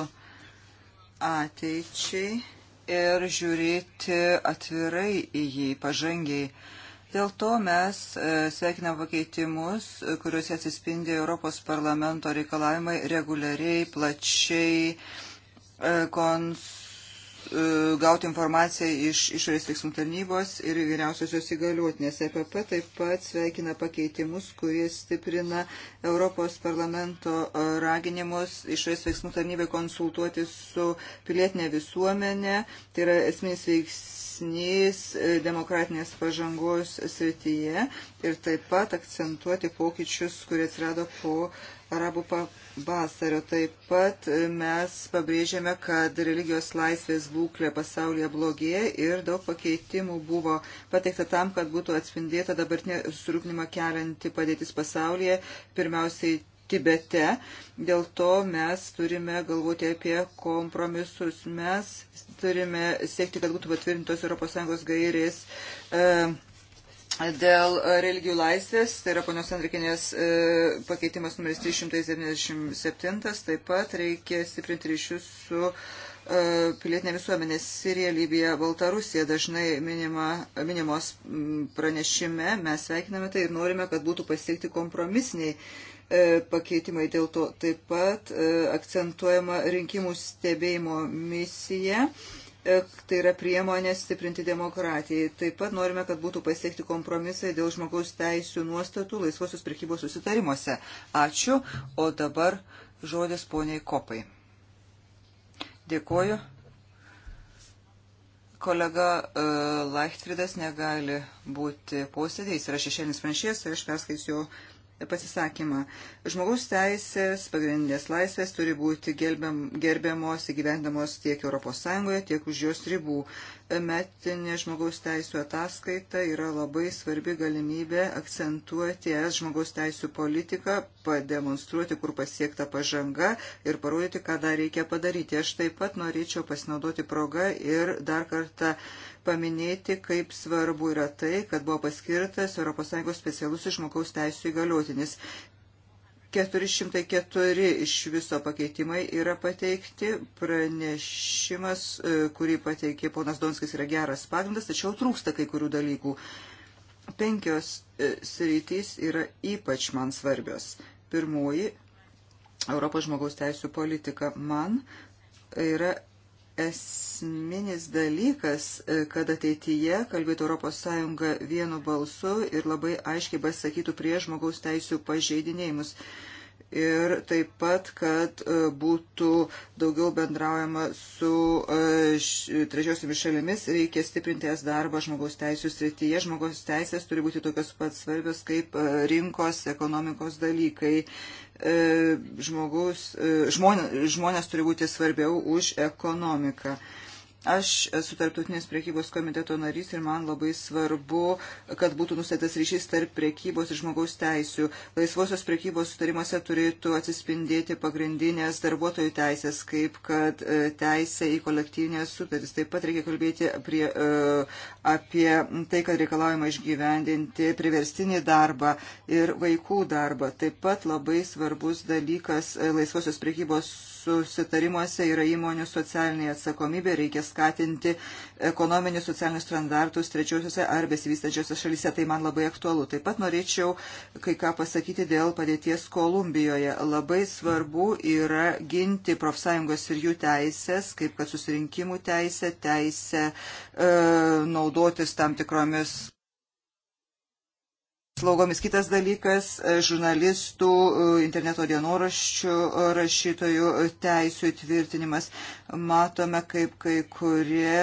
[SPEAKER 2] ateičiai ir žiūrėti atvirai į jį pažangiai Dėl to mes e, sveikinam pakeitimus, e, kuriuose atsispindi Europos parlamento reikalavimai reguliariai, plačiai e, kons E, gauti informaciją iš išorės veiksmų tarnybos ir vyriausiosios įgaliotinės. EPP taip pat sveikina pakeitimus, kurie stiprina Europos parlamento e, raginimus išorės veiksmų tarnybai konsultuoti su pilietinė visuomenė. Tai yra esminis veiksnys e, demokratinės pažangos srityje ir taip pat akcentuoti pokyčius, kurie atsirado po arabų paprastų vasario. Taip pat mes pabrėžėme, kad religijos laisvės būklė pasaulyje blogėja ir daug pakeitimų buvo pateikta tam, kad būtų atspindėta dabartinė surūpnimą kelianti padėtis pasaulyje, pirmiausiai Tibete. Dėl to mes turime galvoti apie kompromisus. Mes turime siekti, kad būtų patvirtintos ES gairės. E, Dėl e, religijų laisvės, tai yra ponios Andrikinės e, pakeitimas numeris 377, taip pat reikia stiprinti ryšius su e, pilietinė visuomenė Sirija, Libija, Baltarusija dažnai minima, minimos pranešime. Mes sveikiname tai ir norime, kad būtų pasiekti kompromisiniai pakeitimai. Dėl to taip pat akcentuojama rinkimų stebėjimo misija tai yra priemonė stiprinti demokratiją. Taip pat norime, kad būtų pasiekti kompromisai dėl žmogaus teisų nuostatų laisvosios prekybos susitarimuose. Ačiū, o dabar žodis poniai Kopai. Dėkoju. Kolega uh, e, Laichtvidas negali būti posėdėjais, yra šešėlinis pranšės ir aš perskaisiu jo pasisakymą. Žmogaus teisės, pagrindinės laisvės turi būti gerbiam, gerbiamos įgyvendamos tiek ES, tiek už jos ribų metinė žmogaus teisų ataskaita yra labai svarbi galimybė akcentuoti es žmogaus teisų politiką, pademonstruoti, kur pasiekta pažanga ir parodyti, ką dar reikia padaryti. Aš taip pat norėčiau pasinaudoti progą ir dar kartą paminėti, kaip svarbu yra tai, kad buvo paskirtas ES specialus žmogaus teisų įgaliotinis. 404 iš viso pakeitimai yra pateikti. Pranešimas, e, kurį pateikė ponas Donskis, yra geras pagrindas, tačiau trūksta kai kurių dalykų. Penkios e, sritys yra ypač man svarbios. Pirmoji - Europos žmogaus teisų politika. Man yra esminis dalykas, e, kad ateityje kalbėtų ES vienu balsu ir labai aiškiai pasakytų prie žmogaus teisų pažeidinėjimus. Ir taip pat, kad e, būtų daugiau bendraujama su e, trečiosiomis šalimis, reikia stiprinti es darbą žmogaus teisų srityje. Žmogaus teisės turi būti tokios pat svarbios kaip rinkos, ekonomikos dalykai E, žmogus, e, žmonės, žmonės turi būti svarbiau už ekonomiką. E, Aš esu tarptautinės priekybos komiteto narys ir man labai svarbu, kad būtų nustatytas ryšys tarp priekybos ir žmogaus teisių. Laisvosios priekybos sutarimuose turėtų atsispindėti pagrindinės darbuotojų teisės, kaip kad e, teisė į kolektyvinės sutartis. Taip pat reikia kalbėti prie, e, apie tai, kad reikalaujama išgyvendinti priverstinį darbą ir vaikų darbą. Taip pat labai svarbus dalykas e, laisvosios priekybos susitarimuose yra įmonių socialinė atsakomybė, reikia skatinti ekonominius socialinius standartus trečiosiuose ar besivystančiose šalyse. Tai man labai aktualu. Taip pat norėčiau kai ką pasakyti dėl padėties Kolumbijoje. Labai svarbu yra ginti profsąjungos ir jų teisės, kaip kad susirinkimų teisė, teisė e, naudotis tam tikromis slaugomis. Kitas dalykas e, - žurnalistų, e, interneto dienoraščių, e, rašytojų teisų įtvirtinimas. Matome, kaip kai kurie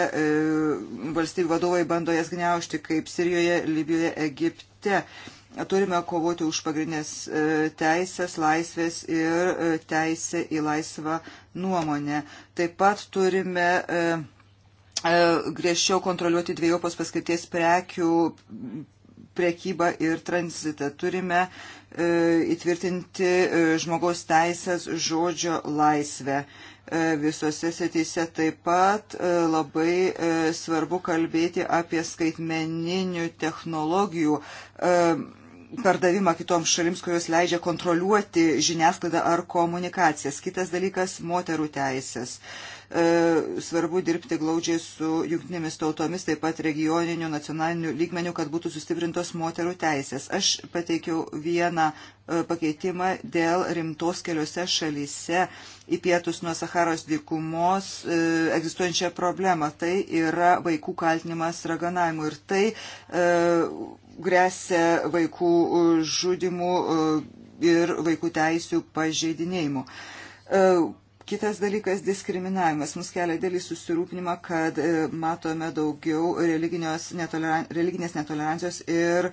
[SPEAKER 2] valstybių vadovai bando jas gniaužti, kaip Sirijoje, Libijoje, Egipte. Turime kovoti už pagrindinės teisės, laisvės ir teisę į laisvą nuomonę. Taip pat turime griežčiau kontroliuoti dviejopos paskirties prekių prekybą ir tranzitą. Turime e, įtvirtinti e, žmogaus teisės žodžio laisvę. E, visose sėtyse taip pat labai svarbu kalbėti apie skaitmeninių technologijų pardavimą kitoms šalims, kurios leidžia kontroliuoti žiniasklaidą ar komunikacijas. Kitas dalykas - moterų teisės. Uh, E, svarbu dirbti glaudžiai su jungtinėmis tautomis, taip pat regioniniu, nacionaliniu lygmeniu, kad būtų sustiprintos moterų teisės. Aš pateikiau vieną e, pakeitimą dėl rimtos keliose šalyse į pietus nuo Saharos dykumos e, egzistuojančią problemą. Tai yra vaikų kaltinimas raganavimu ir tai grėsia vaikų žudimu ir vaikų teisių pažeidinėjimu Kitas dalykas - diskriminavimas. Mums kelia dėlį susirūpinimą, kad e, matome daugiau netoleran, religinės netolerancijos ir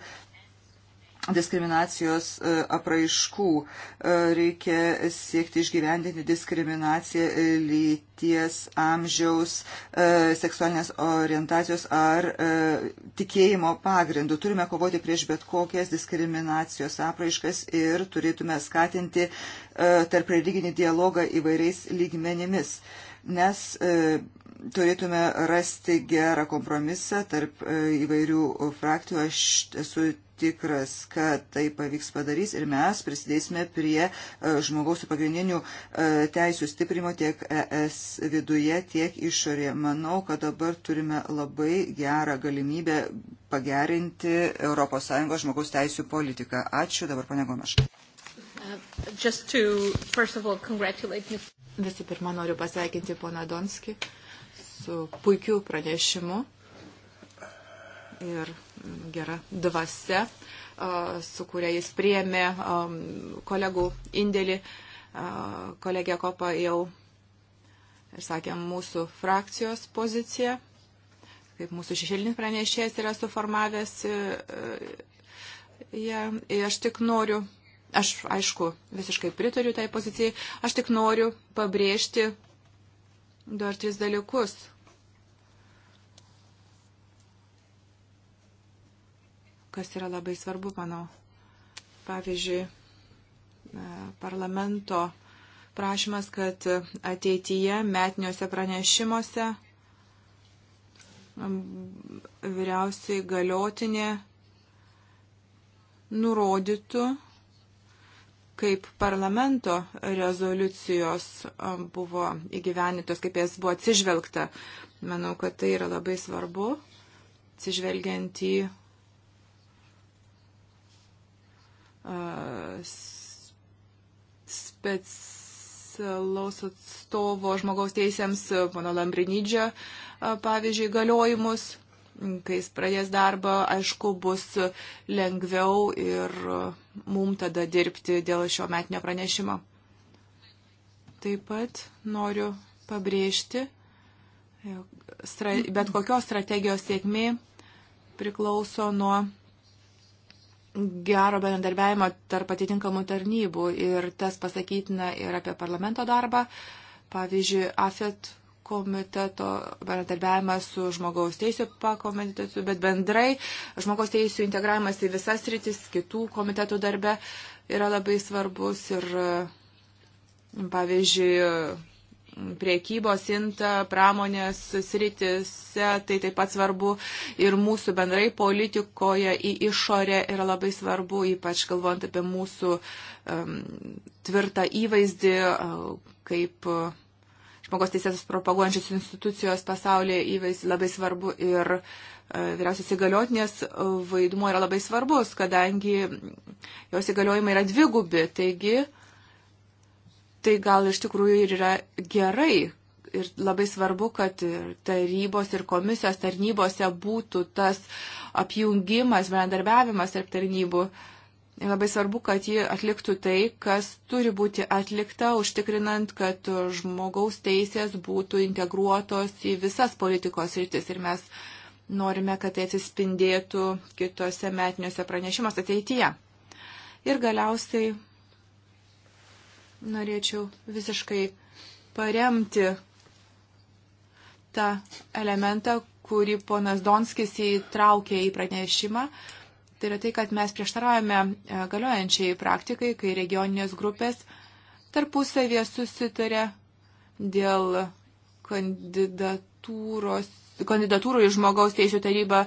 [SPEAKER 2] diskriminacijos e, apraiškų. E, reikia siekti išgyvendinti diskriminaciją lyties, amžiaus, seksualinės orientacijos ar tikėjimo pagrindų. Turime kovoti prieš bet kokias diskriminacijos apraiškas ir turėtume skatinti E, tarp religinį dialogą įvairiais lygmenimis. Mes e, turėtume rasti gerą kompromisą tarp e, įvairių frakcijų. Aš esu tikras, kad tai pavyks padarys ir mes prisidėsime prie žmogaus pagrindinių teisų stiprimo tiek ES viduje, tiek išorėje. Manau, kad dabar turime labai gerą galimybę pagerinti ES žmogaus teisų politiką. Ačiū dabar, pane Gomaš.
[SPEAKER 3] Uh, just to, first of all, congratulate Mr. Visų pirma, noriu pasveikinti poną Donskį su puikiu pranešimu ir gera dvasia, uh, su kuria jis priemė um, kolegų indėlį. Uh, kolegė Kopa jau ir sakė mūsų frakcijos poziciją, kaip mūsų šešėlinis pranešėjas yra suformavęs. Ja, aš tik noriu Aš, aišku, visiškai pritariu tai pozicijai. Aš tik noriu pabrėžti du ar tris dalykus. Kas yra labai svarbu, manau. Pavyzdžiui, parlamento prašymas, kad ateityje metiniuose pranešimuose vyriausiai galiotinė nurodytų kaip parlamento rezoliucijos buvo įgyvenintos, kaip jas buvo atsižvelgta. Manau, kad tai yra labai svarbu, atsižvelgiant į specialaus atstovo žmogaus teisėms, mano Lambrinidžio, pavyzdžiui, galiojimus kai jis pradės darbą, aišku, bus lengviau ir mum tada dirbti dėl šio metinio pranešimo. Taip pat noriu pabrėžti, bet kokios strategijos sėkmė priklauso nuo gero bendarbiavimo tarp atitinkamų tarnybų ir tas pasakytina ir apie parlamento darbą. Pavyzdžiui, AFET komiteto bendradarbiavimas su žmogaus teisų pakomitetu, bet bendrai žmogaus teisų integravimas į visas rytis kitų komitetų darbe yra labai svarbus ir, pavyzdžiui, priekybos, inta, pramonės sritise, tai taip pat svarbu ir mūsų bendrai politikoje į išorę yra labai svarbu, ypač galvojant apie mūsų um, tvirtą įvaizdį, uh, kaip uh, žmogaus teisės propaguojančios institucijos pasaulyje įvaiz labai svarbu ir e, vyriausios įgaliotinės vaidmuo yra labai svarbus, kadangi jos įgaliojimai yra dvigubi. Taigi, tai gal iš tikrųjų ir yra gerai. Ir labai svarbu, kad ir tarybos ir komisijos tarnybose būtų tas apjungimas, bendarbiavimas tarp tarnybų. Uh, Labai svarbu, kad ji atliktų tai, kas turi būti atlikta, užtikrinant, kad žmogaus teisės būtų integruotos į visas politikos rytis. Ir mes norime, kad tai atsispindėtų kitose metiniuose pranešimuose ateityje. Ir galiausiai norėčiau visiškai paremti tą elementą, kurį ponas Donskis įtraukė į pranešimą. Uh, tai yra tai, kad mes prieštaravome e, galiojančiai praktikai, kai regioninės grupės tarpusavėje susitarė dėl kandidatūros kandidatūrų į žmogaus teisų tarybą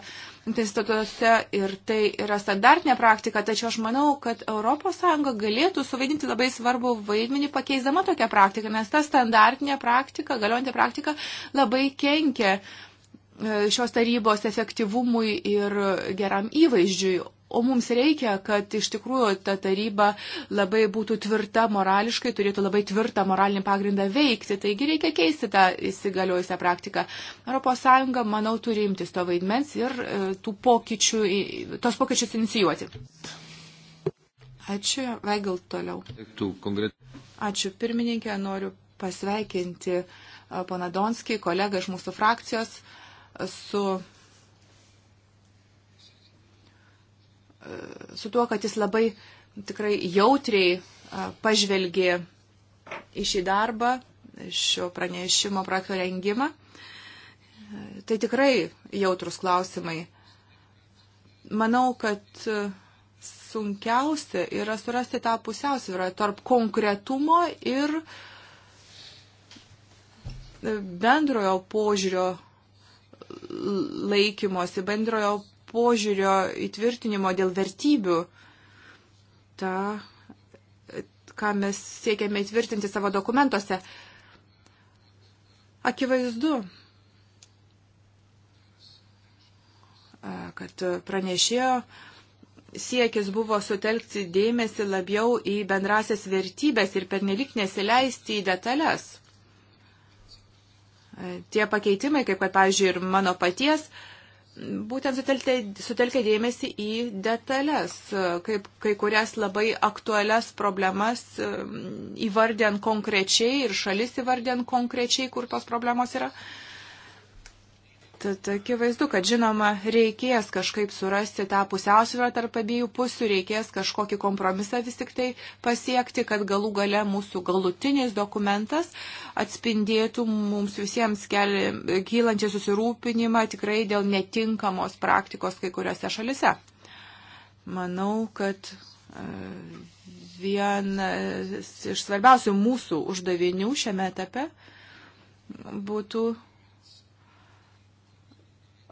[SPEAKER 3] institutuose ir tai yra standartinė praktika, tačiau aš manau, kad ES galėtų suvaidinti labai svarbų vaidmenį pakeisdama tokią praktiką, nes ta standartinė praktika, galiojanti praktika labai kenkia uh, E, šios tarybos efektyvumui ir geram įvaizdžiui. O mums reikia, kad iš tikrųjų ta taryba labai būtų tvirta morališkai, turėtų labai tvirtą moralinį pagrindą veikti. Taigi reikia keisti tą įsigaliojusią praktiką. ES, manau, turi imtis to vaidmens ir e, tų pokyčių, tos pokyčius inicijuoti. Ačiū, Vaigal toliau. Ačiū, pirmininkė, noriu pasveikinti e, panadonskį, kolegą iš mūsų frakcijos su, su tuo, kad jis labai tikrai jautriai pažvelgė į šį darbą, šio pranešimo projekto rengimą. Tai tikrai jautrus klausimai. Manau, kad sunkiausia yra surasti tą pusiausvyrą tarp konkretumo ir bendrojo požiūrio laikymosi, bendrojo požiūrio įtvirtinimo dėl vertybių. Ta, ką mes siekiame įtvirtinti savo dokumentuose. Akivaizdu, e, kad pranešėjo siekis buvo sutelkti dėmesį labiau į bendrasias vertybės ir pernelik nesileisti į detalės. E, tie pakeitimai, kaip kad, pavyzdžiui, ir mano paties, būtent sutelkė, sutelkė dėmesį į detalės, e, kaip kai kurias labai aktualias problemas e, įvardien konkrečiai ir šalis įvardien konkrečiai, kur tos problemos yra. Uh, Tad akivaizdu, kad žinoma, reikės kažkaip surasti tą pusiausvyrą tarp abiejų pusių, reikės kažkokį kompromisą vis tik tai pasiekti, kad galų gale mūsų galutinis dokumentas atspindėtų mums visiems keli, kylančią susirūpinimą tikrai dėl netinkamos praktikos kai kuriuose šalise. Manau, kad e, vienas iš svarbiausių mūsų uždavinių šiame etape būtų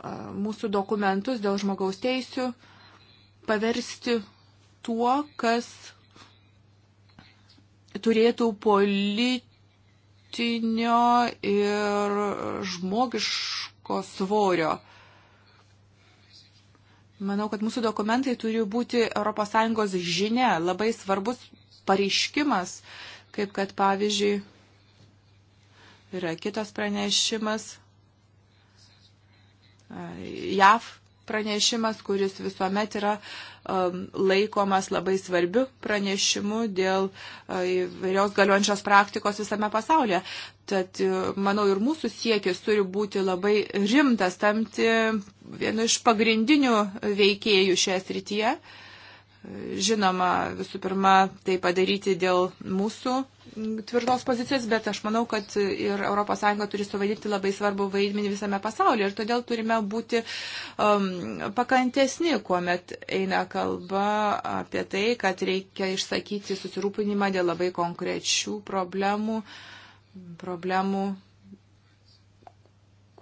[SPEAKER 3] mūsų dokumentus dėl žmogaus teisių paversti tuo, kas turėtų politinio ir žmogiško svorio. Manau, kad mūsų dokumentai turi būti ES žinia, labai svarbus pareiškimas, kaip kad pavyzdžiui yra kitas pranešimas JAV pranešimas, kuris visuomet yra um, laikomas labai svarbiu pranešimu dėl uh, įvairios galiojančios praktikos visame pasaulyje. Tad, uh, manau, ir mūsų siekis turi būti labai rimtas, tamti vienu iš pagrindinių veikėjų šioje srityje. Uh, Žinoma, visų pirma, tai padaryti dėl mūsų tvirtos pozicijos, bet aš manau, kad ir ES turi suvaidinti labai svarbu vaidmenį visame pasaulyje ir todėl turime būti um, pakantesni, kuomet eina kalba apie tai, kad reikia išsakyti susirūpinimą dėl labai konkrečių problemų, problemų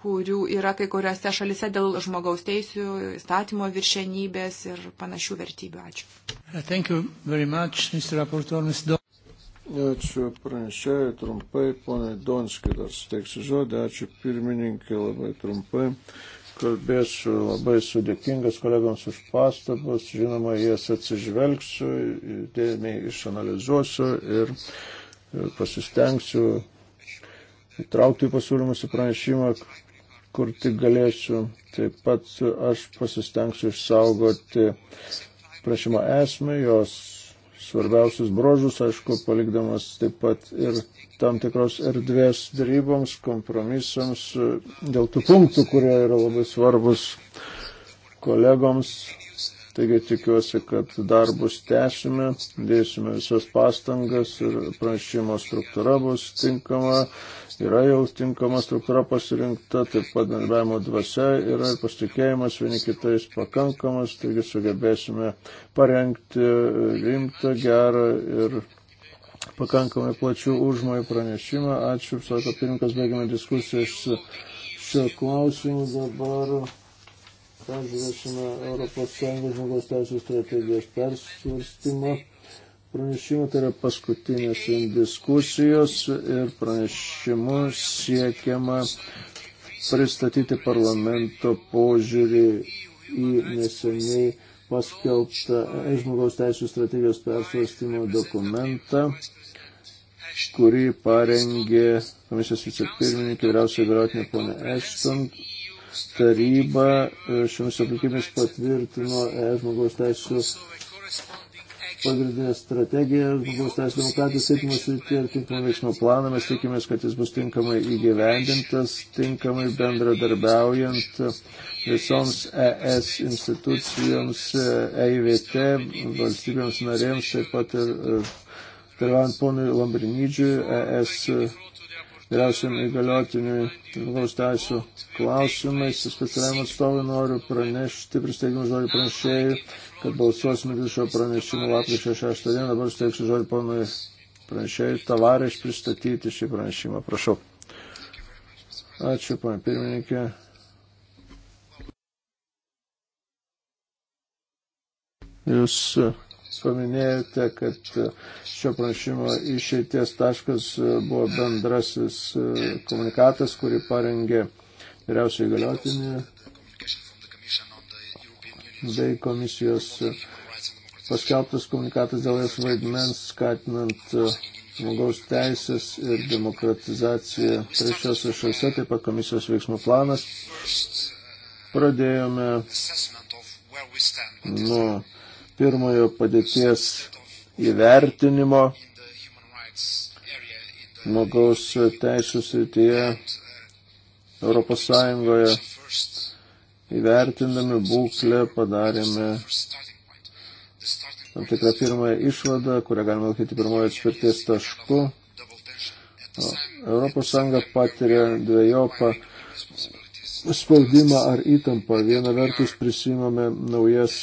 [SPEAKER 3] kurių yra kai kuriuose šalise dėl žmogaus teisų, įstatymo viršenybės ir panašių
[SPEAKER 1] vertybių. Ačiū. Much, Mr. Raportor, Mr. Ačiū pranešėjai trumpai, ponai Donskiai dar suteiksiu žodį, ačiū pirmininkė labai trumpai. Kalbėsiu labai sudėkingas kolegams už pastabas, žinoma, jas atsižvelgsiu, dėmiai išanalizuosiu ir pasistengsiu įtraukti į pasiūlymus į pranešimą kur tik galėsiu. Taip pat aš pasistengsiu išsaugoti prašymo esmę, jos svarbiausius brožus, aišku, palikdamas taip pat ir tam tikros erdvės daryboms, kompromisams, dėl tų punktų, kurie yra labai svarbus kolegoms. Taigi tikiuosi, kad darbus tęsime, dėsime visas pastangas ir pranešimo struktūra bus tinkama, yra jau tinkama struktūra pasirinkta, taip pat bendravimo dvasia yra ir pasitikėjimas vieni kitais pakankamas, taigi sugebėsime parengti rimtą, gerą ir pakankamai plačių užmojų pranešimą. Ačiū, sako pirmininkas, baigime diskusiją šiuo klausimu dabar. Peržiūrėsime ES žmogaus teisų strategijos persvarstymą pranešimų, tai yra paskutinės diskusijos ir pranešimų siekiama pristatyti parlamento požiūrį į neseniai paskelbtą žmogaus teisų strategijos persvarstymo dokumentą, kurį parengė komisijos vicepirmininkė vyriausiai galiotinė ponė Eston. Taryba šiomis aplinkybėmis patvirtino e, žmogaus teisų pagrindinę strategiją žmogaus teisų demokratijos sėkimo srityje ir tinkamą veiksmų planą. Mes tikimės, kad jis bus tinkamai įgyvendintas, tinkamai bendradarbiaujant visoms ES institucijoms, EIVT, valstybėms narėms, taip pat ir e, dalyvaujant ponui Lambrinydžiui, ES vyriausiam įgaliotiniui žmogaus teisų klausimais, specialiam atstovui noriu pranešti, pristeigimus žodį pranešėjui kad balsuosime dėl šio pranešimo lapkričio 6 dieną. Dabar steiksiu žodį ponui pranešėjui Tavarėš pristatyti šį pranešimą. Prašau. Ačiū, pana pirmininkė. Jūs paminėjote, kad šio pranešimo išeities taškas buvo bendrasis komunikatas, kurį parengė vyriausiai galiotinė bei komisijos paskelbtas komunikatas dėl jos vaidmens skatinant e, žmogaus teisės ir demokratizaciją trečiose šalyse, taip pat komisijos veiksmų planas. Pradėjome nuo pirmojo padėties įvertinimo žmogaus teisų srityje Europos Sąjungoje įvertindami būklę padarėme tam tikrą pirmąją išvadą, kurią galima laikyti pirmojo atspirties tašku. Europos Sąjunga patiria dviejopą spaudimą ar įtampą. Viena vertus prisimame naujas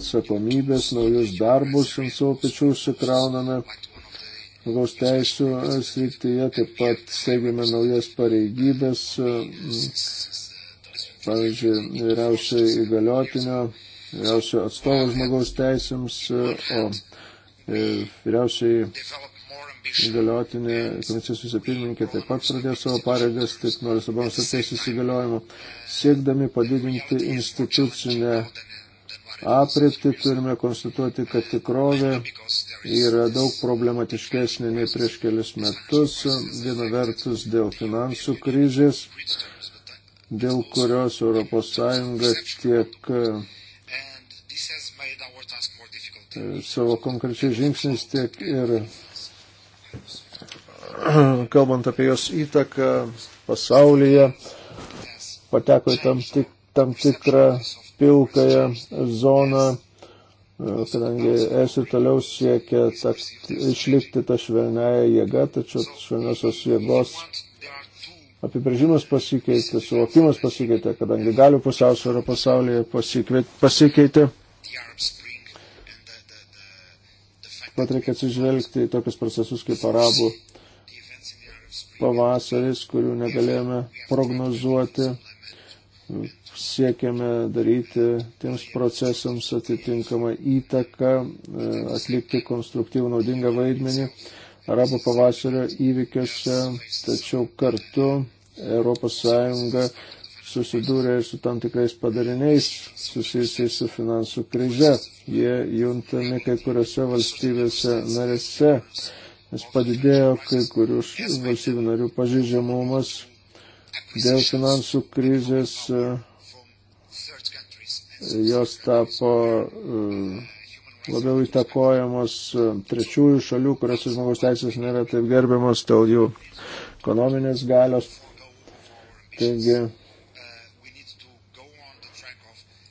[SPEAKER 1] atsakomybės, naujus darbus ant savo pečių sukrauname žmogaus teisų e, srityje, taip pat steigiame naujas pareigybės, e, pavyzdžiui, vyriausio įgaliotinio, vyriausio atstovo žmogaus teisėms, e, o vyriausiai įgaliotinė komisijos visapirmininkė taip pat pradėjo savo pareigas, taip nuo Lisabonos ateis įsigaliojimo, siekdami padidinti institucinę aprėpti, turime konstatuoti, kad tikrovė yra daug problematiškesnė nei prieš kelius metus. Viena vertus dėl finansų krizės, dėl kurios ES tiek e, savo konkrečiais žingsniais, tiek ir kalbant apie jos įtaką pasaulyje, pateko į tam, tik, tam tikrą pilkąją zoną E, kadangi es ir toliau siekia taks, išlikti tą švelnąją jėgą, tačiau švelniosios jėgos apibrėžimas pasikeitė, suvokimas pasikeitė, kadangi galių pusiausvėra pasaulyje pasikeitė. Pat reikia atsižvelgti į tokius procesus kaip arabų pavasaris, kurių negalėjome prognozuoti siekiame daryti tiems procesams atitinkamą įtaką, e, atlikti konstruktyvų naudingą vaidmenį arabo pavasario įvykiuose, tačiau kartu ES susidūrė ir su tam tikrais padariniais susijusiais su finansų krize. Jie juntami kai kuriuose valstybėse narėse, nes padidėjo kai kurių valstybių narių pažeidžiamumas dėl finansų krizės. Uh, jos tapo e, labiau įtakojamos e, trečiųjų šalių, kuriuose žmogaus teisės nėra taip gerbiamos dėl jų ekonominės galios. Taigi,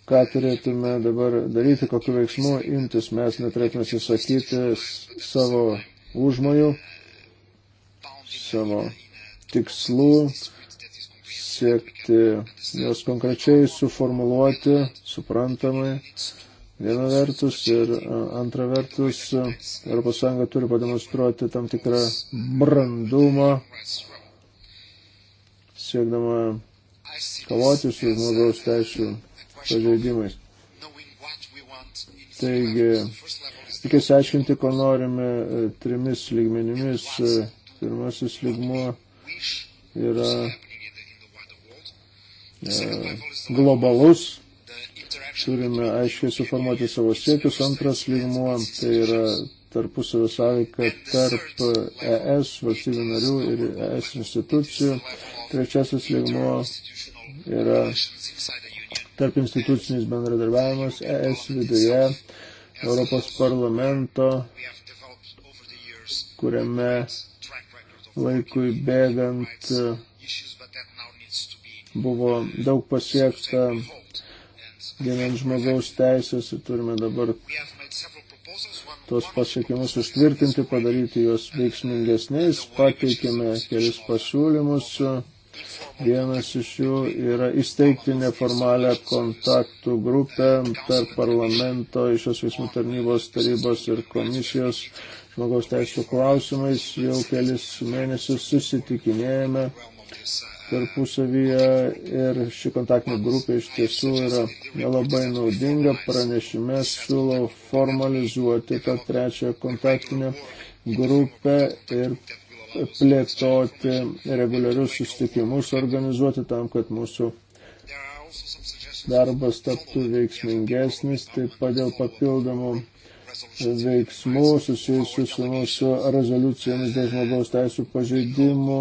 [SPEAKER 1] ką turėtume dabar daryti, kokiu veiksmu imtis, mes neturėtume susakyti savo užmojų, savo tikslų, siekti jos konkrečiai suformuluoti, suprantamai, viena vertus ir antra vertus ES turi pademonstruoti tam tikrą brandumą, siekdama kovoti su žmogaus teisų pažeidimais. Taigi, tik įsiaiškinti, ko norime e, trimis lygmenimis. E, pirmasis lygmuo yra E, globalus, turime aiškiai suformuoti savo siekius. Antras lygmuo tai yra tarpusavio sąveika tarp ES valstybių narių ir ES institucijų. Trečiasis lygmuo yra tarp institucinis bendradarbiavimas ES viduje, Europos parlamento, kuriame laikui bėgant buvo daug pasiekta ginant žmogaus teisės ir turime dabar tuos pasiekimus užtvirtinti, padaryti juos veiksmingesniais. Pateikėme kelis pasiūlymus. Vienas iš jų yra įsteigti neformalią kontaktų grupę tarp parlamento, išos veiksmų tarnybos, tarybos ir komisijos žmogaus teisų klausimais. Jau kelis mėnesius susitikinėjame tarpusavyje ir ši kontaktinė grupė iš tiesų yra labai naudinga. Pranešime siūlau formalizuoti tą trečią kontaktinę grupę ir plėtoti reguliarius sustikimus, organizuoti tam, kad mūsų darbas taptų veiksmingesnis, taip pat dėl papildomų veiksmų susijusių su mūsų rezoliucijomis dėl žmogaus teisų pažeidimų,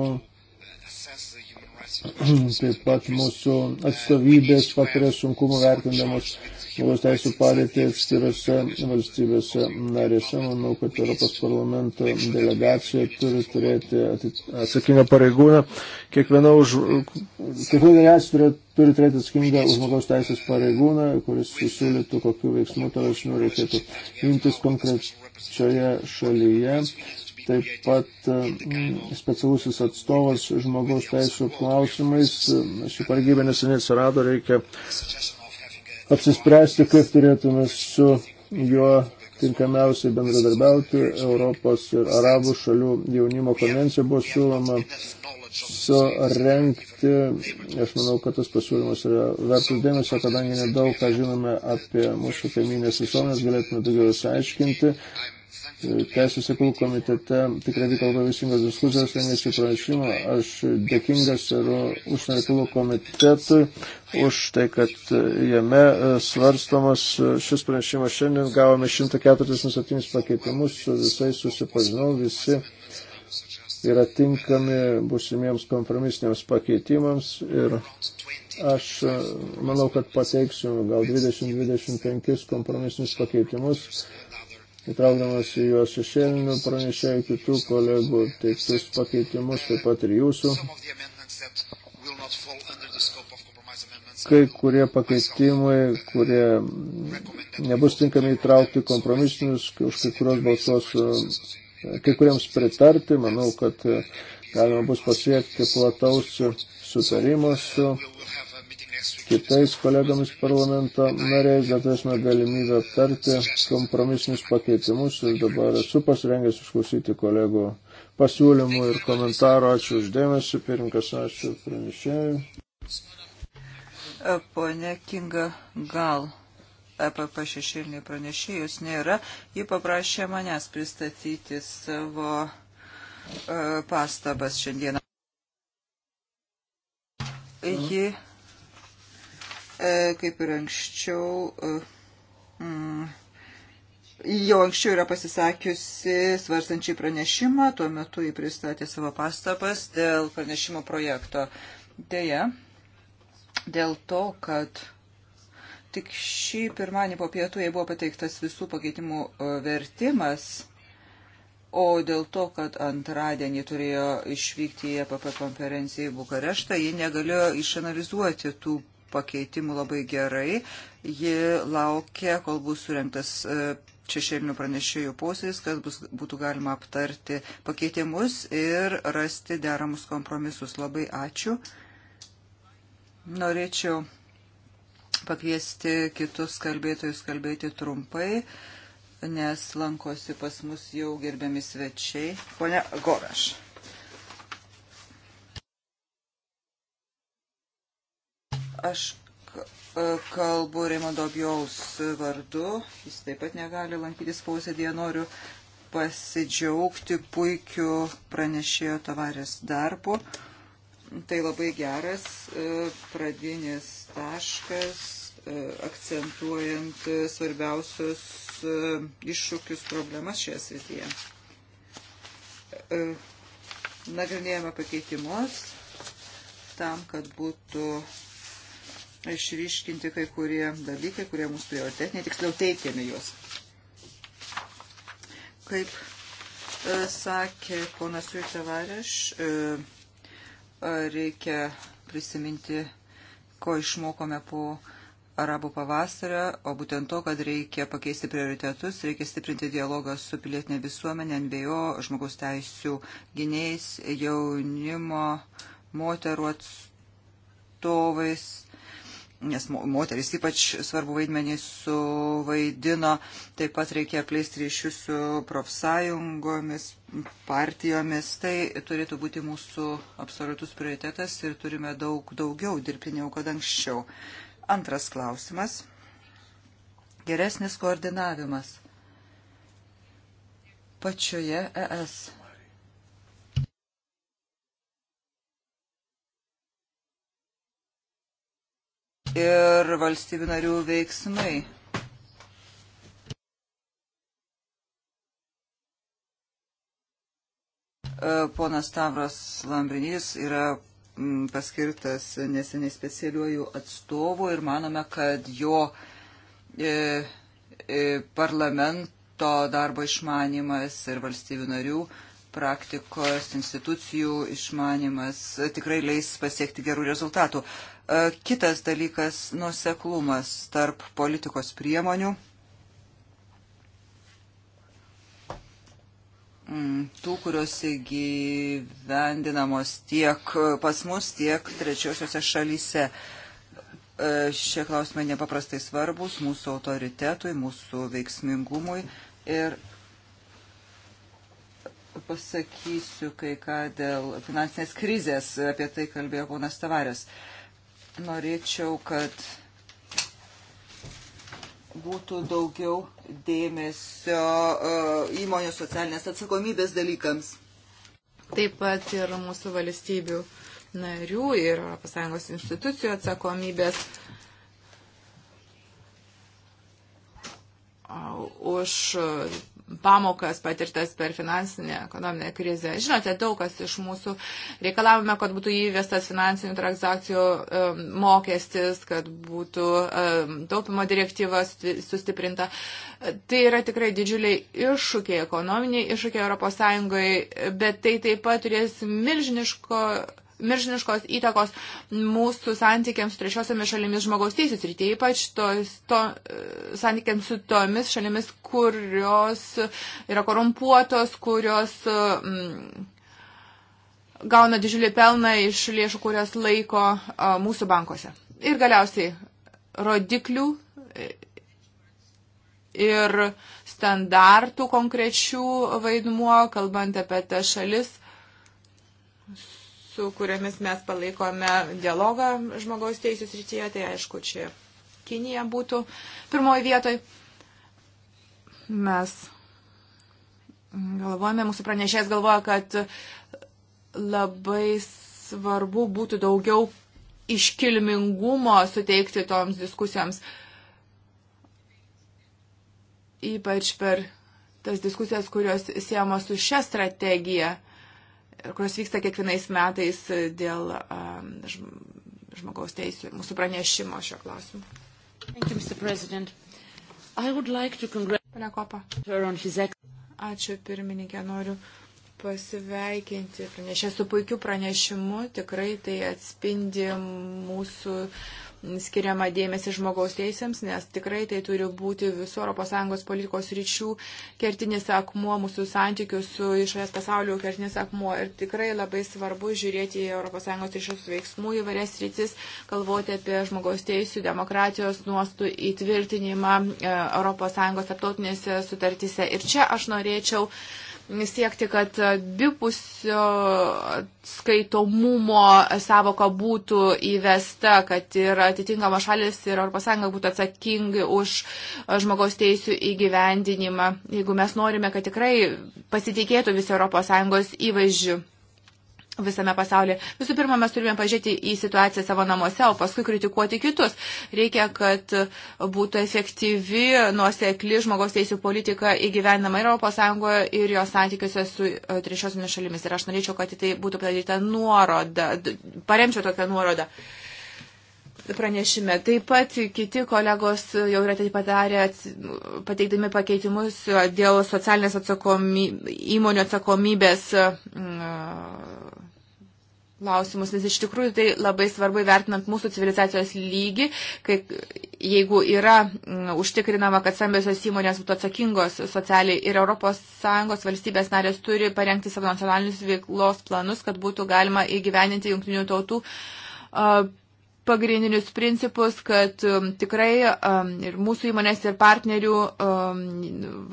[SPEAKER 1] Taip pat mūsų atstovybės patiria sunkumų vertindamos žmogaus teisų padėtį atskirose valstybėse narėse. Manau, kad Europos parlamento delegacija turi turėti atsakingą pareigūną. Kiekviena už, kiekviena delegacija turi, turi turėti atsakingą žmogaus teisės pareigūną, kuris susiūlytų, kokiu veiksmu tolesnių reikėtų imtis konkrečioje šalyje taip pat e, mm, specialusis atstovas žmogaus teisų klausimais. E, ši pareigybė neseniai atsirado, reikia apsispręsti, kaip turėtume su juo tinkamiausiai bendradarbiauti. Europos ir Arabų šalių jaunimo konvencija buvo siūloma surenkti. Aš manau, kad tas pasiūlymas yra vertas dėmesio, kadangi nedaug ką žinome apie mūsų kaiminės visuomenės, galėtume daugiau įsiaiškinti. Teisės reikalų komitete tikrai vyko labai vaisingos diskusijos, rengiasi pranešimą. Aš dėkingas ir užsienio reikalų komitetui už tai, kad jame e, svarstomas šis pranešimas. Šiandien gavome 147 pakeitimus, su visais susipažinau, visi yra tinkami busimiems kompromisiniams pakeitimams ir aš e, manau, kad pateiksiu gal 20-25 kompromisinius pakeitimus įtraukdamas į juos šešėlinių pranešėjų kitų kolegų teiktus pakeitimus, taip pat ir jūsų. Kai kurie pakeitimai, kurie nebus tinkami įtraukti kompromisinius, už kai kurios balsos, kai kuriems pritarti, manau, kad galima bus pasiekti plataus sutarimo su kitais kolegomis parlamento nariais, dar turėsime galimybę aptarti kompromisinius pakeitimus ir dabar esu pasirengęs išklausyti kolegų pasiūlymų ir komentarų. Ačiū uždėmesi, pirinkas, ačiū pranešėjai.
[SPEAKER 2] Pone Kinga, gal EPP šešėlinė pranešėjus nėra, ji paprašė manęs pristatyti savo e, pastabas šiandieną. Ji E, kaip ir anksčiau, e, mm, jau anksčiau yra pasisakiusi svarstančiai pranešimą, tuo metu jį pristatė savo pastabas dėl pranešimo projekto. Deja, dėl to, kad tik šį pirmanį po pietų jai buvo pateiktas visų pakeitimų e, vertimas, o dėl to, kad antradienį turėjo išvykti į EPP konferenciją į Bukareštą, ji negalėjo išanalizuoti tų pakeitimų labai gerai. Ji laukia, kol bus surinktas e, šešėlinių pranešėjų posėdis, kad bus, būtų galima aptarti pakeitimus ir rasti deramus kompromisus. Labai ačiū. Norėčiau pakviesti kitus kalbėtojus kalbėti trumpai, nes lankosi pas mus jau gerbiami svečiai. Pone Goraš. Aš e, kalbu Reimondo Bjaus vardu, jis taip pat negali lankytis posėdėje, noriu pasidžiaugti puikiu pranešėjo tavarės darbu. Tai labai geras e, pradinis taškas, e, akcentuojant svarbiausius iššūkius problemas šioje srityje. Nagrinėjame pakeitimus tam, kad būtų išryškinti kai kurie dalykai, kurie mūsų prioritetiniai, tiksliau teikiame juos. Kaip e, sakė ponas Jūtevarėš, e, reikia prisiminti, ko išmokome po arabų pavasario, o būtent to, kad reikia pakeisti prioritetus, reikia stiprinti dialogą su pilietinė visuomenė, NBO, žmogaus teisų gynėjais, jaunimo, moterų atstovais, nes moteris ypač svarbu vaidmenį suvaidino, taip pat reikia plėsti ryšius su profsąjungomis, partijomis, tai turėtų būti mūsų absoliutus prioritetas ir turime daug daugiau dirbti negu kad anksčiau. Antras klausimas. Geresnis koordinavimas. Pačioje ES ir valstybių narių veiksmai. E, ponas Tavros Lambrinys yra mm, paskirtas neseniai specialiuoju atstovu ir manome, kad jo e, e, parlamento darbo išmanimas ir valstybių narių e, praktikos, institucijų išmanimas tikrai leis pasiekti gerų rezultatų. E, kitas dalykas - nuseklumas tarp politikos priemonių, mm, tų, kurios įgyvendinamos tiek pas mus, tiek trečiosiuose šalyse. E, šie klausimai nepaprastai svarbus mūsų autoritetui, mūsų veiksmingumui ir pasakysiu kai ką dėl finansinės krizės, apie tai kalbėjo ponas Tavarės. Norėčiau, kad būtų daugiau dėmesio e, įmonių socialinės
[SPEAKER 3] atsakomybės dalykams. Taip pat ir mūsų valstybių narių ir ES institucijų atsakomybės už pamokas patirtas per finansinę ekonominę krizę. Žinote, daug kas iš mūsų reikalavome, kad būtų įvestas finansinių transakcijų mokestis, kad būtų taupimo direktyva sustiprinta. Tai yra tikrai didžiuliai iššūkiai, ekonominiai iššūkiai ES, bet tai taip pat turės milžiniško milžiniškos įtakos mūsų santykiams su trečiosiomis šalimis žmogaus teisės rytėje, ypač tos, to, santykiams su tomis šalimis, kurios yra korumpuotos, kurios mm, gauna didžiulį pelną iš lėšų, kurias laiko a, mūsų bankuose. Ir galiausiai rodiklių e, ir standartų konkrečių vaidmuo, kalbant apie tas šalis su kuriamis mes palaikome dialogą žmogaus teisų srityje, tai aišku, čia Kinija būtų pirmoji vietoj. Mes galvojame, mūsų pranešėjas galvoja, kad labai svarbu būtų daugiau iškilmingumo suteikti toms diskusijoms, ypač per tas diskusijas, kurios siemos su šia strategija kurios vyksta kiekvienais metais dėl um, žmogaus teisų ir mūsų pranešimo šio klausimu. Pane Kopa. Ačiū pirmininkė, noriu pasiveikinti pranešę su puikiu pranešimu, tikrai tai atspindi mūsų uh, skiriama dėmesį žmogaus teisėms, nes tikrai tai turi būti visų ES politikos ryčių kertinis akmuo, mūsų santykių su išorės pasaulio kertinis akmuo. Ir tikrai labai svarbu žiūrėti į ES ryšius veiksmų įvairias rytis, kalvoti apie žmogaus teisų, demokratijos nuostų įtvirtinimą ES tarptautinėse sutartyse. Ir čia aš norėčiau uh, siekti, kad abipusio skaitomumo savoka būtų įvesta, kad ir atitinkama šalis ir ES būtų atsakingi už žmogaus teisų įgyvendinimą, jeigu mes norime, kad tikrai pasitikėtų visi ES įvaizdžių visame pasaulyje. Visų pirma, mes turime pažiūrėti į situaciją savo namuose, o paskui kritikuoti kitus. Reikia, kad būtų efektyvi, nuosekli žmogaus teisų politika įgyvenama ir ES ir jos santykiuose su e, trečiosiomis šalimis. Ir aš norėčiau, kad į tai būtų padaryta nuoroda, paremčiau tokią nuorodą. Pranešime. Taip pat kiti kolegos jau yra tai padarę, pateikdami pakeitimus dėl socialinės atsakomy, įmonių atsakomybės. Mm, klausimus, nes iš tikrųjų tai labai svarbu vertinant mūsų civilizacijos lygį, kai jeigu yra m, mm, užtikrinama, kad stambiosios įmonės būtų atsakingos socialiai ir ES valstybės narės turi parengti savo nacionalinius veiklos planus, kad būtų galima įgyveninti jungtinių tautų uh, pagrindinius principus, kad um, tikrai um, ir mūsų įmonės, ir partnerių um,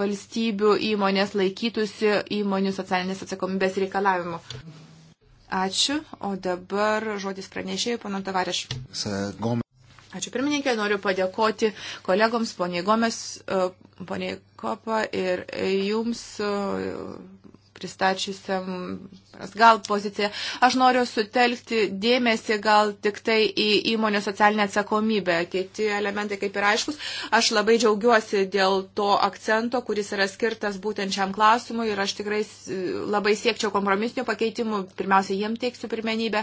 [SPEAKER 3] valstybių įmonės laikytųsi įmonių socialinės atsakomybės reikalavimų. Ačiū, o dabar žodis pranešėjai, pana Tavareš. Ačiū pirmininkė, noriu padėkoti kolegoms, poniai Gomes, e, poniai Kopa ir jums, e, pristačiusiam gal poziciją. Aš noriu sutelkti dėmesį gal tik tai į įmonių socialinę atsakomybę. Kiti elementai kaip ir aiškus. Aš labai džiaugiuosi dėl to akcento, kuris yra skirtas būtent šiam klausimui ir aš tikrai labai siekčiau kompromisinių pakeitimų. Pirmiausia, jiem teiksiu pirmenybę.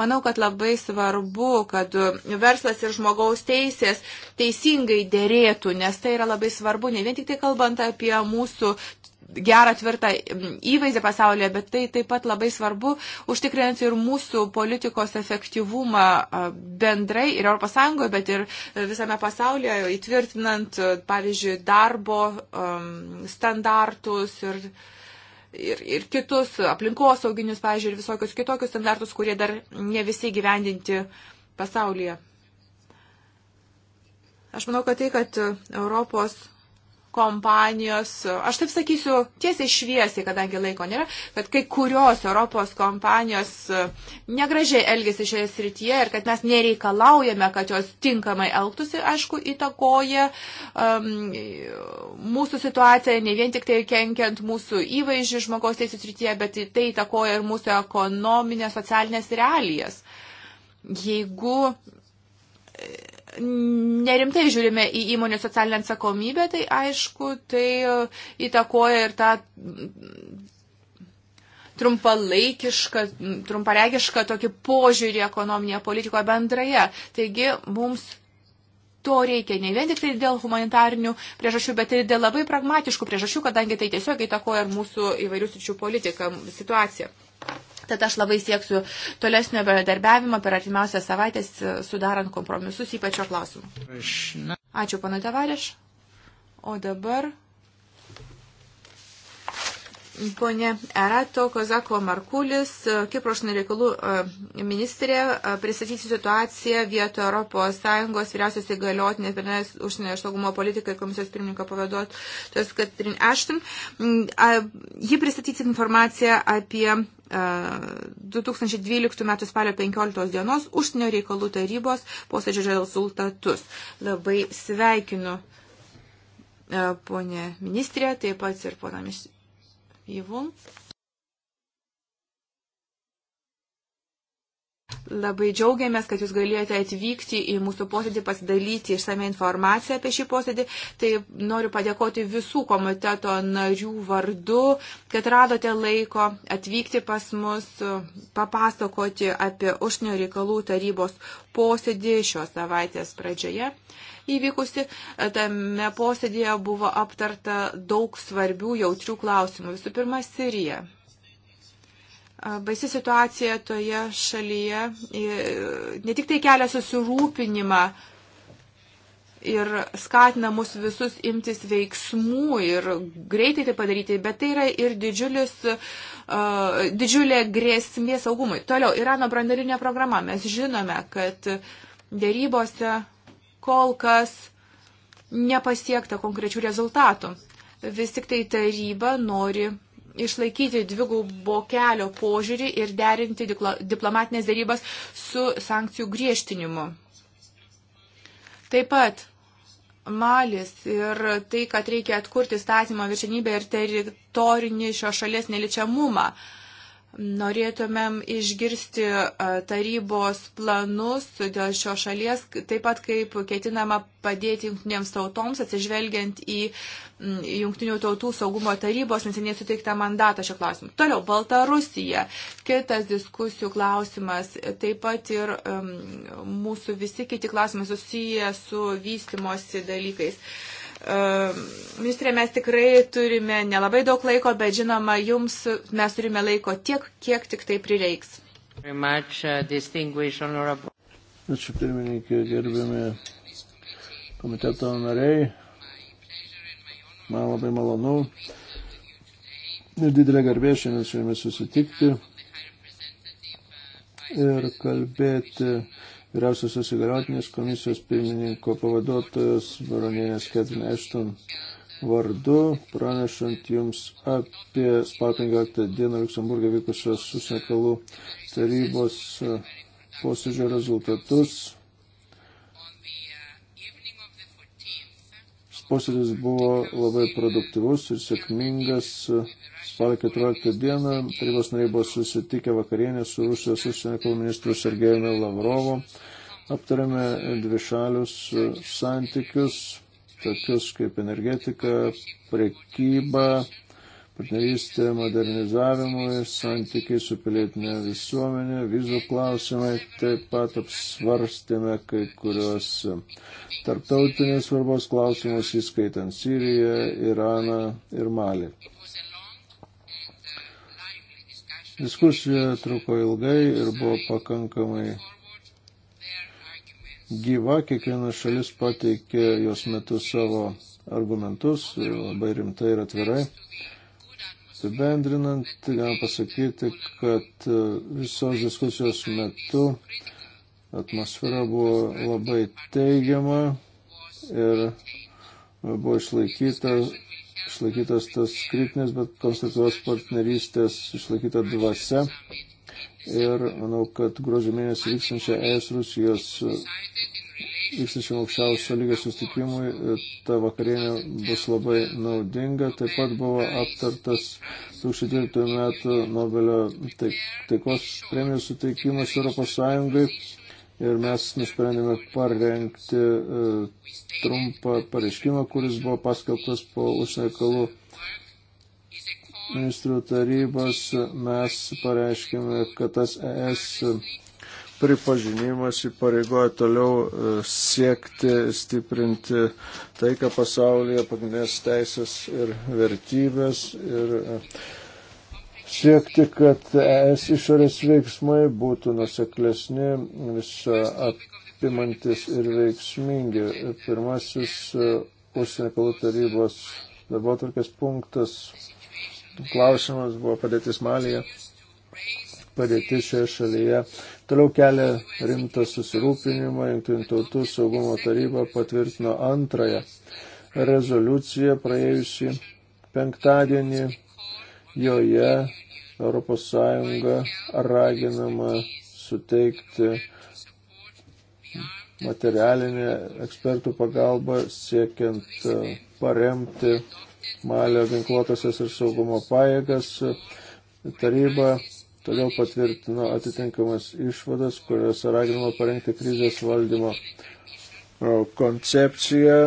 [SPEAKER 3] Manau, kad labai svarbu, kad verslas ir žmogaus teisės teisingai dėrėtų, nes tai yra labai svarbu, ne vien tik tai kalbant apie mūsų gerą tvirtą mm, įvaizdį pasaulyje, bet tai taip pat labai svarbu užtikrinti ir mūsų politikos efektyvumą bendrai ir ES, bet ir e, visame pasaulyje, įtvirtinant, e, pavyzdžiui, darbo standartus ir ir, ir kitus aplinkosauginius, pavyzdžiui, ir visokius kitokius standartus, kurie dar ne visi gyvendinti pasaulyje. Aš manau, kad tai, kad Europos kompanijos, aš taip sakysiu tiesiai šviesiai, kadangi laiko nėra, kad kai kurios Europos kompanijos e, negražiai elgesi šioje srityje ir kad mes nereikalaujame, kad jos tinkamai elgtųsi, aišku, įtakoja um, mūsų situaciją, ne vien tik tai kenkiant mūsų įvaizdžių žmogaus teisų srityje, bet tai įtakoja ir mūsų ekonominės, socialinės realijas. Jeigu e, nerimtai žiūrime į įmonių socialinę atsakomybę, tai aišku, tai e, įtakoja ir tą mm, trumpalaikišką, mm, trumparegišką tokį požiūrį ekonominėje politikoje bendraje. Taigi mums to reikia ne vien tik tai dėl humanitarnių priežasčių, bet ir dėl labai pragmatiškų priežasčių, kadangi tai tiesiog įtakoja ir mūsų įvairių sričių politiką, situaciją tad aš labai sieksiu tolesnio bendradarbiavimo per artimiausias savaitės sudarant kompromisus, ypač šio
[SPEAKER 1] klausimu.
[SPEAKER 3] Ačiū, pana Tavariš. O dabar. Pone Erato Kozako Markulis, Kipro užsienio reikalų e, ministrė, e, pristatys situaciją vietoje Europos Sąjungos vyriausios įgaliotinės bernės užsienio saugumo politikai komisijos pirmininko pavaduotojas Katrin Ashton. Mm, ji pristatys informaciją apie 2012 m. spalio 15 dienos užsienio reikalų tarybos posėdžio rezultatus. Labai sveikinu e, ponę ministrę, taip pat ir poną Jivun. Mis... Labai džiaugiamės, kad jūs galėjote atvykti į mūsų posėdį, pasidalyti išsame informaciją apie šį posėdį. Tai noriu padėkoti visų komiteto narių vardu, kad radote laiko atvykti pas mus, papasakoti apie užsienio reikalų tarybos posėdį šios savaitės pradžioje įvykusi. Tame posėdėje buvo aptarta daug svarbių jautrių klausimų. Visų pirma, Sirija baisi situacija toje šalyje ne tik tai kelia susirūpinimą ir skatina mus visus imtis veiksmų ir greitai tai padaryti, bet tai yra ir didžiulis, didžiulė grėsmė saugumui. Toliau, Irano brandarinė programa. Mes žinome, kad dėrybose kol kas nepasiekta konkrečių rezultatų. Vis tik tai taryba nori išlaikyti dvigubo kelio požiūrį ir derinti diplomatinės dėrybas su sankcijų griežtinimu. Taip pat Malis ir tai, kad reikia atkurti statymo viršenybę ir teritorinį šios šalies neličiamumą. Uh, Norėtumėm išgirsti tarybos planus dėl šios šalies, taip pat kaip ketinama padėti jungtinėms tautoms, atsižvelgiant į jungtinių tautų saugumo tarybos neseniai suteiktą mandatą šio klausimu. Toliau, Baltarusija. Kitas diskusijų klausimas, taip pat ir um, mūsų visi kiti klausimai susiję su vystimosi dalykais. Uh, Ministrė, mes tikrai turime nelabai daug laiko, bet žinoma, jums mes turime laiko tiek, kiek tik tai prireiks. Uh,
[SPEAKER 1] Ačiū pirmininkė, gerbiami komiteto nariai. Man labai malonu ir didelė garbė šiandien su jumis susitikti ir kalbėti vyriausiosios įgaliotinės komisijos pirmininko pavaduotojos baronienės Catherine Ashton vardu, pranešant jums apie spalio 15 dieną Luxemburgė vykusios susiekalų tarybos e, posėdžio rezultatus. Posėdis buvo labai produktyvus ir sėkmingas spalio 14 dieną tarybos nariai buvo susitikę vakarienę su Rusijos užsienio reikalų ministru Sergejumi Lavrovu. Aptarėme dvišalius e, santykius, tokius kaip energetika, prekyba, partnerystė modernizavimui, santykiai su pilietinė visuomenė, vizų klausimai, taip pat apsvarstėme kai kurios tarptautinės svarbos klausimus, įskaitant Siriją, Iraną ir Malį. Diskusija truko ilgai ir buvo pakankamai gyva, kiekviena šalis pateikė jos metu savo argumentus labai rimtai ir atvirai. Apibendrinant, galima pasakyti, kad visos diskusijos metu atmosfera buvo labai teigiama ir buvo išlaikyta išlaikytas tas kritinis, bet konstruktyvios partnerystės išlaikyta dvasia. Ir manau, kad gruodžio mėnesį vykstančią ES Rusijos vykstančiam aukščiausio lygio sustikimui ta vakarienė bus labai naudinga. Taip pat buvo aptartas 2012 metų Nobelio taikos premijos suteikimas Europos Sąjungai Ir mes nusprendėme parengti e, trumpą pareiškimą, kuris buvo paskelbtas po užsienio reikalų ministrų tarybos. Mes pareiškėme, kad tas ES pripažinimas įpareigoja toliau e, siekti, stiprinti taiką pasaulyje, pagrindinės teisės ir vertybės. Ir, e, siekti, kad ES išorės veiksmai būtų nuseklesni, visą apimantis ir veiksmingi. Pirmasis e, užsienio reikalų tarybos darbotvarkės punktas klausimas buvo padėtis Malyje. Padėtis šioje šalyje toliau kelia rimtą susirūpinimą. Junktinių tautų saugumo taryba patvirtino antrąją rezoliuciją praėjusį penktadienį Joje ES raginama suteikti materialinę ekspertų pagalbą siekiant e, paremti Malio ginkluotasias ir saugumo pajėgas. Taryba todėl patvirtino atitinkamas išvadas, kuriuose raginama parengti krizės valdymo e, koncepciją,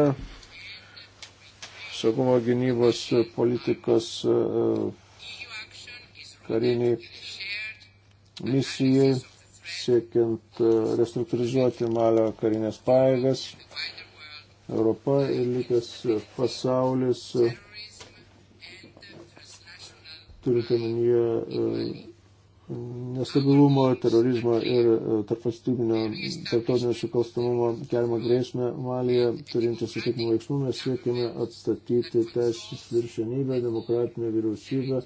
[SPEAKER 1] saugumo gynybos politikos e, kariniai misijai, siekiant e, restruktūrizuoti Malio karinės paėgas. Europa ir likęs pasaulis, e, turint omenyje e, nestabilumo, terorizmo ir e, tarpvalstybinio tarptautinio sukalstamumo keliamą grėsmę Malyje turintis atitinkamų veiksmų mes siekime atstatyti teisės viršenybę, demokratinę vyriausybę,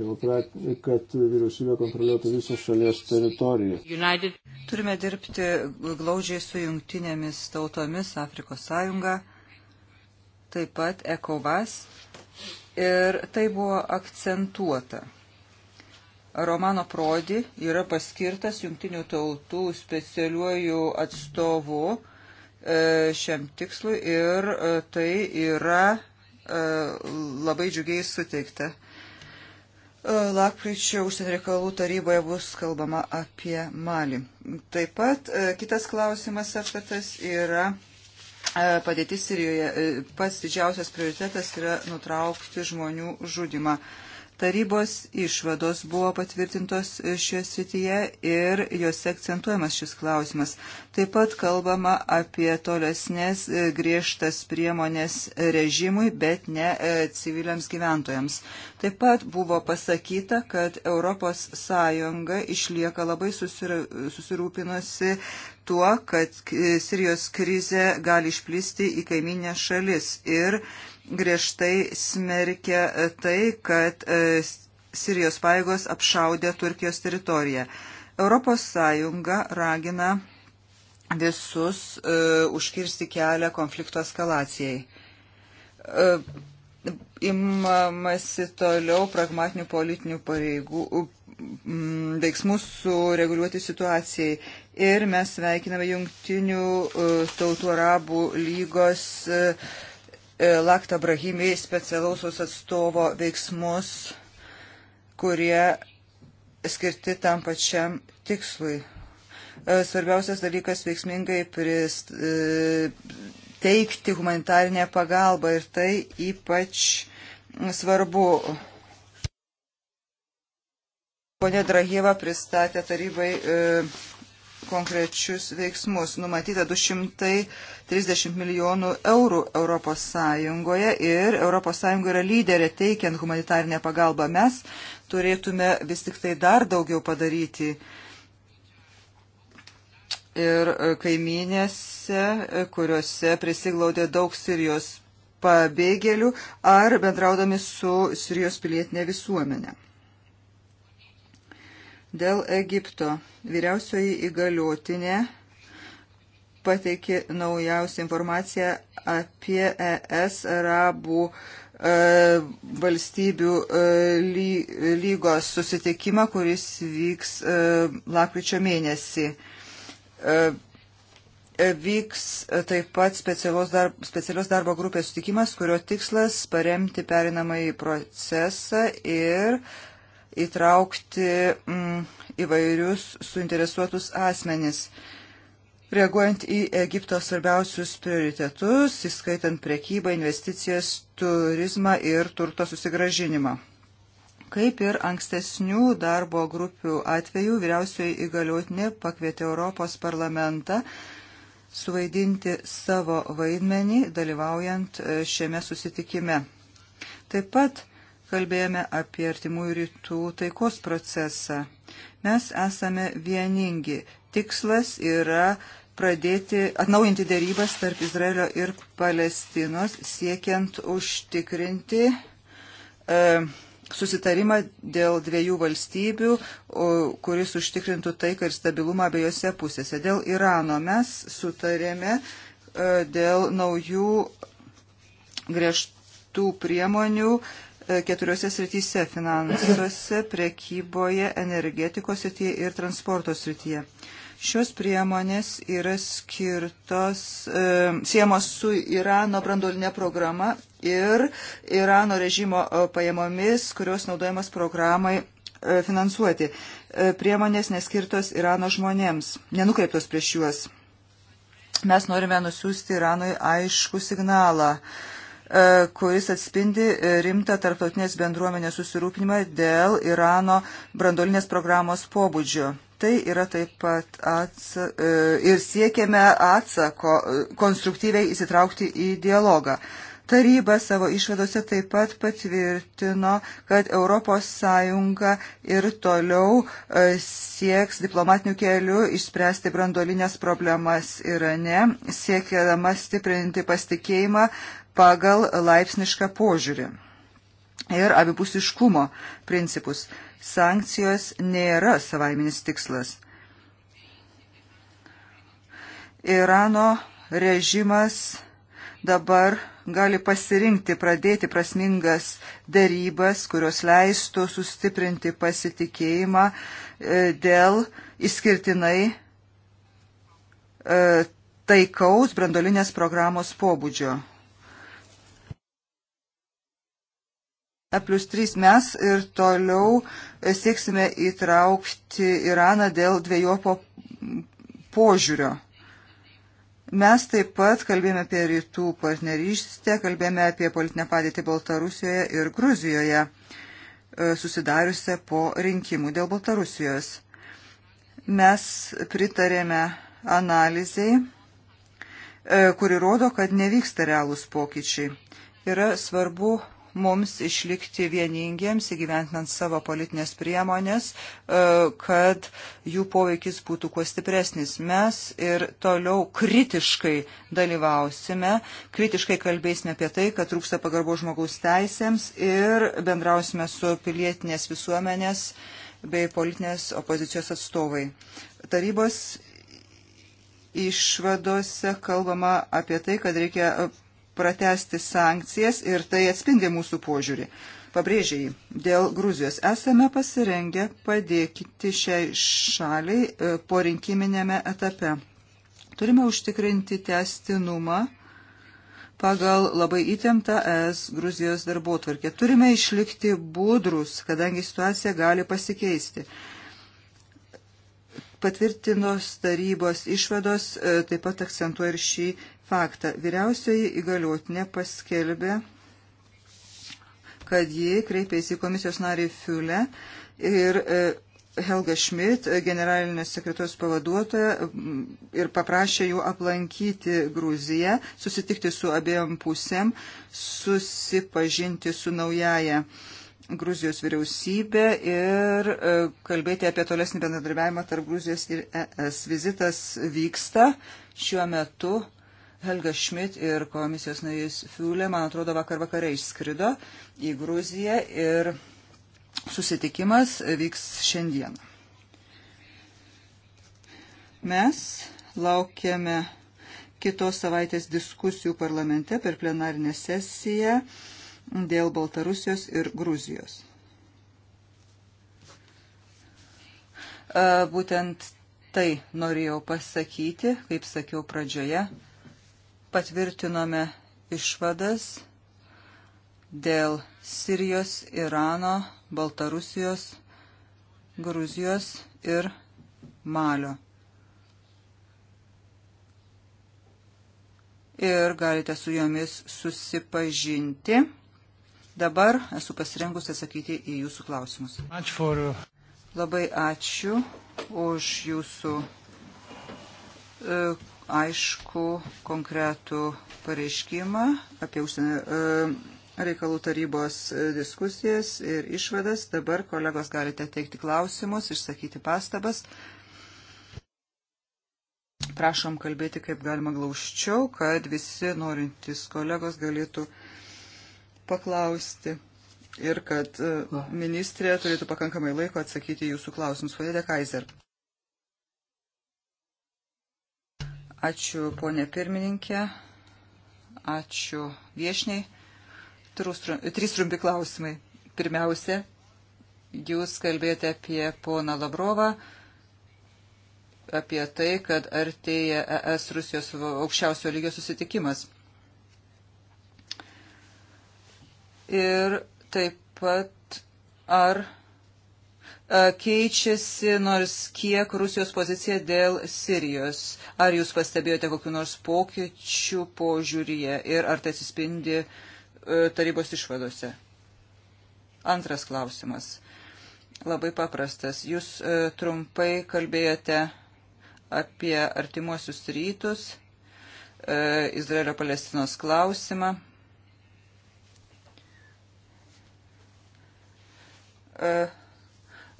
[SPEAKER 1] demokrat... kad vyriausybė kontroliuotų visą šalies teritoriją.
[SPEAKER 2] United. Turime dirbti glaudžiai su jungtinėmis tautomis, Afrikos sąjunga, taip pat ECOVAS ir tai buvo akcentuota Romano Prodi yra paskirtas jungtinių tautų specialiuoju atstovu e, šiam tikslui ir e, tai yra e, labai džiugiai suteikta. Lakryčio užsienio reikalų taryboje bus kalbama apie Malį. Taip pat kitas klausimas aptartas yra padėtis Sirijoje. Pats didžiausias prioritetas yra nutraukti žmonių žudimą. Tarybos išvados buvo patvirtintos šioje srityje ir jose akcentuojamas šis klausimas. Taip pat kalbama apie tolesnės e, griežtas priemonės režimui, bet ne e, civiliams gyventojams. Taip pat buvo pasakyta, kad ES išlieka labai susirūpinusi tuo, kad Sirijos krize gali išplisti į kaiminę šalis ir griežtai smerkia tai, kad e, Sirijos paėgos apšaudė Turkijos teritoriją. Europos Sąjunga ragina visus e, užkirsti kelią konflikto eskalacijai. E, imamasi toliau pragmatinių politinių pareigų veiksmų sureguliuoti situacijai. Ir mes sveikiname jungtinių e, tautų arabų lygos e, E, Lakta Brahimi specialausios atstovo veiksmus, kurie skirti tam pačiam tikslui. E, svarbiausias dalykas veiksmingai prist, e, teikti humanitarinę pagalbą ir tai ypač svarbu. Pone Drahyva pristatė tarybai konkrečius veiksmus. Numatyta 230 milijonų eurų ES ir ES yra lyderė teikiant humanitarinę pagalbą. Mes turėtume vis tik tai dar daugiau padaryti. Ir e, kaiminėse, e, kuriuose prisiglaudė daug Sirijos pabėgėlių ar bendraudami su Sirijos pilietinė visuomenė. Dėl Egipto vyriausioji įgaliotinė pateikė naujausią informaciją apie ES arabų e, valstybių e, lygos susitikimą, kuris vyks e, lakryčio mėnesį. Vyks taip pat specialios darbo, specialios darbo grupės sutikimas, kurio tikslas paremti perinamąjį procesą ir uh, įtraukti m, mm, įvairius suinteresuotus asmenis. Reaguojant į Egipto svarbiausius prioritetus, įskaitant prekybą, investicijas, turizmą ir turto susigražinimą. Kaip ir ankstesnių darbo grupių atveju, vyriausioji įgaliotinė pakvietė Europos parlamentą suvaidinti savo vaidmenį, dalyvaujant e, šiame susitikime. Taip pat kalbėjome apie artimųjų rytų taikos procesą. Mes esame vieningi. Tikslas yra pradėti atnaujinti dėrybas tarp Izraelio ir Palestinos, siekiant užtikrinti e, susitarimą dėl dviejų valstybių, o, kuris užtikrintų taiką ir stabilumą abiejose pusėse. Dėl Irano mes sutarėme e, dėl naujų griežtų priemonių E, keturiose srityse - finansuose, prekyboje, energetikos srityje ir transporto srityje. Šios priemonės yra skirtos, e, siemos su Irano brandolinė programa ir Irano režimo e, pajamomis, kurios naudojamas programai e, finansuoti. E, priemonės neskirtos Irano žmonėms, nenukreiptos prieš juos. Mes norime nusiųsti Iranui aišku signalą. E, E, kuris atspindi e, rimtą tarptautinės bendruomenės susirūpinimą dėl Irano brandolinės programos pobūdžio. Tai yra taip pat atsa, e, ir siekiame atsako konstruktyviai įsitraukti į dialogą. Taryba savo išvadose taip pat patvirtino, kad ES ir toliau sieks diplomatinių kelių išspręsti brandolinės problemas Irane, siekėdama stiprinti pasitikėjimą pagal laipsnišką požiūrį ir abipusiškumo principus. Sankcijos nėra savaiminis tikslas. Irano režimas dabar gali pasirinkti pradėti prasmingas darybas, kurios leistų sustiprinti pasitikėjimą e, dėl išskirtinai e, taikaus brandolinės programos pobūdžio. E plus 3 mes ir toliau e, sieksime įtraukti Iraną dėl dviejopo požiūrio. Mes taip pat kalbėjome apie rytų partnerystę, kalbėjome apie politinę padėtį Baltarusijoje ir Gruzijoje e, susidariusią po rinkimų dėl Baltarusijos. Mes pritarėme analizai, e, kuri rodo, kad nevyksta realūs pokyčiai. Yra svarbu mums išlikti vieningiems, įgyventinant savo politinės priemonės, e, kad jų poveikis būtų kuo stipresnis. Mes ir toliau kritiškai dalyvausime, kritiškai kalbėsime apie tai, kad trūksta pagarbo žmogaus teisėms ir bendrausime su pilietinės visuomenės bei politinės opozicijos atstovai. Tarybos išvadose kalbama apie tai, kad reikia pratesti sankcijas ir tai atspindi mūsų požiūrį. Pabrėžiai, dėl Gruzijos esame pasirengę padėkti šiai šaliai e, po rinkiminėme etape. Turime užtikrinti testinumą pagal labai įtemptą ES Gruzijos darbo tvarkę. Turime išlikti budrus, kadangi situacija gali pasikeisti. Patvirtinos tarybos išvados e, taip pat akcentuoja ir šį faktą. Vyriausioji įgaliotinė paskelbė, kad ji kreipėsi į komisijos narį Fiulę ir e, Helga Schmidt, generalinės sekretorius pavaduotoja, ir paprašė jų aplankyti Gruziją, susitikti su abiejom pusėm, susipažinti su naujaja. Gruzijos vyriausybė ir e, kalbėti apie tolesnį bendradarbiavimą tarp Gruzijos ir ES. Vizitas vyksta šiuo metu Helga Schmidt ir komisijos narys Fiulė, man atrodo, vakar vakare išskrido į Gruziją ir susitikimas vyks šiandien. Mes laukiame kitos savaitės diskusijų parlamente per plenarinę sesiją dėl Baltarusijos ir Gruzijos. Būtent tai norėjau pasakyti, kaip sakiau pradžioje patvirtinome išvadas dėl Sirijos, Irano, Baltarusijos, Gruzijos ir Malio. Ir galite su jomis susipažinti. Dabar esu pasirengusi atsakyti į jūsų klausimus. Ačiū. For... Labai ačiū už jūsų e, aišku konkretų pareiškimą apie užsienio e, reikalų tarybos e, diskusijas ir išvadas. Dabar kolegos galite teikti klausimus, išsakyti pastabas. Prašom kalbėti kaip galima glaučiau, kad visi norintys kolegos galėtų paklausti ir kad e, ministrė turėtų pakankamai laiko atsakyti jūsų klausimus. Vadėdė Kaiser. Ačiū ponė pirmininkė, ačiū viešniai. Trys trumpi klausimai. Pirmiausia, jūs kalbėjote apie poną Labrovą, apie tai, kad artėja ES Rusijos aukščiausio lygio susitikimas. Ir taip pat ar keičiasi nors kiek Rusijos pozicija dėl Sirijos. Ar jūs pastebėjote kokiu nors pokyčių požiūryje ir ar tai atsispindi tarybos išvadose? Antras klausimas. Labai paprastas. Jūs trumpai kalbėjote apie artimuosius rytus, Izraelio-Palestinos klausimą. Uh,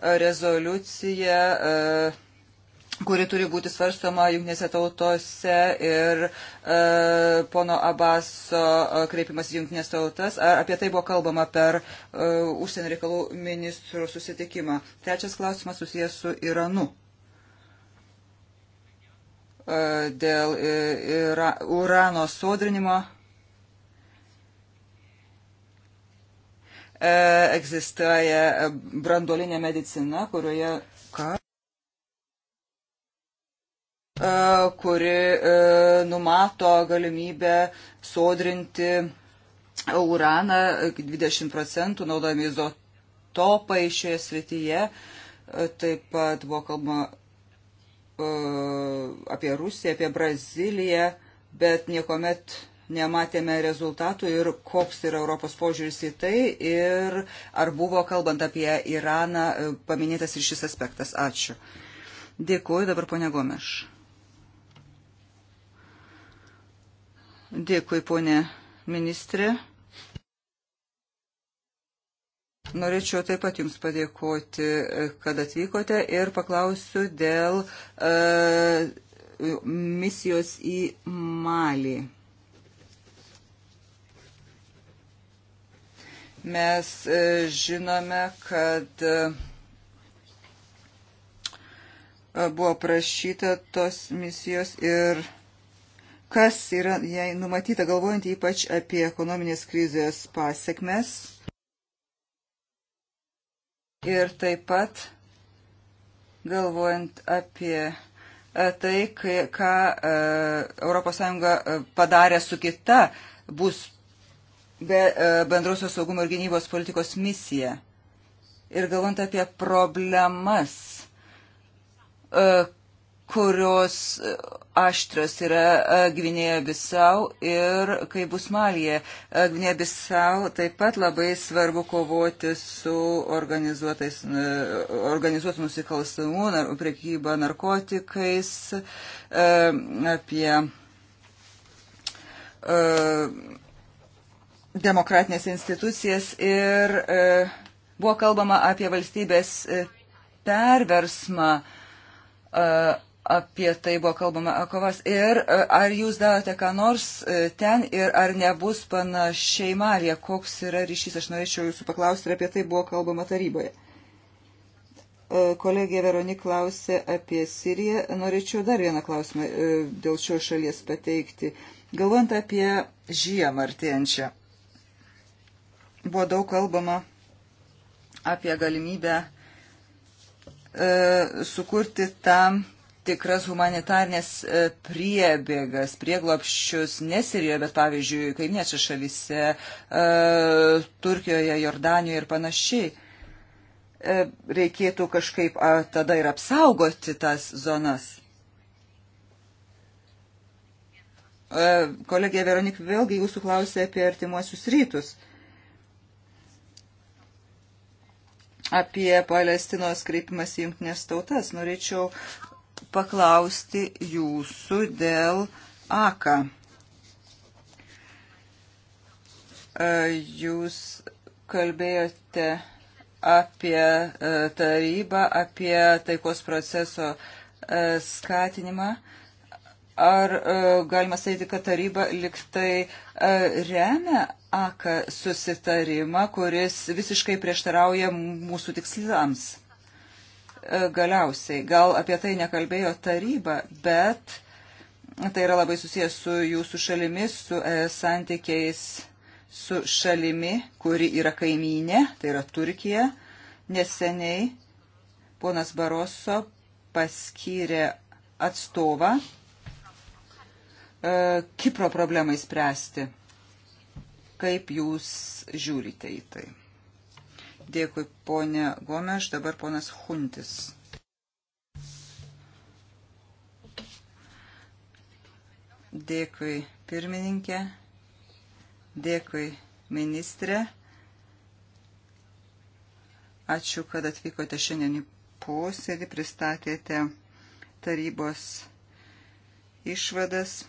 [SPEAKER 2] rezoliucija, e, kuri turi būti svarstoma jungtinėse tautose ir e, pono Abaso e, kreipimas į jungtinės tautas. Apie tai buvo kalbama per užsienio reikalų ministrų susitikimą. Trečias klausimas susijęs su Iranu dėl urano sodrinimo E, egzistuoja brandolinė medicina, kurioje ką? E, kuri e, numato galimybę sodrinti uraną 20 procentų naudojami izotopai šioje srityje. Taip pat buvo kalbama apie Rusiją, apie Braziliją, bet niekuomet nematėme rezultatų ir koks yra Europos požiūris į tai ir ar buvo, kalbant apie Iraną, e, paminėtas ir šis aspektas. Ačiū. Dėkuoju dabar ponia Gomeš. Dėkui, ponė ministrė. Norėčiau taip pat Jums padėkoti, e, kad atvykote ir paklausiu dėl e, misijos į Malį. Mes e, žinome, kad e, e, buvo prašyta tos misijos ir kas yra jai numatyta, galvojant ypač apie ekonominės krizės pasiekmes. Ir taip pat galvojant apie tai, ką ES padarė su kita bus be e, bendrausios saugumo ir gynybos politikos misiją. Ir galvant apie problemas, e, kurios aštrios yra e, Gvinėja Bisau ir kai bus Malija. Gvinėja Bisau taip pat labai svarbu kovoti su organizuotų nusikalstamų, prekyba narkotikais, apie demokratinės institucijas ir e, buvo kalbama apie valstybės e, perversmą, e, apie tai buvo kalbama Akovas. Ir ar jūs darote ką nors ten ir ar nebus panašiai Marija, koks yra ryšys, aš norėčiau jūsų paklausti ir apie tai buvo kalbama taryboje. Kolegė Veronik klausė apie Siriją. Norėčiau dar vieną klausimą dėl šios šalies pateikti. Galvojant apie žiemą artėjančią Buvo daug kalbama apie galimybę e, sukurti tam tikras humanitarnės e, priebėgas, prieglopščius ne Sirijoje, bet pavyzdžiui, kaimiečių šalyse, e, Turkijoje, Jordanijoje ir panašiai. E, reikėtų kažkaip a, tada ir apsaugoti tas zonas. E, kolegė Veronik vėlgi jūsų klausė apie artimuosius rytus. E, apie Palestinos kreipimas į jungtinės tautas. Norėčiau paklausti jūsų dėl AKA. E, jūs kalbėjote apie e, tarybą, apie taikos proceso e, skatinimą. Ar e, galima sakyti, kad taryba liktai e, remia AKA susitarimą, kuris visiškai prieštarauja mūsų tikslams? E, galiausiai, gal apie tai nekalbėjo taryba, bet tai yra labai susijęs su jūsų šalimi, su santykiais su šalimi, kuri yra kaimynė, tai yra Turkija. Neseniai ponas Baroso paskyrė atstovą E, Kipro problemai spręsti. Kaip jūs žiūrite į tai? Dėkui, ponė Gomeš, dabar ponas Huntis. Dėkui, pirmininkė. Dėkui, ministrė. Ačiū, kad atvykote šiandien į posėdį, pristatėte tarybos išvadas.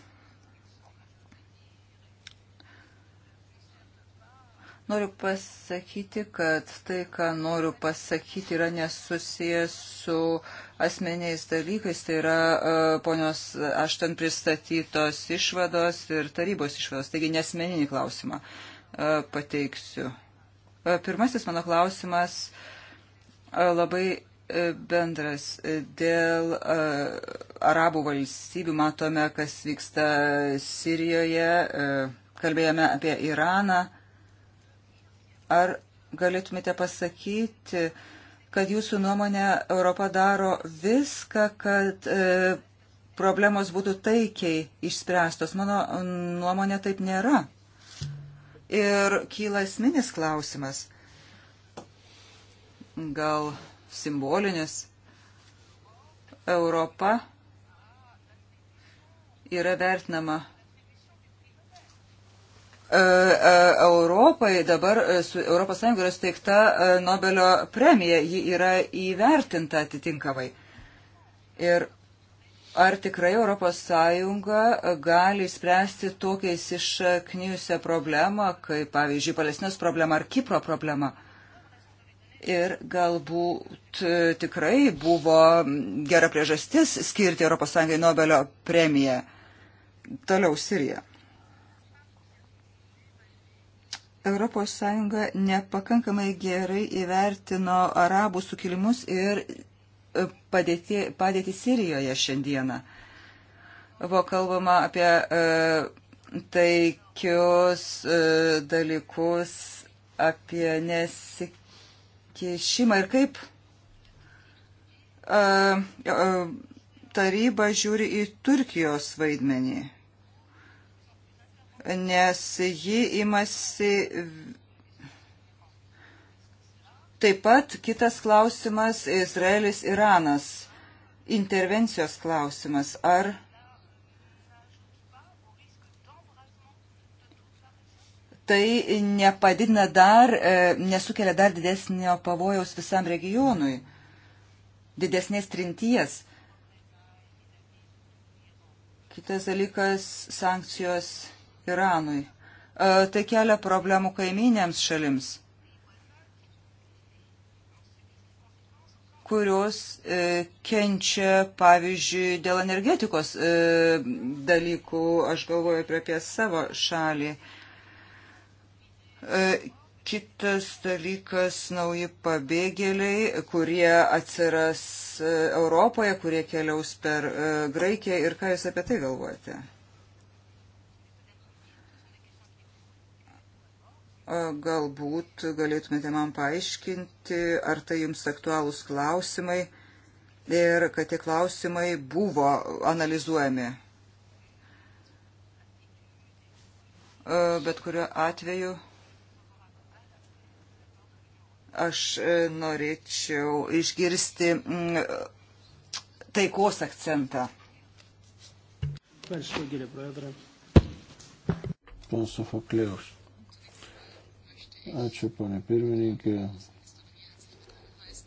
[SPEAKER 2] Noriu pasakyti, kad tai, ką noriu pasakyti, yra nesusijęs su asmeniais dalykais. Tai yra e, ponios aštan pristatytos išvados ir tarybos išvados. Taigi nesmeninį klausimą e, pateiksiu. E, pirmasis mano klausimas labai bendras. Dėl arabų valstybių matome, kas vyksta Sirijoje. Kalbėjome apie Iraną Ar galėtumėte pasakyti, kad jūsų nuomonė Europa daro viską, kad e, problemos būtų taikiai išspręstos? Mano nuomonė taip nėra. Ir kyla esminis klausimas, gal simbolinis. Europa yra vertinama E, e, Europai dabar, e, Europos Sąjunga yra suteikta Nobelio premija, ji yra įvertinta atitinkamai. Ir ar tikrai Europos Sąjunga gali spręsti tokią įsišaknyjusią problemą, kaip pavyzdžiui Palestinos problema ar Kipro problema? ir galbūt tikrai buvo gera priežastis skirti ES Nobelio premiją. Toliau Sirija. ES nepakankamai gerai įvertino arabų sukilimus ir e, padėti, padėti Sirijoje šiandieną. Buvo kalbama apie e, taikius e, dalykus, apie nesikešimą ir kaip e, e, taryba žiūri į Turkijos vaidmenį nes ji imasi taip pat kitas klausimas - Izraelis Iranas. Intervencijos klausimas. Ar tai nepadidina dar, e, nesukelia dar didesnio pavojaus visam regionui, didesnės trinties. Kitas dalykas - sankcijos Iranui. E, tai kelia problemų kaiminėms šalims, kurios e, kenčia, pavyzdžiui, dėl energetikos e, dalykų, aš galvoju apie savo šalį. Kitas dalykas - nauji pabėgėliai, kurie atsiras Europoje, kurie keliaus per Graikiją ir ką Jūs apie tai galvojate? Galbūt galėtumėte man paaiškinti, ar tai jums aktualūs klausimai ir kad tie klausimai buvo analizuojami. Bet kuriuo atveju aš e, norėčiau išgirsti mm, taikos akcentą.
[SPEAKER 1] Ευχαριστώ κύριε Πρόεδρε. Πόσο φοκλέος. Ačiū, ponė pirmininkė.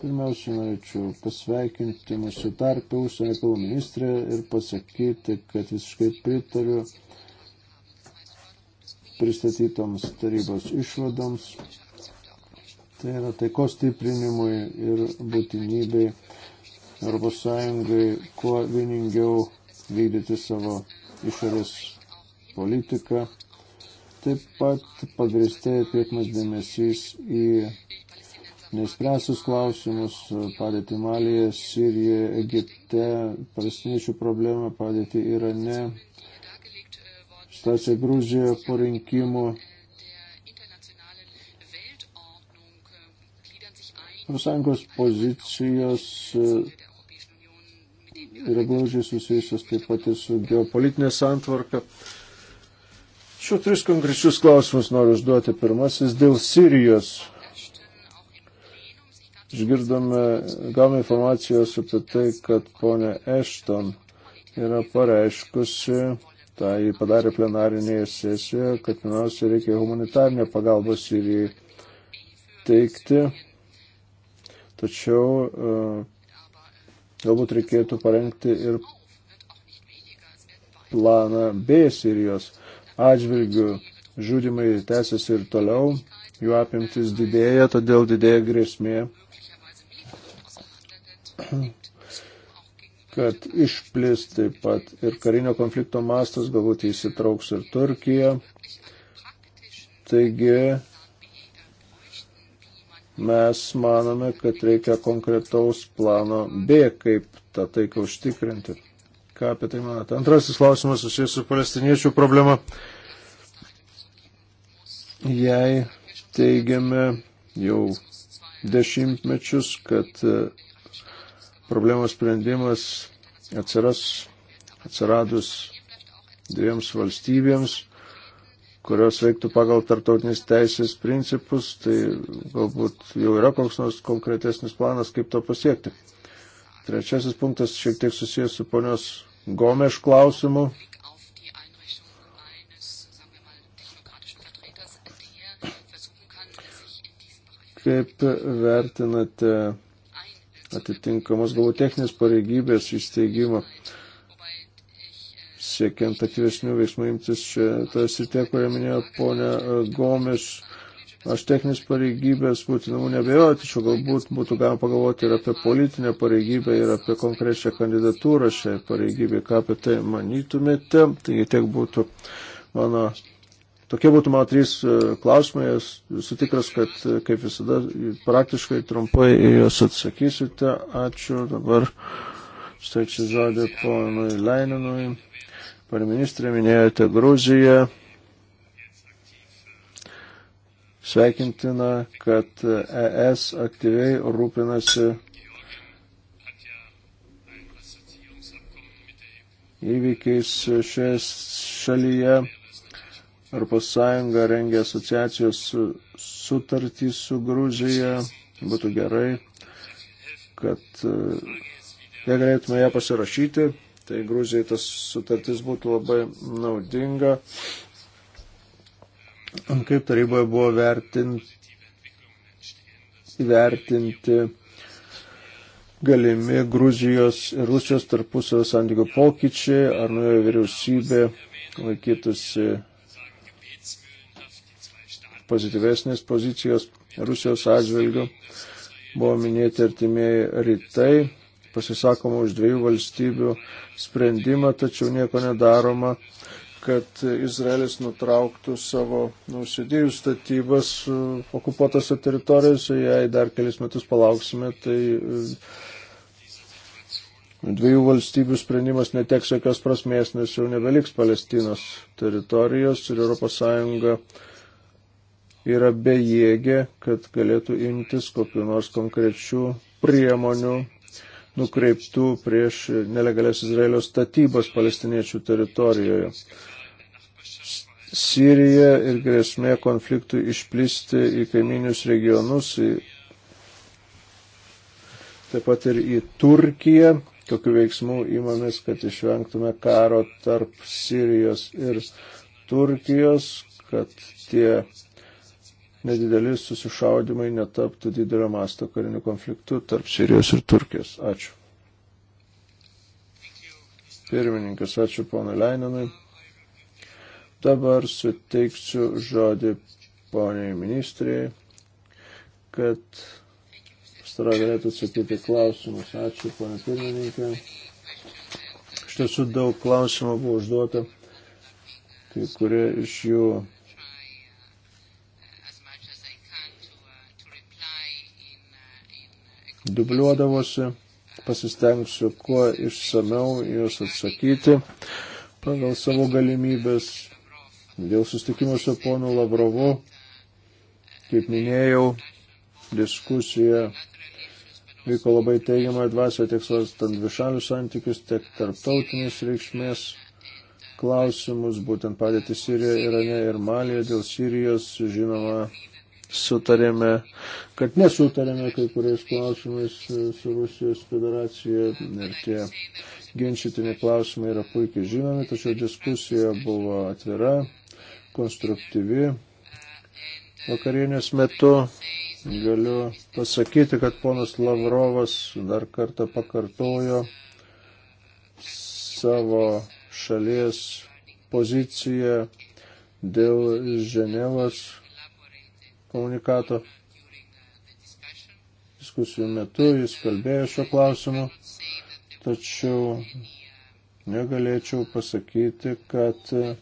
[SPEAKER 1] Pirmiausia, norėčiau pasveikinti mūsų tarpę užsienio reikalų ministrę ir pasakyti, kad visiškai pritariu pristatytoms tarybos išvadoms. Tai yra taikos stiprinimui ir būtinybei ES kuo vieningiau vykdyti savo išorės politiką Taip pat pagrįstai atkreipimas dėmesys į nespręsus klausimus, e, padėti Malyje, Sirijoje, Egipte, palestiniečių problemą, padėti Irane, situaciją Gruzijoje po rinkimų. Sąjungos pozicijos e, yra glaudžiai susijusios taip pat ir su geopolitinė santvarka. Šiuo tris konkrečius klausimus noriu užduoti. Pirmasis dėl Sirijos. Išgirdome, gavome informacijos apie tai, kad ponė Ešton yra pareiškusi, tą jį padarė plenarinėje sesijoje, kad pirmiausia reikia humanitarnę pagalbą Sirijai teikti. Tačiau e, galbūt reikėtų parengti ir planą B Sirijos atžvilgių. Žudimai tęsiasi ir toliau, jų apimtis didėja, todėl didėja grėsmė, kad išplis taip pat ir karinio konflikto mastas, galbūt įsitrauks ir Turkija. Taigi mes manome, kad reikia konkretaus plano B, kaip tą taiką užtikrinti ką apie tai manote. Antrasis klausimas susijęs su palestiniečių problema. Jei teigiame jau dešimtmečius, kad e, problemos sprendimas atsiras atsiradus dviems valstybėms, kurios veiktų pagal tartautinės teisės principus, tai galbūt jau yra koks nors konkretesnis planas, kaip to pasiekti. Trečiasis punktas šiek tiek susijęs su ponios Gomeš klausimų. Kaip vertinate atitinkamos galbūt techninės pareigybės įsteigimą, siekiant aktyvesnių veiksmų imtis čia toje srityje, kurią minėjo ponia Gomes, Aš techninės pareigybės būtinumų nebejoju, tačiau galbūt būtų galima pagalvoti ir apie politinę pareigybę, ir apie konkrečią kandidatūrą šiai pareigybė, ką apie tai manytumėte. Taigi tiek būtų mano, tokie būtų mano trys e, klausimai, esu tikras, kad e, kaip visada praktiškai trumpai juos atsakysite. Ačiū dabar. Štai čia žodė ponui Leininui. Pane ministrė, minėjote Gruziją sveikintina, kad ES aktyviai rūpinasi įvykiais šioje šalyje. Europos Sąjunga rengia asociacijos sutartį su Gruzija. Būtų gerai, kad e, jei galėtume ją pasirašyti, tai Gruzijai tas sutartis būtų labai naudinga kaip taryboje buvo vertinti, vertinti galimi Gruzijos ir Rusijos tarpusavio santykių pokyčiai, ar nuėjo vyriausybė laikytųsi pozityvesnės pozicijos Rusijos atžvilgių. Buvo minėti artimieji rytai, pasisakoma už dviejų valstybių sprendimą, tačiau nieko nedaroma kad Izraelis nutrauktų savo nusidėjų statybas e, okupuotose teritorijose, jei dar kelis metus palauksime, tai e, dviejų valstybių sprendimas neteks jokios prasmės, nes jau nebeliks Palestinos teritorijos ir ES yra bejėgė, kad galėtų imtis kokiu nors konkrečių priemonių nukreiptų prieš nelegalės Izraelio statybas palestiniečių teritorijoje. Sirija ir grėsmė konfliktų išplisti į kaiminius regionus, į, taip pat ir į Turkiją. Tokių veiksmų įmamės, kad išvengtume karo tarp Sirijos ir Turkijos, kad tie nedideli susišaudimai netaptų didelio masto kariniu konfliktu tarp Sirijos ir Turkijos. Ačiū. Pirmininkas, ačiū ponui Leininui. Dabar suteiksiu žodį poniai ministrijai, kad stara galėtų atsakyti klausimus. Ačiū, ponė pirmininkė. Iš tiesų daug klausimų buvo užduota, kai kurie iš jų dubliuodavosi, pasistengsiu kuo išsameu juos atsakyti pagal savo galimybės Dėl sustikimo su ponu Lavrovu, kaip minėjau, diskusija vyko labai teigiamoje dvasioje tiek svarstant dvišalius santykius, tiek tarptautinės reikšmės klausimus, būtent padėti Sirijoje, Irane ir Malėje. Dėl Sirijos, žinoma, sutarėme, kad nesutarėme kai kuriais klausimais su Rusijos federacija ir tie ginčytini klausimai yra puikiai žinomi, tačiau diskusija buvo atvira, konstruktyvi. Vakarienės metu galiu pasakyti, kad ponas Lavrovas dar kartą pakartojo savo šalies poziciją dėl Ženevos komunikato. Diskusijų metu jis kalbėjo šio klausimu, tačiau negalėčiau pasakyti, kad uh,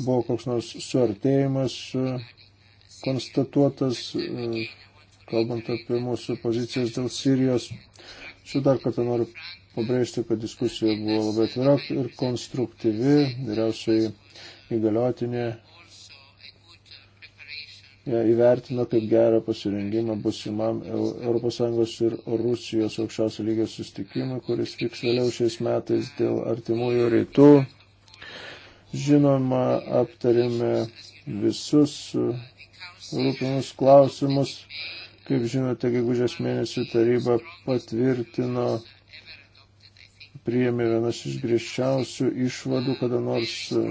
[SPEAKER 1] buvo koks nors suartėjimas e, konstatuotas, e, kalbant apie mūsų pozicijas dėl Sirijos. Šiuo dar kartą noriu pabrėžti, kad diskusija buvo labai atvira ir konstruktyvi, vyriausiai įgaliotinė ja, įvertino kaip gerą pasirengimą busimam ES ir Rusijos aukščiausio lygio sustikimui, kuris vyks vėliau šiais metais dėl artimųjų rytų. Žinoma, aptarėme visus e, rūpimus klausimus. Kaip žinote, gegužės mėnesį taryba patvirtino, priėmė vienas iš griežčiausių išvadų, kada nors e,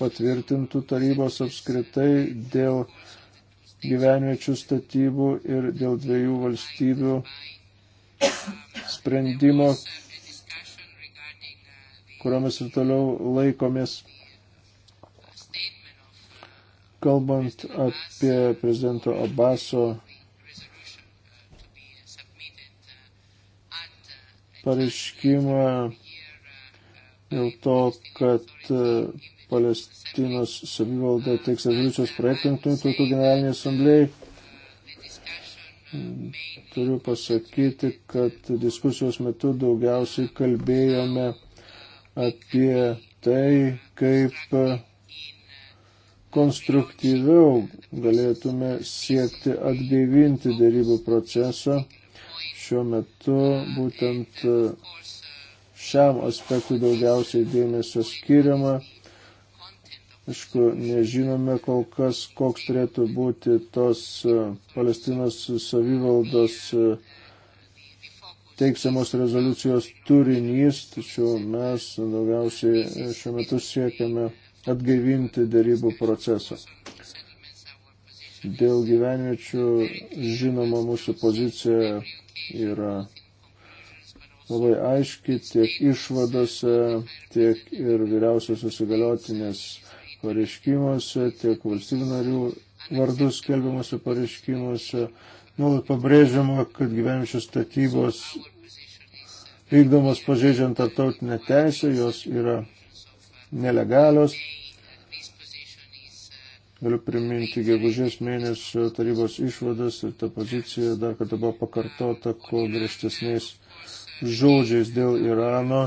[SPEAKER 1] patvirtintų tarybos apskritai dėl gyvenviečių statybų ir dėl dviejų valstybių sprendimo, kuriomis ir toliau laikomės Kalbant apie prezidento Abaso pareiškimą dėl to, kad e, Palestinos savivalda teiks rezoliucijos projektą Junktinių tautų generalinė asamblėjai. Turiu pasakyti, kad diskusijos metu daugiausiai kalbėjome apie tai, kaip konstruktyviau galėtume siekti atgaivinti dėrybų procesą. Šiuo metu būtent e, šiam aspektui daugiausiai dėmesio skiriama. Aišku, nežinome kol kas, koks turėtų būti tos e, Palestinos savivaldos e, teiksiamos rezoliucijos turinys, tačiau mes daugiausiai šiuo metu siekiame atgaivinti dėrybų procesą. Dėl gyvenviečių žinoma mūsų pozicija yra labai aiški tiek išvadose, tiek ir vyriausios įsigaliotinės pareiškimuose, tiek valstybių narių vardus skelbiamuose pareiškimuose. Nuolat pabrėžiama, kad gyvenviečių statybos vykdomos pažeidžiant tarptautinę teisę, jos yra nelegalios. Galiu priminti gegužės mėnesio tarybos išvadas ir ta pozicija dar kartą buvo pakartota, kuo griežtesniais žodžiais dėl Irano.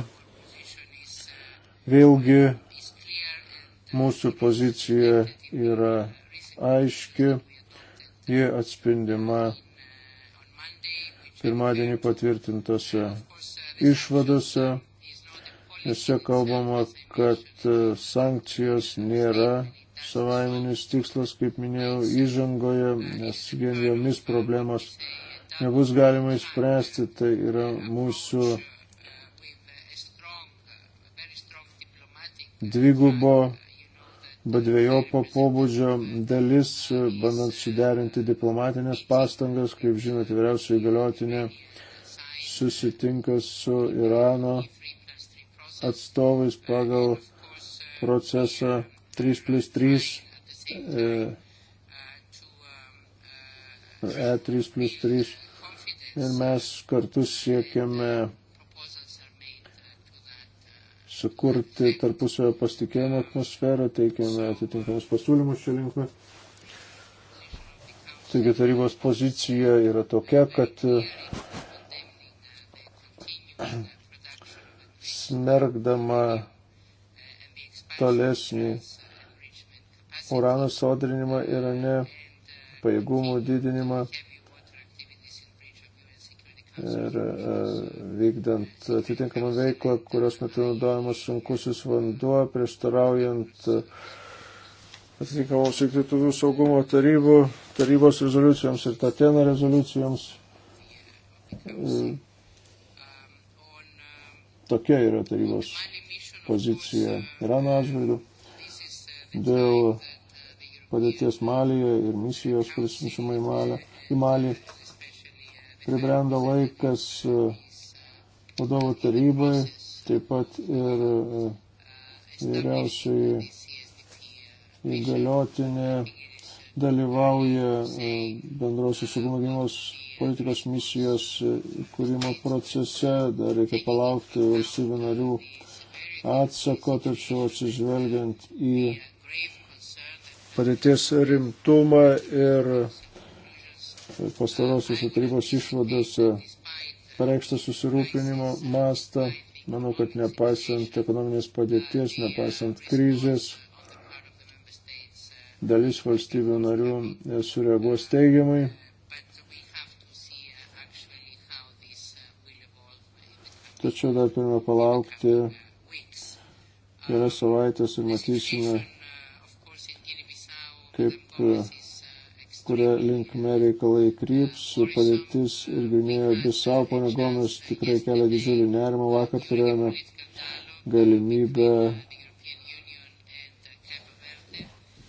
[SPEAKER 1] Vėlgi mūsų pozicija yra aiški, ji atspindima pirmadienį patvirtintose išvadose. Jose kalbama, kad e, sankcijos nėra savaiminis tikslas, kaip minėjau, įžangoje, nes vien jomis problemos nebus galima išspręsti. Tai yra mūsų dvigubo badvėjopo pobūdžio dalis, bandant suderinti diplomatinės pastangas, kaip žinote, vyriausiai galiotinė susitinka su Irano atstovais pagal procesą 3 plus 3, E3 e plus 3. Ir mes kartu siekiame sukurti tarpusavio pasitikėjimo atmosferą, teikiame atitinkamus pasiūlymus šią linkmę. Taigi tarybos pozicija yra tokia, kad smergdama tolesnį urano sodrinimą Irane, pajėgumų didinimą ir e, vykdant atitinkamą veiklą, kurios metu naudojamas sunkusis vanduo, prieštaraujant atitinkamos įkvėtuvių saugumo tarybų, tarybos rezoliucijoms ir Tatena rezoliucijoms. Tokia yra tarybos pozicija Irano atžvilgiu. Dėl padėties Malyje ir misijos, kuris siunčiama į Malį, į Malį pribrendo laikas e, vadovų tarybai, taip pat ir e, vyriausiai įgaliotinė dalyvauja e, bendrosios saugumo gynybos politikos misijos e, kūrimo procese, dar reikia palaukti valstybių narių atsako, tačiau atsižvelgiant į padėties rimtumą ir pastarosios tarybos išvadose pareikštą susirūpinimo mastą. Manau, kad nepaisant ekonominės padėties, nepaisant krizės, dalis valstybių narių e, sureaguos teigiamai. Tačiau dar turime palaukti kelias savaitės ir matysime, kaip e, kuria linkme reikalai kryps, padėtis ir gynėjo visau, pana Gomes tikrai kelia didžiulį nerimą. Vakar turėjome galimybę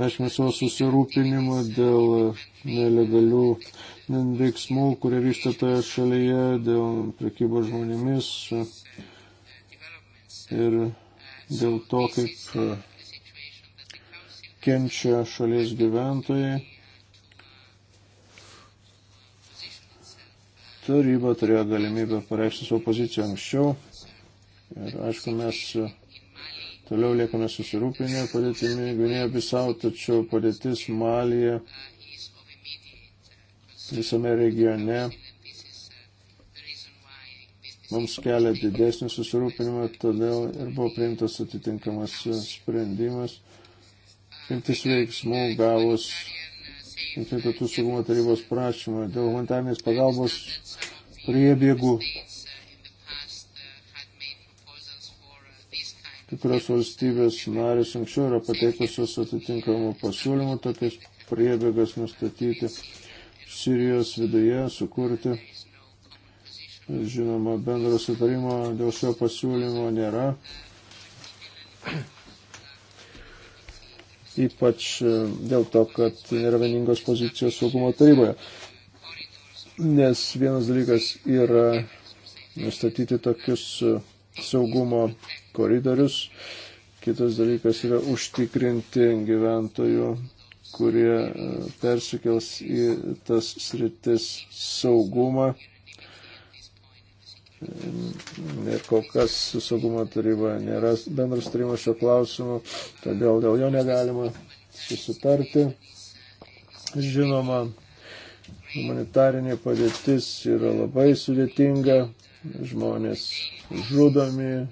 [SPEAKER 1] Reiškime savo susirūpinimą dėl nelegalių veiksmų, kurie vyksta toje šalyje, dėl prekybos žmonėmis ir dėl to, kaip kenčia šalies gyventojai. Taryba turėjo galimybę pareikšti savo poziciją anksčiau. Ir aišku, mes Toliau liekame susirūpinę padėtimi Gvinėje Bisau, tačiau padėtis Malija visame regione mums kelia didesnį susirūpinimą, todėl ir buvo priimtas atitinkamas sprendimas imtis veiksmų gavus Jungtinių tautų saugumo tarybos prašymą dėl humanitarnės pagalbos priebėgų Kai kurios valstybės narės anksčiau yra pateikusios atitinkamų pasiūlymų tokias priebėgas nustatyti Sirijos viduje, sukurti. Žinoma, bendro sutarimo dėl šio pasiūlymo nėra. Ypač e, dėl to, kad nėra vieningos pozicijos saugumo taryboje. Nes vienas dalykas yra nustatyti tokius e, saugumo koridorius. Kitas dalykas yra užtikrinti gyventojų, kurie e, persikels į tas sritis saugumą. Ir kol kas su saugumo taryba nėra bendras tarimas šio klausimu, todėl dėl jo negalima susitarti. Žinoma, humanitarinė padėtis yra labai sudėtinga, žmonės žudomi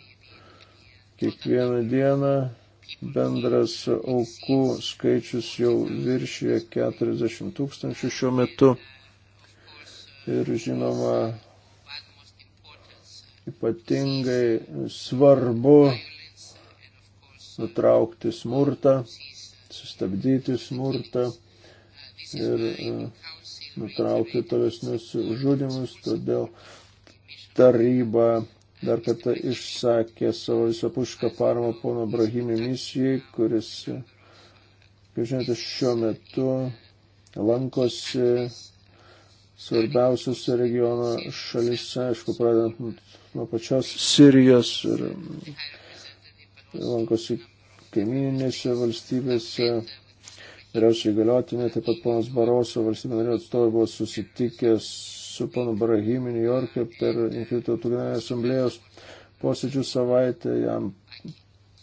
[SPEAKER 1] kiekvieną dieną. Bendras aukų skaičius jau viršyje 40 tūkstančių šiuo metu. Ir žinoma, ypatingai svarbu nutraukti smurtą, sustabdyti smurtą ir e, nutraukti tolesnius žudimus, todėl taryba dar kartą išsakė savo visapušką paramą pono Brahimi misijai, kuris, kaip žinote, šiuo metu lankosi svarbiausiuose regiono šalise, aišku, pradedant nuo pačios Sirijos ir lankosi kaimininėse valstybėse. Vyriausiai galiotinė, taip pat ponas Baroso valstybė narė atstovai buvo susitikęs su panu Brahimi New York'e per Inkvitautų generalinės asamblėjos posėdžių savaitę. Jam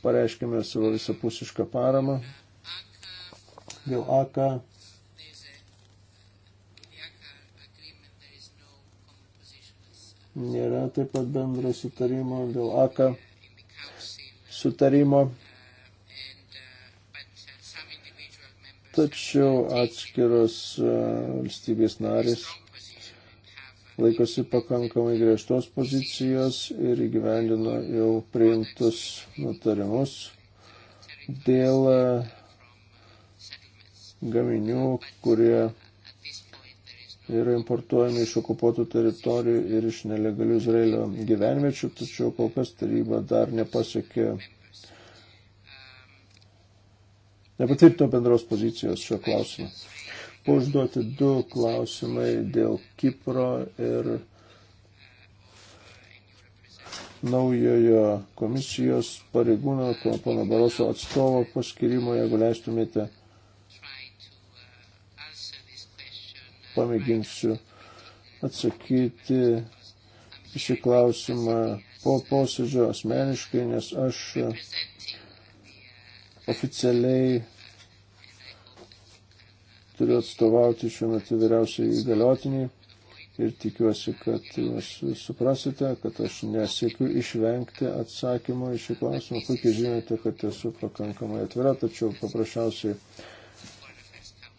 [SPEAKER 1] pareiškėme savo visapusišką paramą dėl AK. Nėra taip pat bendro sutarimo dėl AK sutarimo. Tačiau atskiros e, valstybės narės laikosi pakankamai griežtos pozicijos ir įgyvendino jau priimtus nutarimus dėl e, gaminių, kurie yra importuojami iš okupuotų teritorijų ir iš nelegalių Izraelio gyvenviečių, tačiau kol kas taryba dar nepasiekė, nepatvirtino bendros pozicijos šio klausimu užduoti du klausimai dėl Kipro ir naujojo komisijos pareigūno, pono Baroso atstovo paskirimo, jeigu leistumėte, pamėginsiu atsakyti šį klausimą po posėdžio asmeniškai, nes aš oficialiai turiu atstovauti šiuo metu vyriausiai įgaliotiniai ir tikiuosi, kad jūs suprasite, kad aš nesiekiu išvengti atsakymo iš šį klausimą. Puikiai žinote, kad esu pakankamai atvira, tačiau paprasčiausiai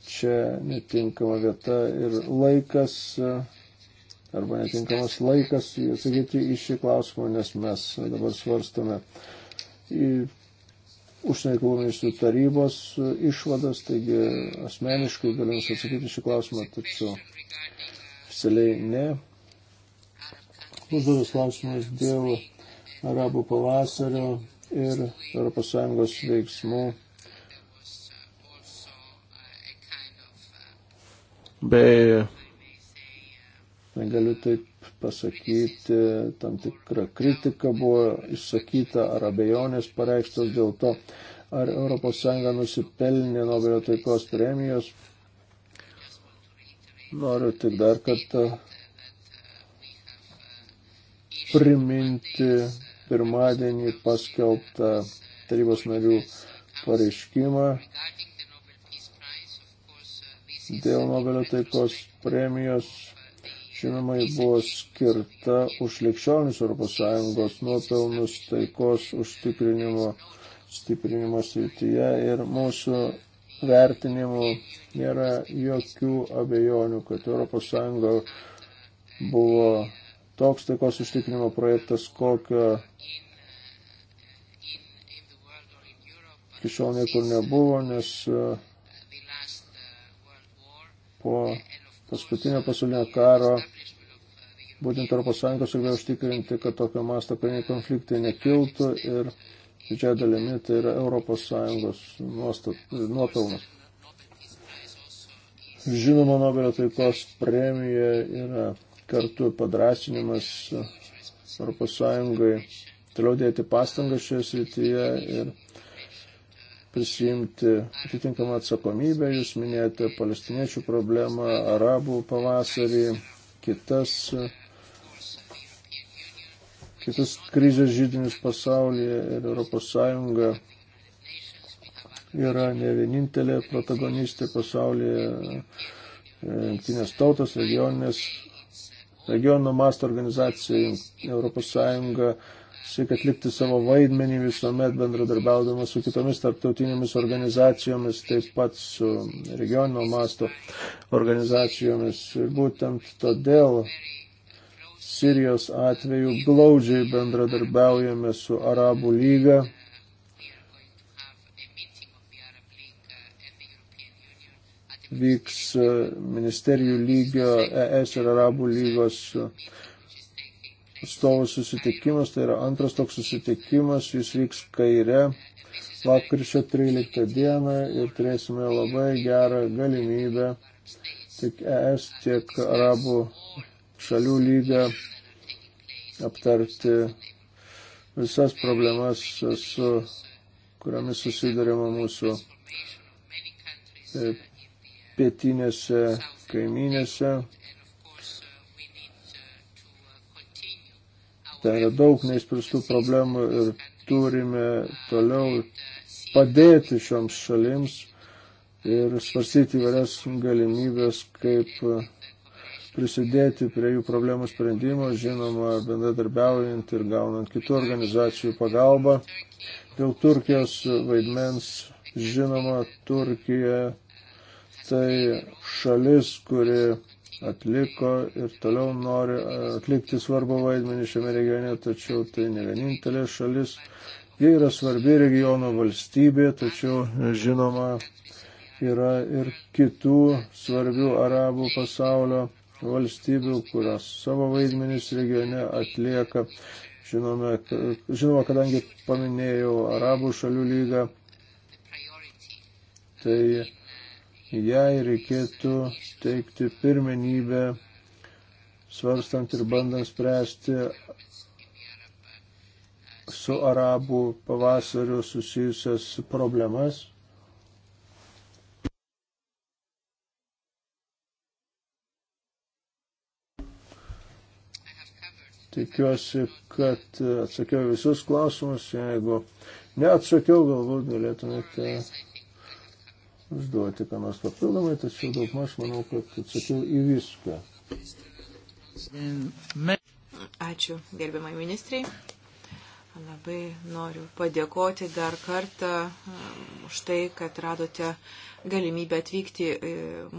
[SPEAKER 1] čia netinkama vieta ir laikas arba netinkamas laikas atsakyti į šį klausimą, nes mes dabar svarstome į užsienio reikalų ministrų tarybos e, išvadas, taigi asmeniškai galiu jums atsakyti šį klausimą, tačiau oficialiai ne. Užduotas klausimas dėl arabų pavasario ir ES veiksmų. Bei galiu taip pasakyti, tam tikra kritika buvo išsakyta ar abejonės pareikštos dėl to, ar ES nusipelnė Nobelio taikos premijos. Noriu tik dar kartą priminti pirmadienį paskelbtą tarybos narių pareiškimą dėl Nobelio taikos premijos žinoma, buvo skirta už likščionis ES nuopelnus taikos užtikrinimo stiprinimo srityje ir mūsų vertinimu nėra jokių abejonių, kad ES buvo toks taikos užtikrinimo projektas, kokio iki šiol niekur nebuvo, nes uh, po paskutinio pasaulinio karo būtent ES sugebėjo užtikrinti, kad tokio masto kariniai konfliktai nekiltų ir didžia dalimi tai yra ES nuopelnas. Žinoma, Nobelio taikos premija yra kartu padrasinimas ES toliau dėti pastangą šioje srityje ir prisijimti atitinkamą atsakomybę. Jūs minėjote palestiniečių problemą, arabų pavasarį, kitas, kitas krizės žydinius pasaulyje ir Europos Sąjunga yra ne vienintelė protagonistė pasaulyje. Jungtinės tautos regioninės, regioninio masto organizacija Europos Sąjunga siekia atlikti savo vaidmenį visuomet bendradarbiaudama su kitomis tarptautinėmis organizacijomis, taip pat su regioninio masto organizacijomis. Ir būtent todėl Sirijos atveju glaudžiai bendradarbiaujame su Arabų lyga. Vyks e, ministerijų lygio ES ir Arabų lygos atstovų susitikimas, tai yra antras toks susitikimas, jis vyks kaire lapkričio 13 dieną ir turėsime labai gerą galimybę tiek ES, tiek Arabų šalių lygą aptarti visas problemas, su kuriamis susidurima mūsų e, pietinėse kaiminėse, Ten yra daug neįspręstų problemų ir turime toliau padėti šioms šalims ir svarstyti įvairias galimybės, kaip prisidėti prie jų problemų sprendimo, žinoma, bendradarbiaujant ir gaunant kitų organizacijų pagalbą. Dėl Turkijos vaidmens, žinoma, Turkija tai šalis, kuri atliko ir toliau nori e, atlikti svarbu vaidmenį šiame regione, tačiau tai ne vienintelė šalis. Jie yra svarbi regiono valstybė, tačiau e, žinoma yra ir kitų svarbių arabų pasaulio valstybių, kurios savo vaidmenys regione atlieka. Žinome, žinoma, kadangi paminėjau Arabų šalių lygą, tai jai reikėtų teikti pirmenybę, svarstant ir bandant spręsti su arabų pavasariu susijusias problemas. Tikiuosi, kad atsakiau visus klausimus, jeigu neatsakiau, galbūt galėtumėte užduoti ką nors papildomai, tačiau daug maž manau, kad atsakiau į viską. Ačiū,
[SPEAKER 3] gerbiamai ministrai. Labai noriu padėkoti dar kartą um, už tai, kad radote galimybę atvykti į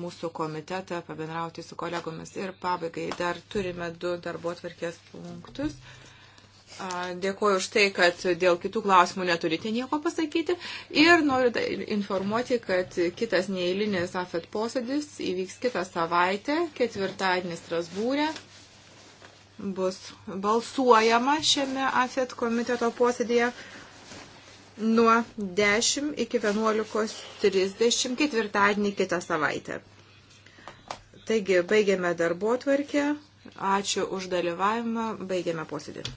[SPEAKER 3] mūsų komitetą, pabendrauti su kolegomis. Ir pabaigai dar turime du darbo tvarkės punktus. Dėkuoju už tai, kad dėl kitų klausimų neturite nieko pasakyti. Ir noriu informuoti, kad kitas neįlinis AFET posėdis įvyks kitą savaitę, ketvirtadienį Strasbūrė. Bus balsuojama šiame AFET komiteto posėdėje nuo 10 iki 11.30 ketvirtadienį kitą savaitę. Taigi, baigiame darbo tvarkę. Ačiū už dalyvavimą. Baigiame posėdį.